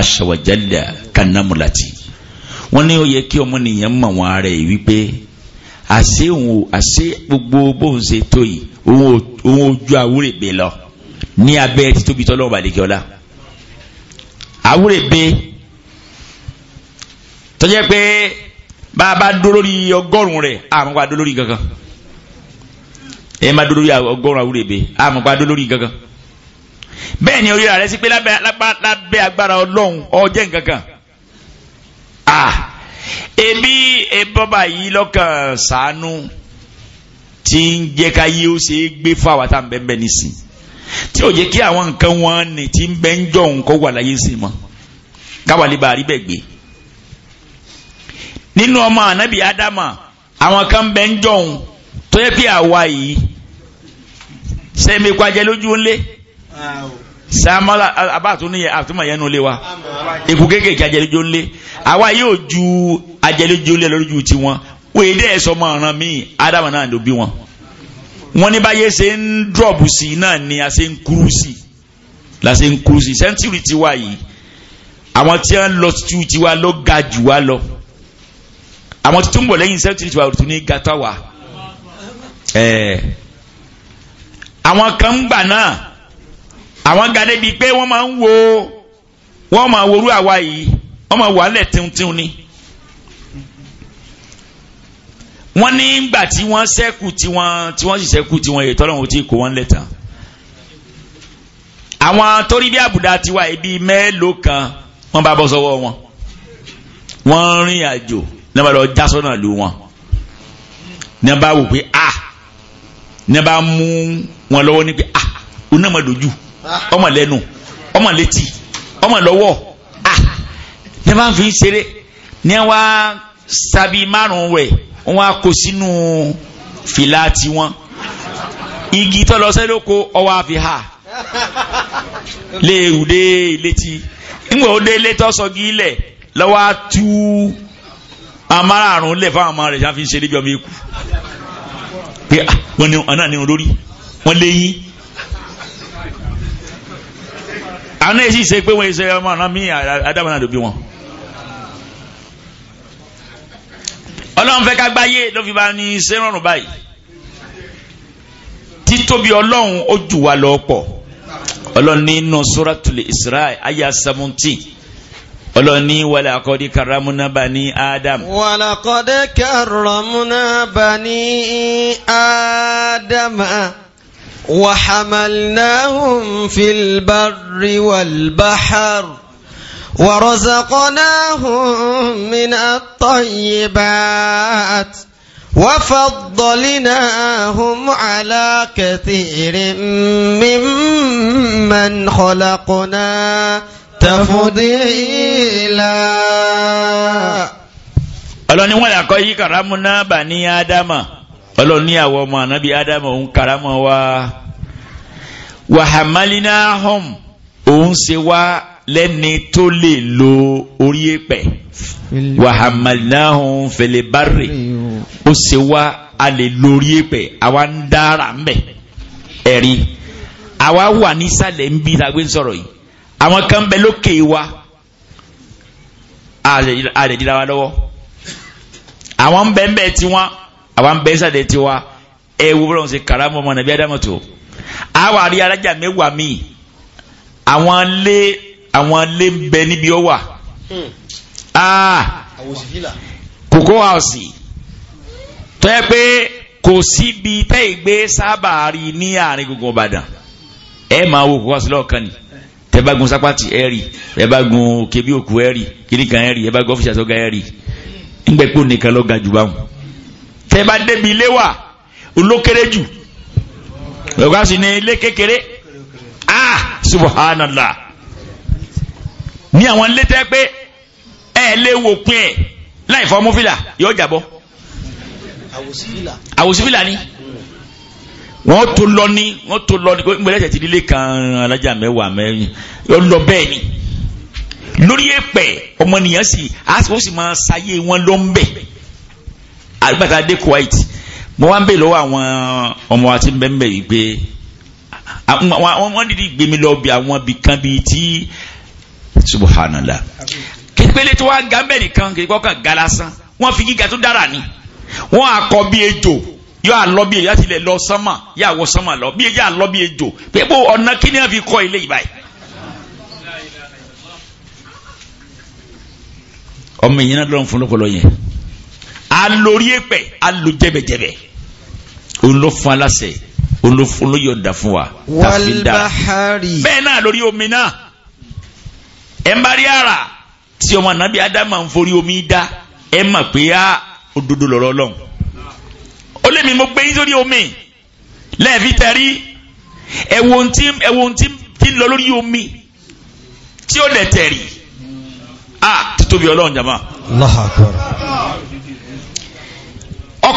asawajalla kanamulati wọ́n ní ó yẹ kí ọmọ nìyẹn mọ wọn ara ẹ̀ wípé àṣé òun àṣé gbogbo bóun ṣe tó yìí òun ojú àwúrèbe lọ ní abẹ́ títóbi tọ́lọ́wọ́ balẹ̀kẹ́ ọ̀la àwúrèbe tọ́jẹ́ pé bá a bá dúró lórí ọgọ́rùn rẹ̀ àmọ́ bá a dúró lórí gangan ẹ má dúró lórí ọgọ́rùn àwúrèbe àmọ́ bá a dúró lórí gangan bẹ́ẹ̀ ni orí rẹ̀ sí pé lábẹ́ agbára ọlọ́run ọjẹ́ nǹkan ah ebi ebọba yìí lọ́kàn sànú tí ń jẹ́ ká yí ó ṣe é gbé fún àwọn àtàwọn bẹ́ẹ̀ bẹ́ẹ̀ nísìn tí ò jẹ́ kí àwọn nǹkan wọn ní tí ń bẹ́ ń jọ nǹkan wà láyé sí mọ́ káwálé bá rí bẹ́ẹ̀ gbé nínú ọmọ ànábì ádámà àwọn kan bẹ́ ń jọ òun tó yẹ pé àwa yìí sẹ́mi kwajẹ lójú ńlẹ̀. Wow sàmọ́lá abáàtú ní àtúmọ̀ yẹn nù lé wa ikú kéékèèké ajẹ́lẹ́jọ́ lé àwa yóò ju ajẹ́lẹ́jọ́ lé lórí ju tiwọn wòye dẹ́ sọ ọmọ ọ̀ràn míì ádámù náà ló bí wọn. wọ́n ní báyé ṣe ń dọ̀bù sí i náà ni a ń kúrú sí i la ṣe ń kúrú sí i sẹ́ńtúrì tiwa yìí àwọn tí wọ́n lọ tu tiwa ló ga jù wá lọ àwọn tuntun bọ̀ lẹ́yìn sẹ́ńtúrì tiwa tún ní gata wa. àwọn kan ń gbà náà àwọn ga débi pé wọ́n máa ń wo wọ́n máa worú àwa yìí wọ́n máa wà lẹ̀ tuntun ni. wọ́n ní ìgbà tí wọ́n ṣẹ́kù tí wọ́n tí wọ́n sì ṣẹ́kù tí wọ́n yẹ tọ́lọ́run tí kò wọ́n lẹ́tàn. àwọn torí bí àbùdá ti wà ibi mélòó kan wọ́n bá bọ́ sọ́wọ́ wọn. wọ́n rìn àjò ní wọ́n lọ já sọ́nà lù wọn. ní wọ́n bá wò pé a ah! ní wọ́n bá mú wọn lọ́wọ́ ní pé a ah! onímọ̀ dojú. ọmọ lẹ́nu ọmọ létí ọmọ lọwọ, à ní wọ́n fi ṣeré ní wọ́n sábì márùn-ún wẹ̀ kó sínú fìlà tiwọn igi tọ́lọ sẹ́lóko ọwọ́ àfi hà léèrú dé létí ńgbà ó dé létọ́ sọ́gi ilẹ̀ lọ́wọ́ á tú amárààrún lẹ̀ ọmọ rẹ̀ sáfi ń ṣeré bí ọmọ ikú ah, léyìn. àná èsì ṣe pé wọ́n ṣe ọmọ àná mí àdámọ́ náà ló bí wọn. ọlọ́run fẹ́ ká gbáyé ló fi bá ní ṣe rọrùn báyìí títóbi ọlọ́run ó jù wá lọ pọ̀ ọlọ́run nínú suratul Isra aya seventeen ọlọ́ni wàlẹ̀ àkọ́dí karamuna bani adam. wàlẹ̀ karamuna bani adam. وحملناهم في البر والبحر ورزقناهم من الطيبات وفضلناهم على كثير ممن خلقنا تفضيلا ọlọ́ni نقول لك أيك رامنا بني آدم ọlọ́run ní àwọn ọmọ ànábì ádámù òun karamọ́ wa wàhámálínà hom òun ṣe wá lẹ́ni tó lè lo orí èpẹ̀ wàhámálínà hom fèlè bárè ó ṣe wá a lè lórí èpẹ̀ àwa ń dára ń bẹ̀ ẹ̀rí àwa wà nísàlẹ̀ ń bí tàgbé sọ̀rọ̀ yìí àwọn kan bẹ lókè wa àlè dira wa lọ́wọ́ àwọn bẹ́ẹ̀ bẹ́ẹ̀ tiwọn àwa ń bẹ́ sàdé tiwa ẹ wo bọ́lá wọn ṣe kàrà mọ́ ọmọ nàbí ádámù tó àwa rí alájà mẹ́wàá míì àwọn lé àwọn lé ń bẹ níbi ọ wà kòkó hmm. àwòsì tó yẹ pé kò síbi tẹ́ ìgbé sábà rí ní àárín gbogbo Ìbàdàn ẹ máa wo kòkó àwòsì lọ́ọ̀kan ni tẹ́ bá gun sápàtì ẹ rí ẹ bá gun kébí òkú ẹ rí kíníkan ẹ rí ẹ bá gun ọ́fíìsì àtọ́gá ẹ rí ń gbẹ́ pò nìkan lọ́ga jù báwọn tẹ́ bá débi ilé wà olókéré jù lọ́gbà sí ní ilé kékeré ah subhanallah ní àwọn ilé tẹ́ pé ẹ lè wò pin ẹ̀ láì fọmú fìlà yóò jàbọ́ àwòsí fìlà ni wọ́n tó lọ ní wọ́n tó lọ ní pé ìgbẹ́lẹ́ tẹ̀tí nílé kan alájà mẹ́wàá mẹ́rin yóò lọ bẹ́ẹ̀ ni lórí èpẹ̀ ọmọnìyàn sì á sì máa ṣayé wọn ló ń bẹ̀ àgbàtà dé Kuwait mo wá ń bè lọ́wọ́ àwọn ọmọ àti bẹ́ẹ̀ yìí pé wọ́n dìde gbèmí lọ bí àwọn bí kan bí tí subhanallah kékeré tí wọ́n á ga bẹ́ẹ̀ nìkan kékeré kọ́kàn ga lásán wọ́n fi gíga tó dára ni wọ́n á kọ́ bí ejò yóò àlọ́ bí ejò àti ilẹ̀ lọ sánmà yóò àwọ̀ sánmà lọ bí ejò àlọ́ bí ejò pé ọ̀nà kí ni wọ́n fi kọ́ ilé yìí báyìí. ọmọ ìyẹn náà lọ́n fún lọ́pọ̀lọ́ yẹn alórí èpẹ̀ alò jẹ́bẹ̀jẹ́bẹ̀ òun ló fún aláṣẹ òun ló fún olóyọ̀dà fún wa tàfíńdà bẹ́ẹ̀ náà lórí omi náà ẹ̀ ń bá rí ara tí ọmọ ànábì ádámà ń forí omi dá ẹ mà pé á òdodo lọ́rọ́ lọ́hùn ó lè mi mo gbé yín omi lẹ́ẹ̀fi tẹ̀rí ẹ̀wọ̀n tí ẹ̀wọ̀n tí ń lọ lórí omi tí ó dẹ̀ tẹ̀rí a títóbi ọlọ́run jàmá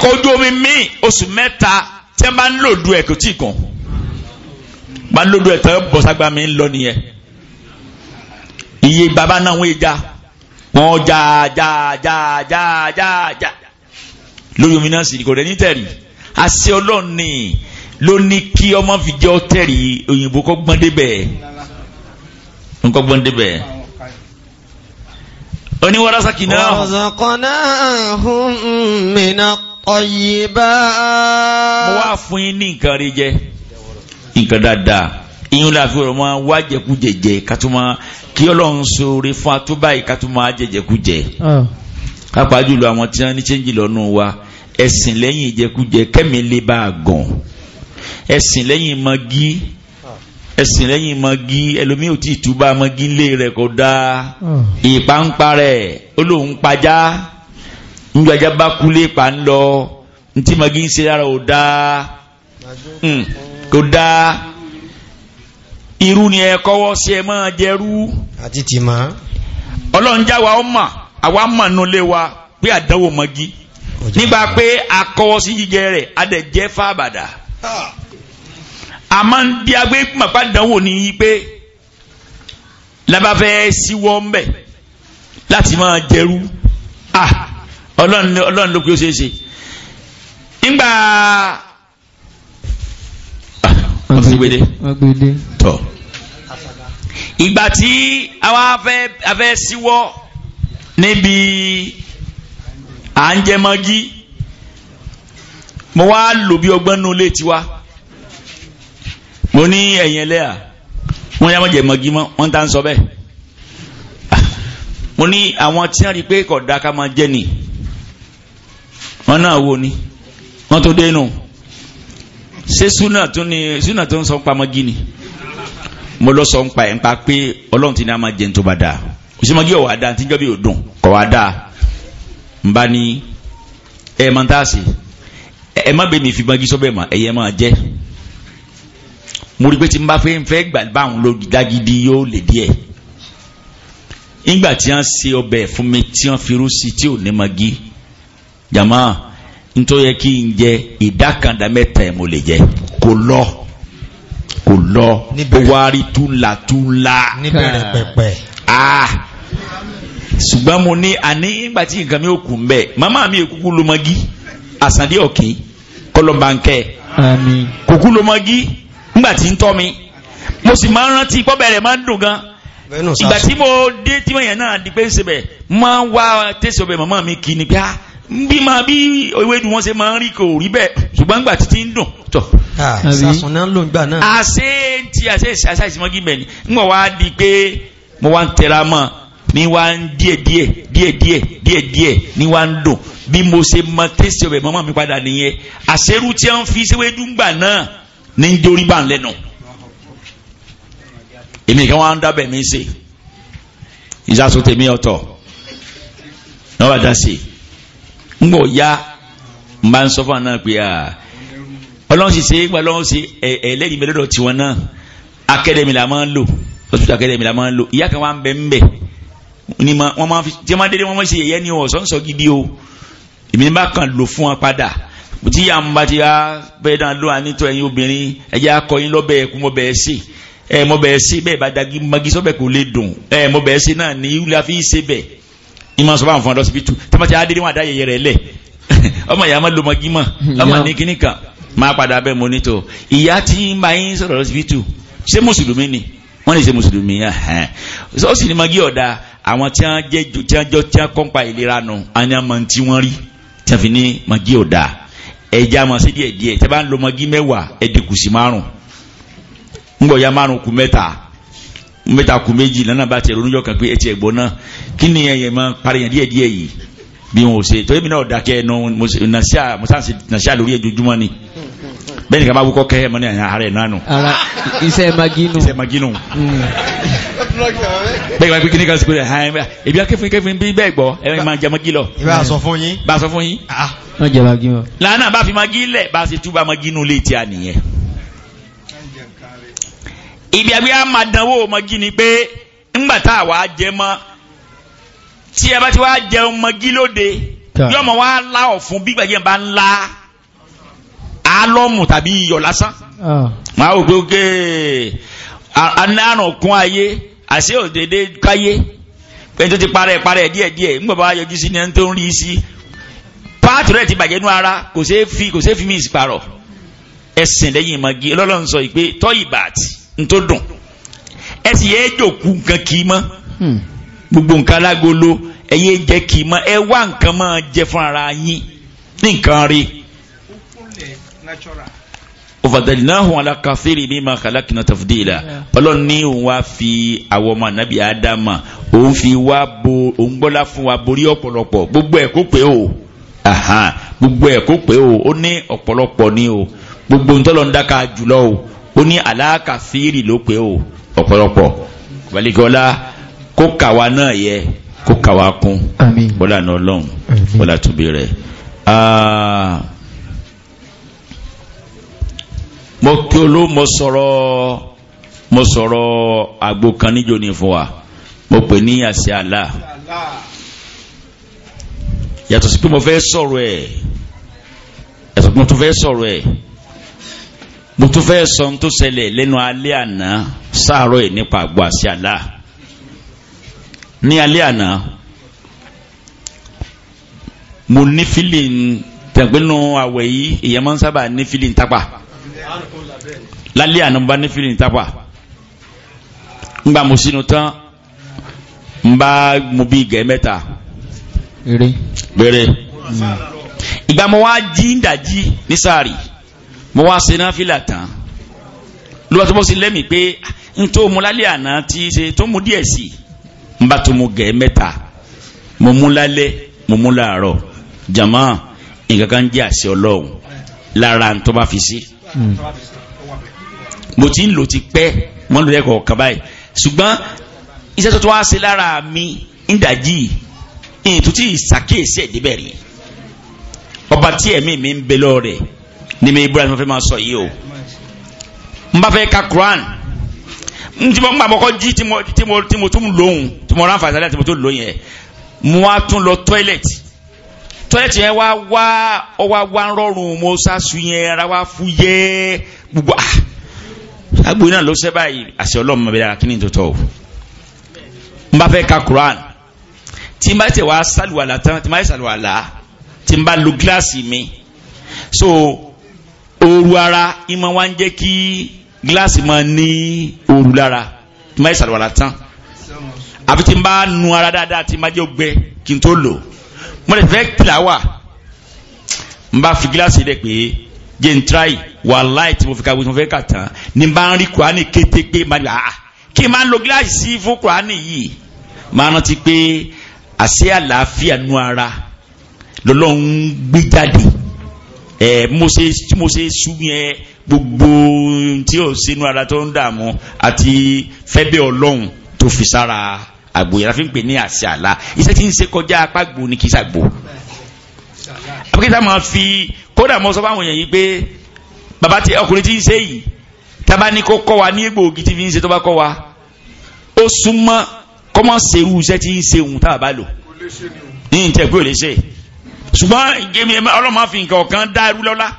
ọkọ̀ ojú omi míì oṣù mẹ́ta tí wọ́n bá ń lòdù ẹ̀ kò tí ì bá ń lòdù ẹ̀ tán bọ̀ságbá mi ń lọ nìyẹn iye bàbá náà wọ́n ja wọ́n ja ja ja ja ja ja lórí omi náà sì kò rẹ̀ ní tẹ̀rì àṣẹ ọlọ́run ló ní kí ọmọ fi jẹ́ ọtẹ̀rì òyìnbó kọ́ gbọ́n débẹ̀ nkọ́ gbọ́n débẹ̀ oníwárásá kìnnà. wọ́n zọkọ̀ náà hùn mí náà ọ̀yìnbá. mo wá fún yín ní nǹkan rí jẹ nǹkan dáadáa ìyún láàfin ọ̀rọ̀ máa wá jẹkújẹjẹ ká tó máa kí ọlọ́run ṣoore fún wa tó báyìí ká tó máa jẹjẹkújẹ. Ah. pápá jùlọ àwọn tí wọ́n ní ṣéǹjì lọ́nù wa ẹ̀sìn lẹ́yìn ìjẹkújẹ kẹ́mi lè bá a gàn ẹ̀sìn lẹ́yìn mọ́gí ẹ̀sìn lẹ́yìn mọ́gí ẹlòmíì ò tí ì túbà mọ́gí lé rẹ̀ kó dáa ah. ìpàǹparẹ̀ ó lóun pajá njọ ajá bá kulé pa ń lọ ntí magi ń ṣe lára ò dáa hmm, kò dáa irú ni ẹ kọ́wọ́ sí ẹ máa jẹrú. àti tìmọ̀. ọlọ́njà wa ọmọ àwa mọ̀ nulẹ̀ wa pé àdánwò magi nígbà pé akọ́wọ́ sí jíjẹ rẹ̀ adẹ̀jẹ́ fábàdà àmọ́ bí agbé màpá dánwò ní pé labafẹ́ síwọ́ ń bẹ̀ láti máa jẹrú. Ah ọlọ́run ló kú ó ṣeéṣe ńgbà ọ̀fìwédé tọ̀ ìgbà tí àwa afẹ́ síwọ́ níbi à ń jẹ mọ́gí mo wá lò bí ọgbọ́n nù létí wa mo ní ẹ̀yìn ẹlẹ́à wọ́n yá mọ́ jẹ mọ́gí mọ́ wọ́n tá ń sọ bẹ́ẹ̀ ah, mo ní àwọn tí wọ́n rí pé kódà ká máa jẹ nìyí wọn náà wo ni wọn tó dé nù ṣé súnà tó ní súnà tó ń sọ pa mọ́gí ni mo lọ sọ pa ẹ̀ ń pa pé ọlọ́run ti ní a máa jẹun tó bá dáa òṣèlú mọ́gí ọ̀wá dáa tíjọ́ bí òdùn kọ̀ wá dáa ń bá ní ẹ̀ máa ń tà sí ẹ má bẹ̀ mi fi mọ́gí sọ́bẹ̀ mà ẹ̀yẹ máa jẹ́ mo rí pé tí n bá fẹ́ fẹ́ gbà báwọn ló dágídí yóò lè díẹ̀ nígbà tí wọ́n ṣe ọbẹ̀ fún mi tí wọ́n fi rú sí tí ò ní mọ́gí jama nítorí yẹ kí n jẹ ìdá kan dá mẹ́ta ẹ̀ mo lè jẹ kò lọ kò lọ ó wá rí túnla túnla níbẹ̀rẹ̀ pẹ̀pẹ̀ ah ṣùgbọ́n mo ní àní ìgbà tí nǹkan mi ò kù mbẹ́ màmá mi kúkú lomagi àsàndé ọ̀kìn kọlọ́mbàǹkẹ́ àmín kúkú lomagi ńgbà tí ń tọ́ mi mo sì máa rántí pọ́bẹ̀rẹ̀ máa dùn gan ìgbà tí mo dé tí mo yẹn náà di pé ń sebẹ̀ máa ń wá tẹ̀sí ọbẹ̀ màmá mi kì í ni pé ah bí máa bí ewé ni wọ́n ṣe máa ń rí kò rí bẹ́ẹ̀ ṣùgbọ́n nígbà títí ń dùn tọ̀. sàṣùn náà ló ń gbà náà. àṣé ti àṣé àṣà ìsìmọ́gì bẹ̀ ni nígbà wá di pé mo wá ń tẹra mọ́ ni wá ń díẹ̀ díẹ̀ díẹ̀ díẹ̀ díẹ̀ díẹ̀ ni wá ń dùn bí mo ṣe mọ tẹ́sí ọbẹ̀ mọ́mọ́ mi padà nìyẹn àṣerú tí wọ́n fi ṣéwédú ńgbà náà ní ń dorí bá ń lẹ́nu èmi kan wá ń dábẹ̀ mi ṣe ìṣàsùn ń gbọ̀ ya ń bá ń sọ fún àná pé ah, ọlọ́run sì ṣe é ọlọ́run sì ẹlẹ́yìn bẹ́ẹ̀ lọ́dọ̀ tiwọn náà akademi la máa ń lò hospital akademi la máa ń lò ìyá kan wà ń bẹ ń bẹ ni wọ́n máa fi tí wọ́n dédé wọ́n máa ṣe yẹ̀yẹ́ ni ọ̀sọ́nsọ gidi o èmi bá kàn lò fún wọn padà tí yà ń bá ti wá bẹ́ẹ̀ náà ló wà nítorí ẹ̀yin obìnrin ẹ̀yà akọyin lọ́bẹ̀ ẹ̀kú mọ́ bẹ́ẹ̀ sí ẹ̀ mọ́ bẹ́ẹ̀ sí bẹ́ẹ̀ bá dagi magi kò lè dùn ẹ̀ mọ́ bẹ́ẹ̀ sí náà ní ìwúlẹ̀ àfi ṣe bẹ́ẹ̀ ìmọ̀ sọ bá wọn fún ọdọ síbi tù tẹ́mọ̀tì adé níwọ̀n adáyẹyẹ rẹ̀ lẹ̀ ọmọ ìyá máa lo mọ́gí mọ̀ hmm, ọmọ ní kíní kan máa padà bẹ́ẹ̀ mo nítò ìyá tí ń bá yín sọ̀rọ̀ lọ síbi tù ṣé mùsùlùmí ni wọ́n lè ṣe mùsùlùmí ó sì ní mọ́gí ọ̀dà àwọn tí wọ́n jẹ́ tí wọ́n jọ tí wọ́n kọ́ńpa ìlera nù àyàn mọ̀ tí wọ́n rí tí wọ́n fi ní mọ́gí ọ̀dà ẹ̀já mọ̀ sí díẹ̀ díẹ̀ tẹ́ bá ń lo kí ni ẹ̀yẹ̀ máa parí yẹn díẹ̀díẹ̀ yìí bí wọn ò ṣe torí mi náà dákẹ́ ẹnu nàṣà nàṣà lórí ẹjọ́júmọ́ ni bẹ́ẹ̀ ni ká bá wúkọ́ kẹ́ ẹ̀ mọ́ ní àyàn ara ẹ̀ náà nù. ara iṣẹ́ maginu. iṣẹ́ maginu. bẹ́ẹ̀ bá kíni ká sọ́kúrẹ́ ha ẹ̀ ẹ̀bí akẹ́fìn bí bẹ́ẹ̀ gbọ́ ẹ̀ máa jẹ magi lọ. ìbá fún yín. bá sọ fún yín. Ah. wọ́n jẹ magi lánàá bá fi magi lẹ̀ bá a ṣe túbà maginu lè ti à nìyẹn. ibi àgbẹ̀ á máa dánwò magi ni pé ńgbà tá a wà jẹ mọ́ tí ẹ bá ti wá jẹun mọ́gí lóde yóò mọ̀ wá la ọ̀fun bí gbàgbé bá ń la álọ́mù tàbí iyọ̀ lásán. Ah. máa wò pé ókè anáràn kún ayé àṣé òdèdè káyé pé tó ti parẹ́ parẹ́ díẹ̀díẹ̀ ńgbọ̀n bá yọjú sí ni ẹni tó ń rí sí páàtì rẹ̀ ti bàjẹ́ nú ara kò ṣeé fi kò ṣeé fi mí ìsìparọ̀ ẹ̀sìn lẹ́yìn mọ́gí ọlọ́run sọ ìpè tọ́yìbàtì ń tó dùn ẹ̀sìn yẹn jòkú nǹkan kì í mọ́. Hmm gbogbo nǹkan alágolo ẹyẹ jẹ kì í mọ ẹ wá nǹkan máa jẹ fún ara yín ní nǹkan rí. òfàdàdìnnáhùn alákàfẹ́rì ní màkà lákìnà tàfídìlà ọlọ́run ní òun wá fi àwọn ọmọ ànábì ádámà òun fi wá bo òun gbọ́lá fún wa borí ọ̀pọ̀lọpọ̀ gbogbo ẹ̀ kó pé o gbogbo ẹ̀ kó pé o ó ní ọ̀pọ̀lọpọ̀ ni o gbogbo ntọ́lọ́ ń dáka jùlọ o ó ní alákàfẹ́rì ló pé o ọ̀pọ̀lọpọ̀ balikọ́lá kó kàwa náà yẹ kó kàwa kún bọ́lá náà lọ́hùn bọ́lá tóbi rẹ̀. Ah, mo kí olú mo sọ̀rọ̀ mo sọ̀rọ̀ àgbo kan níjó ni fún wa mo pè ní àṣẹ àlá yàtọ̀ sí pé mo fẹ́ sọ̀rọ̀ ẹ̀ yàtọ̀ sí pé mo tún fẹ́ sọ̀rọ̀ ẹ̀ mo tún fẹ́ sọ ohun tó ṣẹlẹ̀ lẹ́nu alẹ́ àná sáàárọ̀ ẹ̀ nípa àgbo àṣẹ àlá ní alẹ́ àná mo ní feeling tẹ̀gbẹ́nu àwẹ̀ yìí èyàn máa ń sábà ní feeling tápà lálẹ́ àná mo bá ní feeling tápà ngbà mo sínú tán n bá mo bí gẹ̀ẹ́ mẹ́ta bẹ̀rẹ̀ ìgbà mo wá jí ń dàjí ní sáàrì mo wá ṣe náfìlà tán lọ́wọ́ tó bọ́ sí lẹ́mìí pé ah, n tó mu lálẹ́ àná tí ṣe tó mu díẹ̀ sí i n bá tún mo gẹ̀ jama nǹkan kan jẹ́ àṣẹ ọlọ́run lára fisi, boti bá fi sí. mo ti ń lò ti pẹ́ wọ́n lò lẹ́kọ̀ọ́ kaba yìí ṣùgbọ́n iṣẹ́ tó tó wá sí lára mi ń dàjì ètò tí ìsàkíyèsí ẹ̀ débẹ̀ rí ọba mi ń bẹ lọ́ọ́ rẹ̀ ní mi Ibrahim fẹ́ máa sọ yìí o n ka Quran n tí mo ń gbà mọ́kọ́ jí tí mo tí mo tí mo tún lóhùn tí mo rán fàṣà lẹ́yìn tí mo tún lóhùn yẹn mo wá tún lọ tọ́ílẹ̀tì tọ́ílẹ̀tì yẹn wá wá ọ wá wá ń rọrùn mo sásù yẹn ara wá fú yẹ gbogbo ah agbo náà ló ṣe báyìí àṣẹ ọlọ́run bẹ̀rẹ̀ ara kíni tọ̀tọ̀ n bá fẹ́ ka Quran tí n bá tẹ̀ wá sálùwàlà tán tí n bá yẹ sálùwàlà tí n bá lo gíláàsì mi so ooru ara ìmọ̀ wá ń jẹ́ kí gíláàsì máa ní ooru lára tí máa ṣàlùwàlà tán àfi tí n bá nu ara dáadáa tí n bá jẹ́ ògbẹ kí n tó lò mo lè fẹ́ tìlà wà n bá fi gíláàsì rẹ̀ pé jẹ́ n tíráì wàláì tí mo fi ka wí mo fẹ́ kà tán ni n bá ń rí kùránì kété pé má ní àá kí n máa lo gíláàsì sí fún kùránì yìí máa rántí pé àṣẹ àlàáfíà nu ara lọ́lọ́run gbé jáde ẹ̀ mo ṣe mo ṣe sùn yẹn gbogbo tí ò sínú ara tó ń dààmú àti fẹ́bẹ́ ọlọ́run tó fi sára àgbò yàrá fi ń pè ní àṣà àlá iṣẹ́ tí ń ṣe kọjá apá gbò ní kì í ṣàgbò. àbíkẹ́ta máa fi kódà mọ́ sọ fáwọn èèyàn yìí pé bàbá tí ọkùnrin tí ń ṣe yìí tábà ní kó kọ́ wa ní egbòogi tí fi ń ṣe tó bá kọ́ wa ó súnmọ́ kọ́mọ́ ṣerú iṣẹ́ tí ń ṣe òun tá a bá lò ní ìtẹ̀gbé ò ṣùgbọ́n ọlọ́mọ fi nǹkan kan dá irú lọ́lá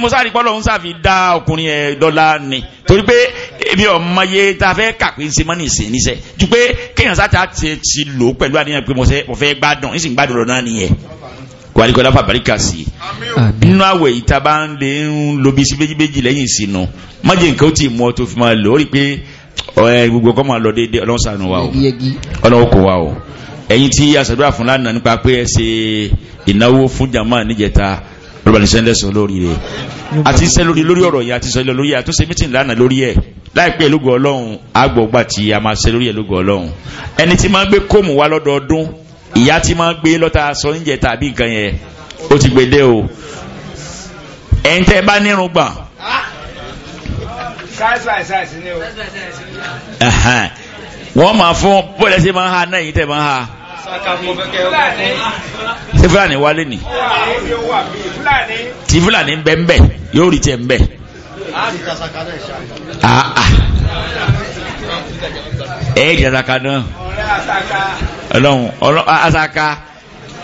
mọ́sáàrí pọ́lọ̀ ń sàfi dá ọkùnrin ẹ̀ dọ́là ni torí pé ebi ọmọ ye ta fẹ́ kàpé ń se mọ́ ní ìsìn níṣẹ́ ju pé kéèyàn sáta ti ti lò ó pẹ̀lú àníyàn pé mo fẹ́ gbádùn ìsìn gbádùn lọ náà nìyẹn kò àdìgbò láfa àbáríkà sí i nínú àwẹ̀ yìí ta bá ń lè ń lo bí sí méjìméjì lẹ́yìn ìsinú mọ́jẹ̀ nǹkan ó ti mú ọ tó fi máa lò ó rí i pé gbogbo ọkọ máa lọ déédéé ọlọ́run ṣàánú wa o ọlọ́run kò wa o ẹ̀yin tí aṣàdúrà fún lánàá nípa pé ẹ ṣe ìnáwó fún jama níjẹta olùbànújẹ́ lẹ́sọ̀ lórí rẹ̀ àti iṣẹ́ lórí lórí ọ̀rọ̀ yẹn àti sọlẹ̀ lórí àtúnṣe mítìn lánàá lórí ẹ̀ láìpẹ́ lógo ọlọ́run àgbọ̀gbà tí a máa ṣe lórí ẹ̀ lógo ọlọ́run ẹni tí máa ń gbé kóòmù wá lọ́dọọdún ìyá tí máa ń gbé lọ́ta aṣọ oúnjẹ tàbí nǹkan yẹn ó ti gbé dé o ẹ̀yin tẹ́ bá nírun wọ́n máa fún bọ́ọ̀lù ṣe máa ha náà yìí tẹ̀ máa ha. ṣé fúlàní wálé ni tí fúlàní ń bẹ ń bẹ yóò rí tiẹ̀ ń bẹ. Ah, ah. ẹ ẹ jàdàkà náà ọlọ́run asaka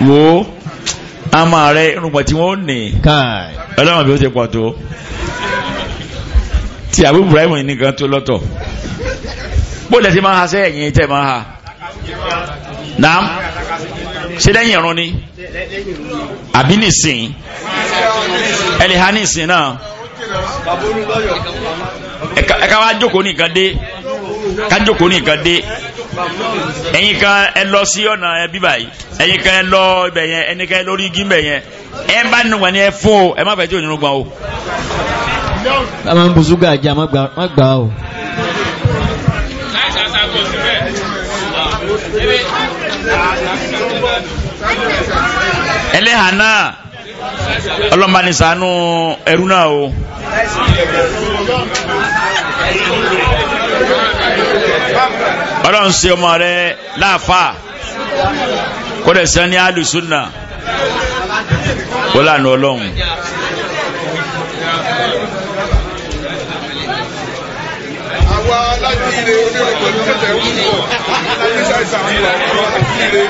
wo ama rẹ irunpọ̀ tí wọ́n ní ọlọ́run bí ó ṣe pọ̀ tó tí àbúrò Ibrahim nìkan tó lọ́tọ̀ bó lẹ́sìn máa ha sẹ́yìn ẹ̀yìn tẹ́ máa ha naam ṣe lẹ́yìn ìrun ni àbí nìsín ẹni ha nìsín náà ẹ̀ka wa jókòó nìkan dé ká jókòó nìkan dé ẹ̀yin kan ẹ lọ sí ọ̀nà ẹbí báyìí ẹ̀yin kan ẹ lọ ibẹ̀ yẹn ẹni kan ẹ lórí igi ibẹ̀ yẹn ẹ bá nínú gbà ní ẹ fún o ẹ má fẹ́ tí ò nínú gbà o. ká máa ń bu ṣúgà jẹ àmọ́ gbà o. ẹlẹ́hà náà ọlọ́mọba ní ṣàánú ẹrú náà o. ọlọ́run ṣe ọmọ rẹ láàfáà kó dẹ̀ sẹ́ni alùsùn náà wọ́n lànà ọlọ́run. oníire ojú ẹ̀kọ́ ní tẹ̀tẹ̀ ń bọ̀ láti ṣàìsàn àmì àwọn àtúnyẹrẹ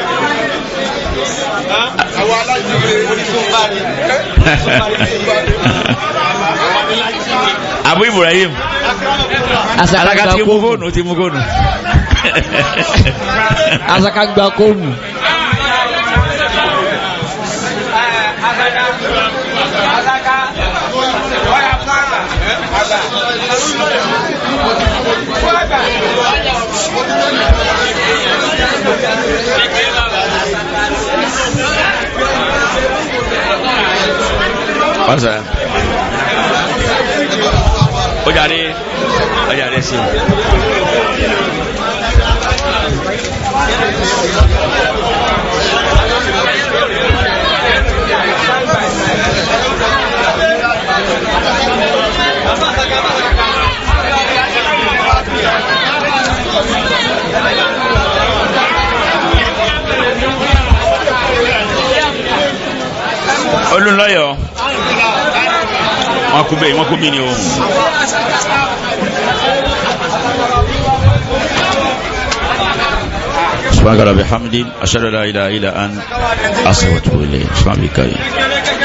àwọn abu ibrahim alaka ti mú fóònù ti mú fóònù. What's that? Ojàre, ojàre sí. Thank you. olùlọ́yọ̀ wọn kú bẹ́ẹ̀ wọn kú mí ni o. سبحانك رب الحمد أشهد لا إله إلا أنت أستغفرك وأتوب إليك سبحانك